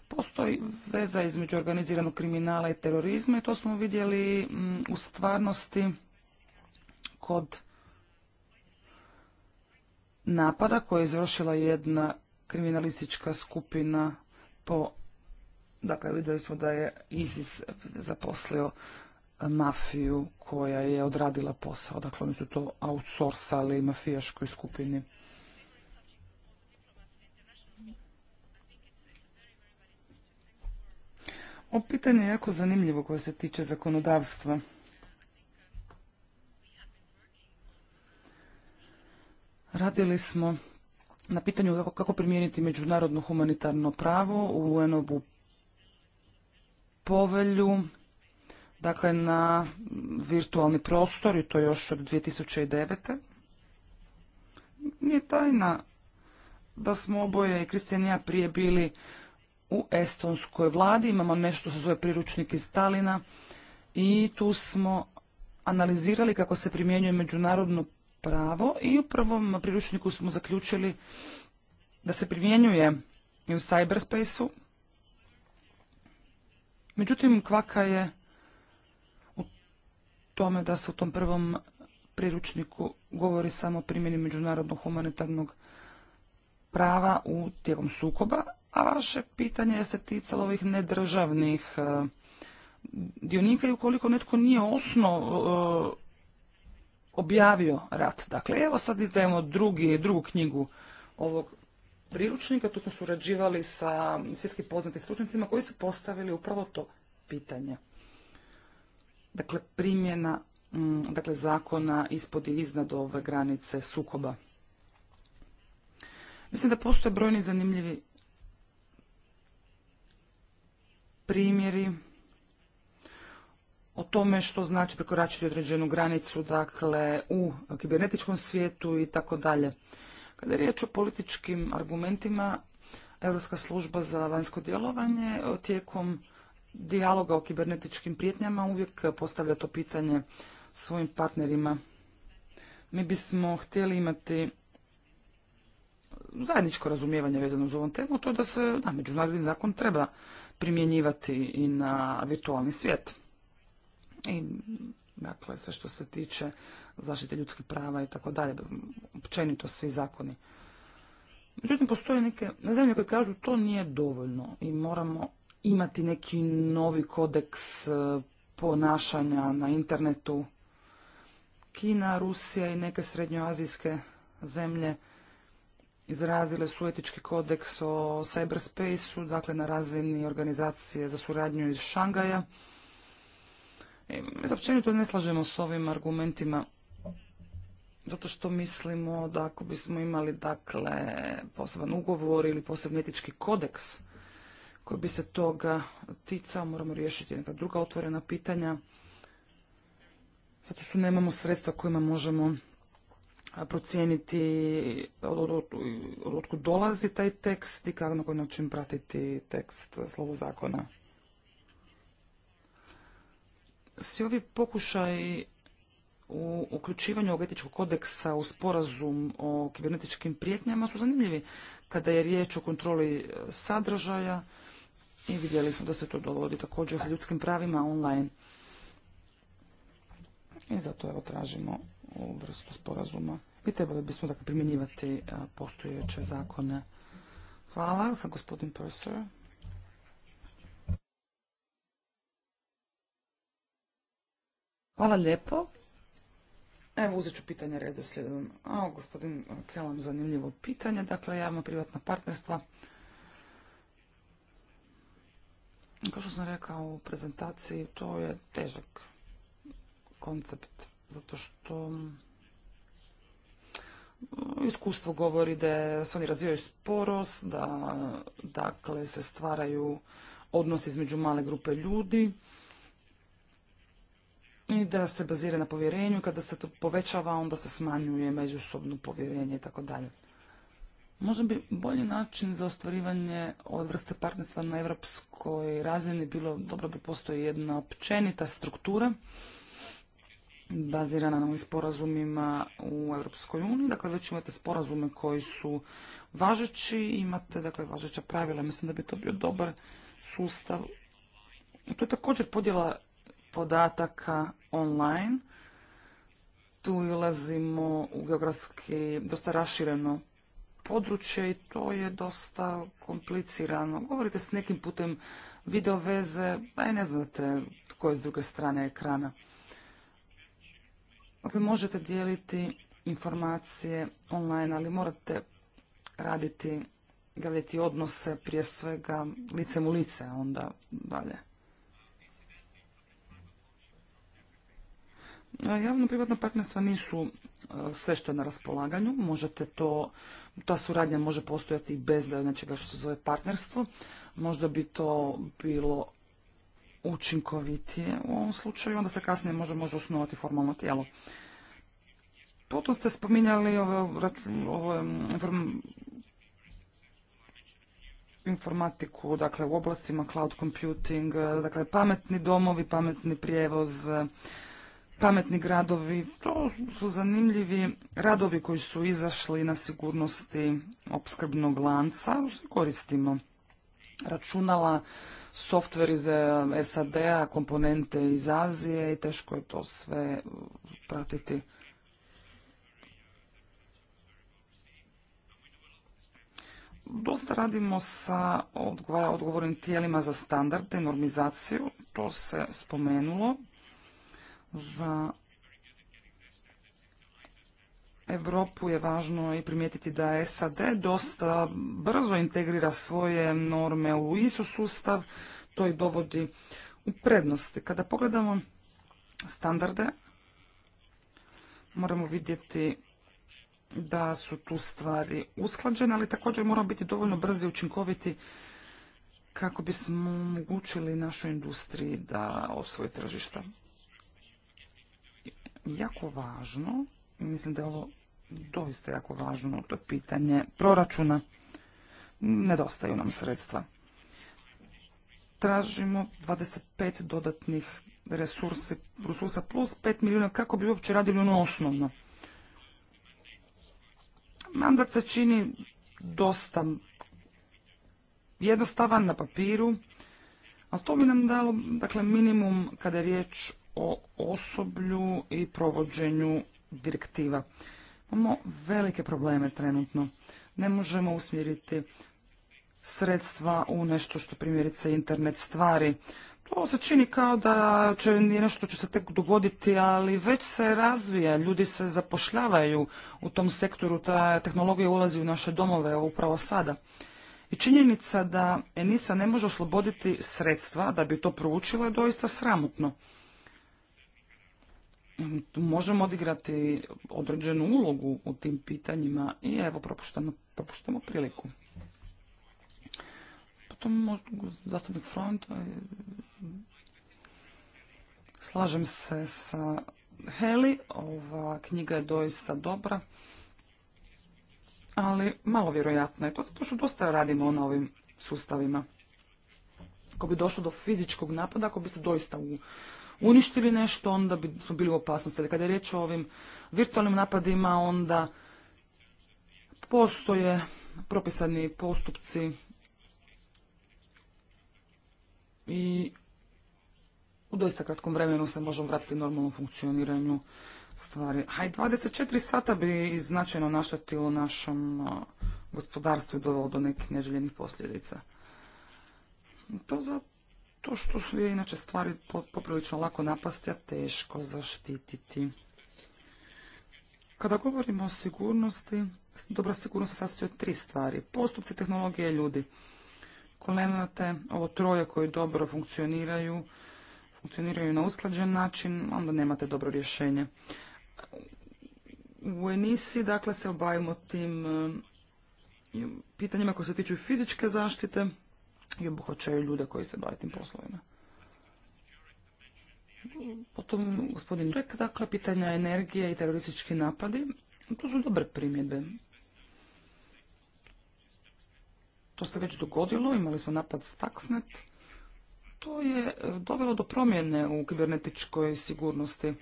postoji veza između organiziranog kriminala i terorizma i to smo vidjeli mm, u stvarnosti kod napada koje je izvršila jedna kriminalistička skupina po dakle vidjeli smo da je ISIS zaposlio e, mafiju koja je odradila posao. Dakle, oni su to outsourcali mafijaškoj skupini. O pitanje je jako zanimljivo koje se tiče zakonodavstva. Radili smo na pitanju kako, primijeniti međunarodno humanitarno pravo u UN-ovu povelju, dakle na virtualni prostor i to još od 2009. Nije tajna da smo oboje i Kristijanija prije bili u estonskoj vladi, imamo nešto se zove priručnik iz Talina i tu smo analizirali kako se primjenjuje međunarodno pravo i u prvom priručniku smo zaključili da se primjenjuje i u cyberspaceu. Međutim, kvaka je u tome da se u tom prvom priručniku govori samo o primjeni međunarodnog humanitarnog prava u tijekom sukoba, a vaše pitanje je se ticalo ovih nedržavnih eh, dionika i ukoliko netko nije osno eh, objavio rat. Dakle, evo sad izdajemo drugi, drugu knjigu ovog priručnika, tu smo surađivali sa svjetski poznatim stručnicima koji su postavili upravo to pitanje. Dakle, primjena mm, dakle, zakona ispod i iznad ove granice sukoba. Mislim da postoje brojni zanimljivi primjeri o tome što znači prekoračiti određenu granicu, dakle, u kibernetičkom svijetu i tako dalje. Kada je riječ o političkim argumentima, Europska služba za vanjsko djelovanje tijekom dijaloga o kibernetičkim prijetnjama uvijek postavlja to pitanje svojim partnerima. Mi bismo htjeli imati zajedničko razumijevanje vezano uz ovom temu, to da se da, međunarodni zakon treba primjenjivati i na virtualni svijet i dakle sve što se tiče zaštite ljudskih prava i tako dalje, općenito svi zakoni. Međutim, postoje neke zemlje koje kažu to nije dovoljno i moramo imati neki novi kodeks e, ponašanja na internetu. Kina, Rusija i neke srednjoazijske zemlje izrazile su etički kodeks o u dakle na razini organizacije za suradnju iz Šangaja. Zapćenito ne slažemo s ovim argumentima zato što mislimo da ako bismo imali dakle poseban ugovor ili posebni etički kodeks koji bi se toga ticao, moramo riješiti neka druga otvorena pitanja. Zato što nemamo sredstva kojima možemo procijeniti od dolazi taj tekst i kako na koji način pratiti tekst e, slovo zakona svi ovi pokušaj u uključivanju ovog etičkog kodeksa u sporazum o kibernetičkim prijetnjama su zanimljivi kada je riječ o kontroli e, sadržaja i vidjeli smo da se to dovodi također sa ljudskim pravima online. I zato evo tražimo ovu vrstu sporazuma. I trebali bismo tako dakle, primjenjivati e, postojeće zakone. Hvala, sam gospodin Perser. Hvala lijepo. Evo uzet ću pitanje redoslijedom. A, gospodin Kelam, zanimljivo pitanje. Dakle, javno-privatna partnerstva. Kao što sam rekao u prezentaciji, to je težak koncept, zato što mm, iskustvo govori da se oni razvijaju sporost, da dakle, se stvaraju odnosi između male grupe ljudi, i da se bazira na povjerenju. Kada se to povećava, onda se smanjuje međusobno povjerenje i tako dalje. Možda bi bolji način za ostvarivanje od vrste partnerstva na evropskoj razini bilo dobro da postoji jedna općenita struktura bazirana na ovim sporazumima u Europskoj uniji. Dakle, već imate sporazume koji su važeći, imate dakle, važeća pravila. Mislim da bi to bio dobar sustav. To je također podjela podataka online. Tu ulazimo u geografski dosta rašireno područje i to je dosta komplicirano. Govorite s nekim putem videoveze, a pa i ne znate tko je s druge strane ekrana. Dakle, možete dijeliti informacije online, ali morate raditi, graditi odnose prije svega licem u lice, onda dalje. javno privatno partnerstva nisu e, sve što je na raspolaganju. Možete to, ta suradnja može postojati i bez da nečega što se zove partnerstvo. Možda bi to bilo učinkovitije u ovom slučaju, onda se kasnije može, može osnovati formalno tijelo. Potom ste spominjali ove, informatiku, dakle u oblacima cloud computing, e, dakle pametni domovi, pametni prijevoz, pametni gradovi, to su zanimljivi radovi koji su izašli na sigurnosti opskrbnog lanca. Koristimo računala, softver iz eh, SAD-a, komponente iz Azije i teško je to sve eh, pratiti. Dosta radimo sa odgovornim tijelima za standarde, normizaciju, to se spomenulo za Europu je važno i primijetiti da SAD dosta brzo integrira svoje norme u ISO sustav, to i dovodi u prednosti. Kada pogledamo standarde, moramo vidjeti da su tu stvari usklađene, ali također moramo biti dovoljno brzi i učinkoviti kako bismo omogućili našoj industriji da osvoji tržišta jako važno, mislim da je ovo doista jako važno, to je pitanje proračuna. Nedostaju nam sredstva. Tražimo 25 dodatnih resursi, resursa plus 5 milijuna kako bi uopće radili ono osnovno. Mandat se čini dosta jednostavan na papiru, ali to bi nam dalo dakle, minimum kada je riječ o osoblju i provođenju direktiva. Imamo velike probleme trenutno. Ne možemo usmjeriti sredstva u nešto što primjerice internet stvari. To se čini kao da će nešto će se tek dogoditi, ali već se razvija, ljudi se zapošljavaju u tom sektoru, ta tehnologija ulazi u naše domove upravo sada. I činjenica da ENISA ne može osloboditi sredstva da bi to proučila je doista sramotno možemo odigrati određenu ulogu u tim pitanjima i evo propuštamo, priliku. Potom zastupnik Front, e, slažem se sa Heli, ova knjiga je doista dobra, ali malo vjerojatna je to zato što dosta radimo na ovim sustavima. Ako bi došlo do fizičkog napada, ako bi se doista u uništili nešto, onda bi smo bili u opasnosti. Ali kada je riječ o ovim virtualnim napadima, onda postoje propisani postupci i u doista kratkom vremenu se možemo vratiti normalnom funkcioniranju stvari. A i 24 sata bi značajno naštetilo našom gospodarstvu i dovelo do nekih neželjenih posljedica. To zato to što su je inače stvari poprilično lako napasti, a teško zaštititi. Kada govorimo o sigurnosti, dobra sigurnost se sastoji od tri stvari. Postupci, tehnologije i ljudi. Kolemate, ovo troje koji dobro funkcioniraju, funkcioniraju na usklađen način, onda nemate dobro rješenje. U emisiji, dakle, se obavimo tim eh, pitanjima koje se tiču fizičke zaštite, i obuhvaćaju ljude koji se bave tim poslovima. Potom gospodin Rek, dakle, pitanja energije i teroristički napadi. To su dobre primjedbe. To se već dogodilo, imali smo napad Stuxnet. To je e, dovelo do promjene u kibernetičkoj sigurnosti.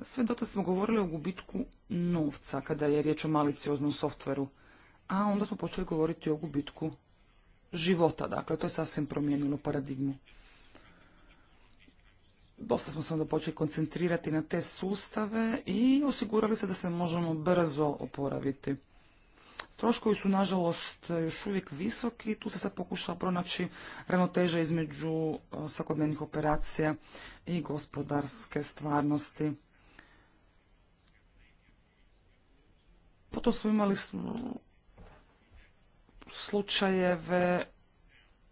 Sve dotle smo govorili o gubitku novca kada je riječ o malicioznom softveru, a onda smo počeli govoriti o gubitku života. Dakle, to je sasvim promijenilo paradigmu. Dosta smo se onda počeli koncentrirati na te sustave i osigurali se da se možemo brzo oporaviti. Troškovi su, nažalost, još uvijek visoki tu se sad pokušava pronaći ravnoteža između e, svakodnevnih operacija i gospodarske stvarnosti. Potom smo imali slučajeve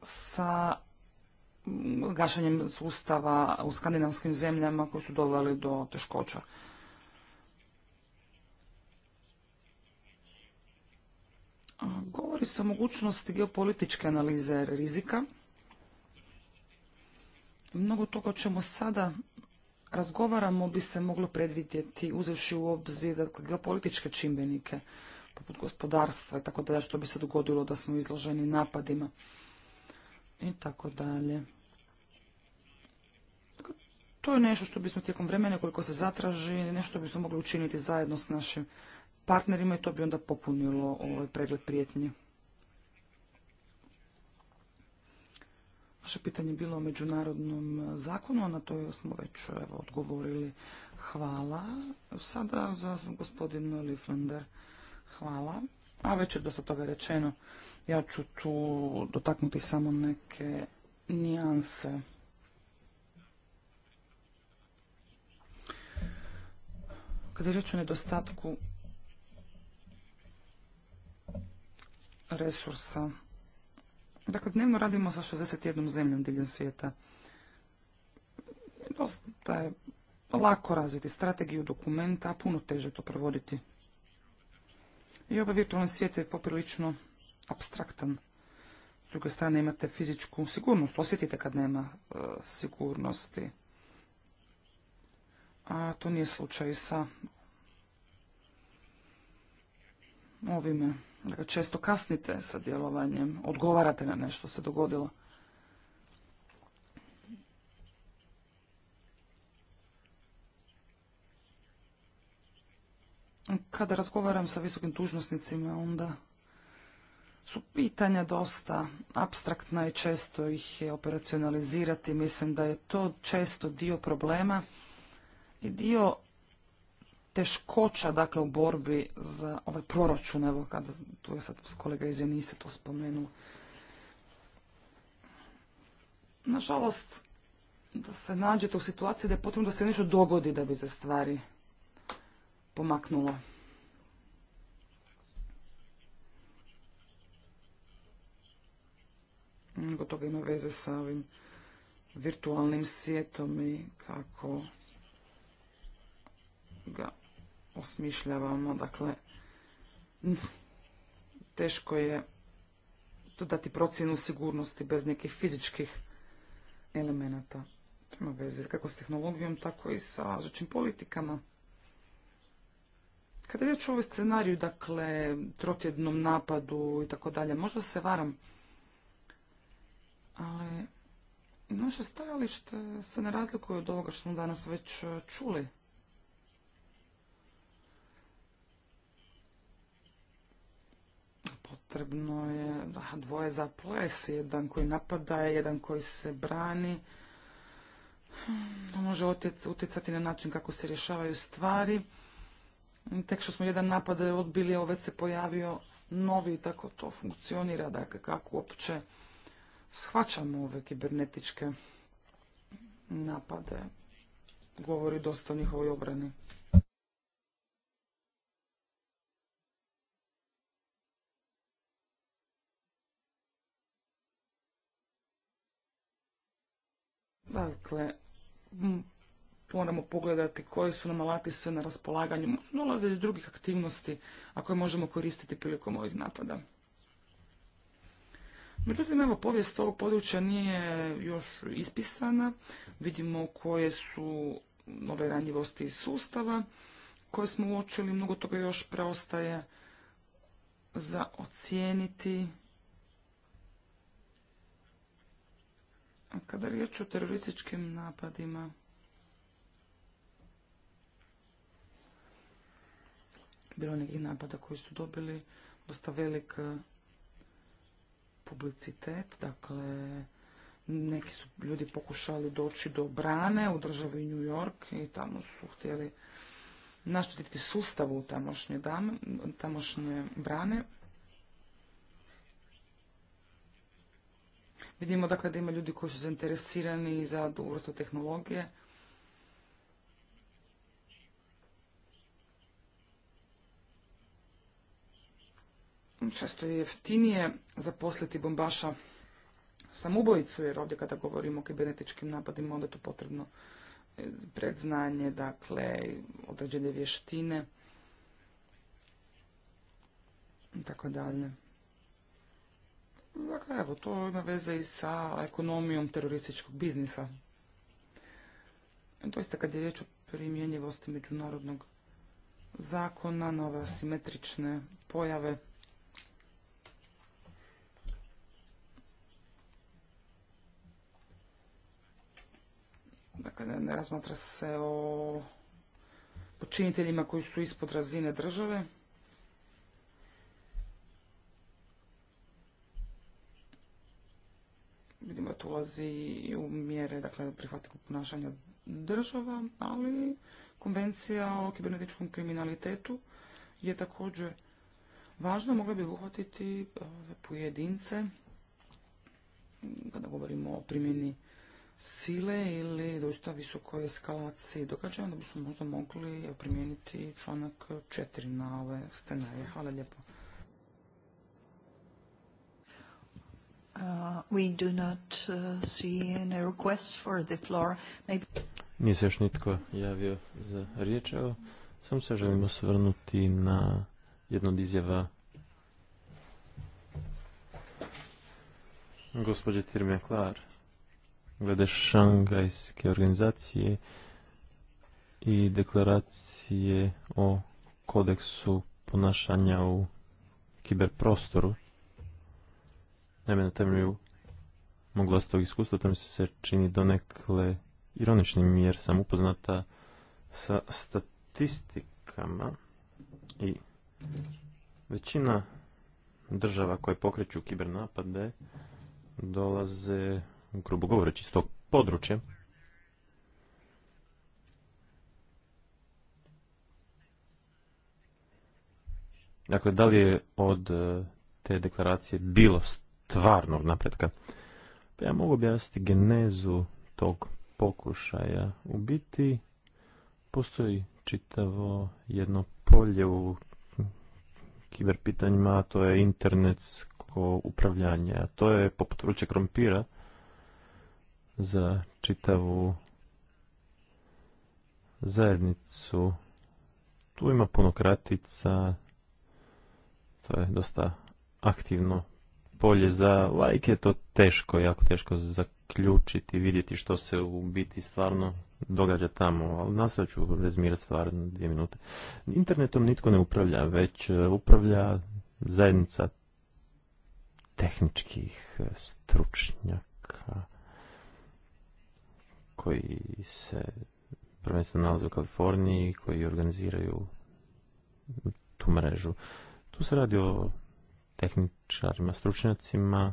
sa gašenjem sustava u skandinavskim zemljama koji su doveli do teškoća. Govori se o mogućnosti geopolitičke analize rizika. Mnogo toga o čemu sada razgovaramo bi se moglo predvidjeti uzevši u obzir dakle, geopolitičke čimbenike poput gospodarstva i tako dalje, što bi se dogodilo da smo izloženi napadima i tako dalje. To je nešto što bismo tijekom vremena, koliko se zatraži, nešto bismo mogli učiniti zajedno s našim partnerima i to bi onda popunilo ovaj pregled prijetnje. Vaše pitanje je bilo o međunarodnom zakonu, a na to smo već evo, odgovorili. Hvala. Sada za gospodin Liflander. Hvala. A već je dosta toga rečeno. Ja ću tu dotaknuti samo neke nijanse. Kada je riječ o nedostatku resursa, dakle dnevno radimo sa 61 zemljom diljem svijeta. Dosta je lako razviti strategiju dokumenta, a puno teže to provoditi. I ovaj virtualni svijet je poprilično abstraktan. S druge strane imate fizičku sigurnost, osjetite kad nema e, sigurnosti. A to nije slučaj sa ovime. Dakle, često kasnite sa djelovanjem, odgovarate na nešto se dogodilo. Kada razgovaram sa visokim tužnostnicima, onda su pitanja dosta abstraktna i često ih je operacionalizirati. Mislim da je to često dio problema i dio teškoća dakle u borbi za ovaj proračun, evo kada tu je sad kolega iz Janise to spomenuo. Nažalost, da se nađete u situaciji da je potrebno da se nešto dogodi da bi se stvari pomaknulo. Mnogo toga ima veze sa ovim virtualnim svijetom i kako ga osmišljavamo. Dakle, teško je dodati procjenu sigurnosti bez nekih fizičkih elemenata. To ima veze kako s tehnologijom, tako i sa različitim politikama. Kada je riječ ovoj scenariju, dakle, trotjednom napadu i tako dalje, možda se varam, ali naše stajalište se ne razlikuje od ovoga što smo danas već e, čuli. Potrebno je dvoje za ples, jedan koji napada, jedan koji se brani. Hmm, može utjecati na način kako se rješavaju stvari. Tek što smo jedan napad odbili, a već se pojavio novi i tako to funkcionira. Dakle, kako uopće shvaćamo ove kibernetičke napade. Govori dosta o njihovoj obrani. Dakle, moramo pogledati koje su nam alati sve na raspolaganju, nalaze iz drugih aktivnosti, a koje možemo koristiti prilikom ovih napada. Međutim, evo, povijest ovog područja nije još ispisana. Vidimo koje su nove ranjivosti iz sustava koje smo uočili. Mnogo toga još preostaje za ocijeniti. A kada je riječ o terorističkim napadima, bilo nekih napada koji su dobili dosta velik eh, publicitet, dakle neki su ljudi pokušali doći do brane u državi New York i tamo su htjeli naštetiti sustavu tamošnje, dame, tamošnje brane. Vidimo dakle da ima ljudi koji su zainteresirani za tu tehnologije često je jeftinije zaposliti bombaša samoubojicu, jer ovdje kada govorimo o kibernetičkim napadima, onda je tu potrebno e, predznanje, dakle, određene vještine i tako dalje. Dakle, evo, to ima veze i sa ekonomijom terorističkog biznisa. Doista kad je riječ o primjenjivosti međunarodnog zakona, nove asimetrične pojave, Dakle, ne razmatra se o počiniteljima koji su ispod razine države. Vidimo da ulazi i u mjere dakle, prihvatnog ponašanja država, ali konvencija o kibernetičkom kriminalitetu je također važna. Mogla bi uhvatiti e, pojedince kada govorimo o primjeni sile ili doista visokoj eskalaciji događaja, onda bismo možda mogli primijeniti članak 4 na ove scenarije. Hvala lijepo. Uh, we do not uh, see any for the floor. Nije se još nitko javio za riječ, evo. Samo se želimo svrnuti na jednu od izjava gospođe Tirmija Klar glede šangajske organizacije i deklaracije o kodeksu ponašanja u kiberprostoru. Naime, na temelju mog vlastitog iskustva to mi se čini donekle ironičnim jer sam upoznata sa statistikama i većina država koje pokreću kibernapade dolaze grubo govoreći, iz tog područja. Dakle, da li je od e, te deklaracije bilo stvarnog napretka? Pa ja mogu objasniti genezu tog pokušaja. U biti postoji čitavo jedno polje u kiberpitanjima, a to je internetsko upravljanje, a to je poput vruće krompira, za čitavu zajednicu. Tu ima puno kratica, to je dosta aktivno polje za lajke, je to teško, jako teško zaključiti, vidjeti što se u biti stvarno događa tamo, ali nastavit ću rezimirati stvar na dvije minute. Internetom nitko ne upravlja, već e, upravlja zajednica tehničkih e, stručnjaka koji se prvenstveno nalaze u Kaliforniji, koji organiziraju tu mrežu. Tu se radi o tehničarima, stručnjacima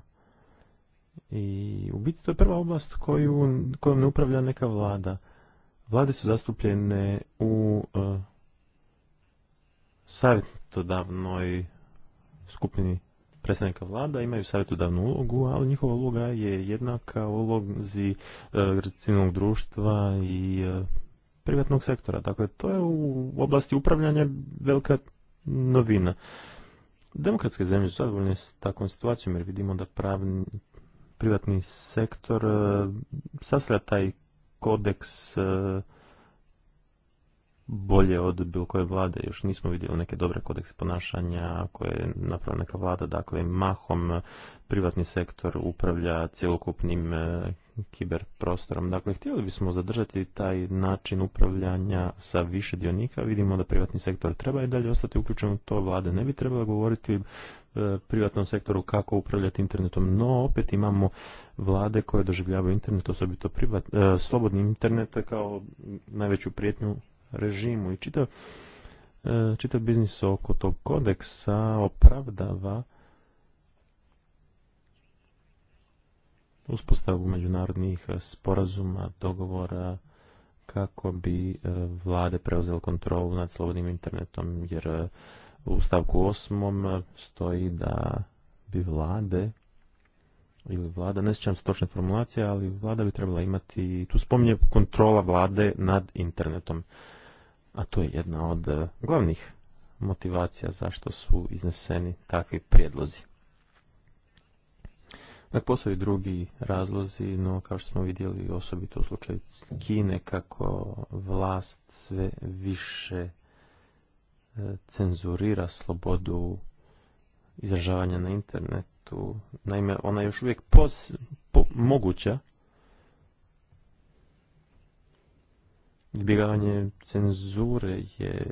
i u biti to je prva oblast koju, kojom ne upravlja neka vlada. Vlade su zastupljene u uh, e, savjetodavnoj skupini predstavnika vlada imaju savjetodavnu ulogu, ali njihova uloga je jednaka ulozi e, civilnog društva i e, privatnog sektora. Dakle, to je u oblasti upravljanja velika novina. Demokratske zemlje su zadovoljne s takvom situacijom jer vidimo da pravni, privatni sektor e, sastavlja taj kodeks bolje od bilo koje vlade. Još nismo vidjeli neke dobre kodekse ponašanja koje je napravila neka vlada. Dakle, mahom privatni sektor upravlja cjelokupnim e, prostorom Dakle, htjeli bismo zadržati taj način upravljanja sa više dionika. Vidimo da privatni sektor treba i dalje ostati uključen u to. Vlade ne bi trebala govoriti e, privatnom sektoru kako upravljati internetom, no opet imamo vlade koje doživljavaju internet, osobito privat, e, slobodni internet kao najveću prijetnju režimu i čitav, e, čitav biznis oko tog kodeksa opravdava uspostavu međunarodnih sporazuma, dogovora kako bi e, vlade preuzele kontrolu nad slobodnim internetom, jer e, u stavku osmom stoji da bi vlade ili vlada, ne sjećam se točne formulacije, ali vlada bi trebala imati, tu spominje kontrola vlade nad internetom a to je jedna od e, glavnih motivacija zašto su izneseni takvi prijedlozi. Dakle, postoje drugi razlozi, no kao što smo vidjeli osobito u slučaju Kine, kako vlast sve više e, cenzurira slobodu izražavanja na internetu. Naime, ona je još uvijek pos, po, moguća, izbjegavanje cenzure je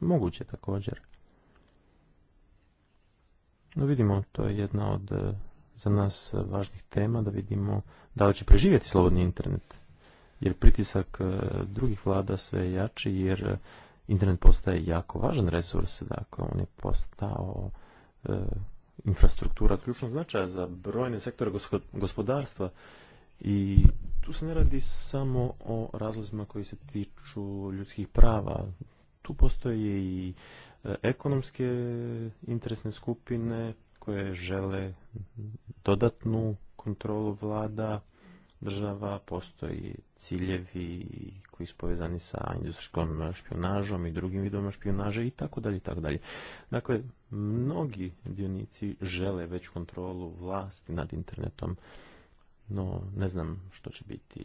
moguće također. No vidimo, to je jedna od e, za nas važnih tema, da vidimo da li će preživjeti slobodni internet. Jer pritisak e, drugih vlada sve jači, jer e, internet postaje jako važan resurs, dakle on je postao infrastruktura ključnog značaja za brojne sektore gospodarstva i tu se ne radi samo o razlozima koji se tiču ljudskih prava. Tu postoje i e, ekonomske interesne skupine koje žele dodatnu kontrolu vlada, država, postoji ciljevi koji su povezani sa industrijskom špionažom i drugim vidom špionaže i tako dalje i tako dalje. Dakle, mnogi dionici žele već kontrolu vlasti nad internetom no ne znam što će biti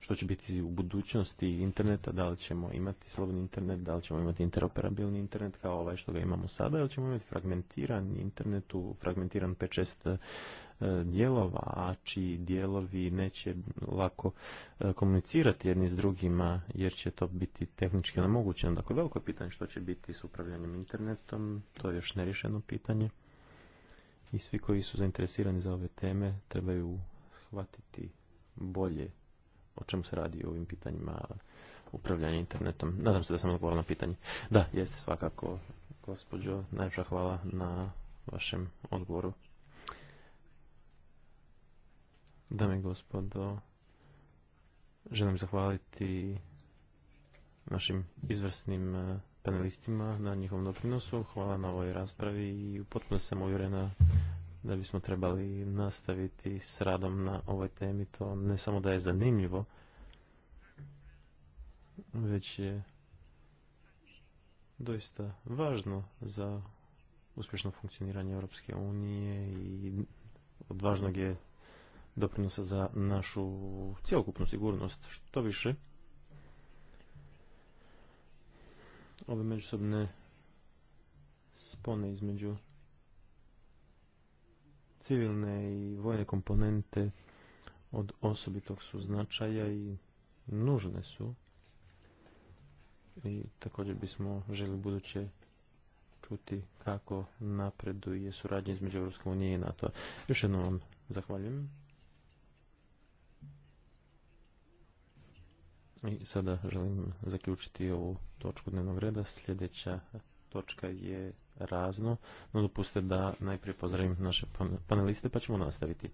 što će biti u budućnosti interneta, da li ćemo imati slobodni internet, da li ćemo imati interoperabilni internet kao ovaj što ga imamo sada, ili ćemo imati fragmentiran internet u fragmentiran 5-6 e, dijelova, a čiji dijelovi neće lako e, komunicirati jedni s drugima jer će to biti tehnički nemoguće. Dakle, veliko je pitanje što će biti s upravljanjem internetom, to je još nerišeno pitanje. I svi koji su zainteresirani za ove teme trebaju shvatiti bolje o čemu se radi u ovim pitanjima upravljanja internetom. Nadam se da sam odgovorila na pitanje. Da, jeste svakako, gospođo. najveća hvala na vašem odgovoru. Dame i gospodo, želim zahvaliti našim izvrsnim e, panelistima na njihovom doprinosu. Hvala na ovoj raspravi i potpuno sam uvjerena da bismo trebali nastaviti s radom na ovoj temi. To ne samo da je zanimljivo, već je doista važno za uspješno funkcioniranje Europske unije i od važnog je doprinosa za našu cjelokupnu sigurnost. Što više, ove međusobne spone između civilne i vojne komponente od osobitog su značaja i nužne su. I također bismo želi buduće čuti kako napreduje suradnje između EU unije i NATO. Još jednom vam zahvaljujem. I sada želim zaključiti ovu točku dnevnog reda. Sljedeća točka je razno, no dopustite da najprije pozdravim naše paneliste pa ćemo nastaviti.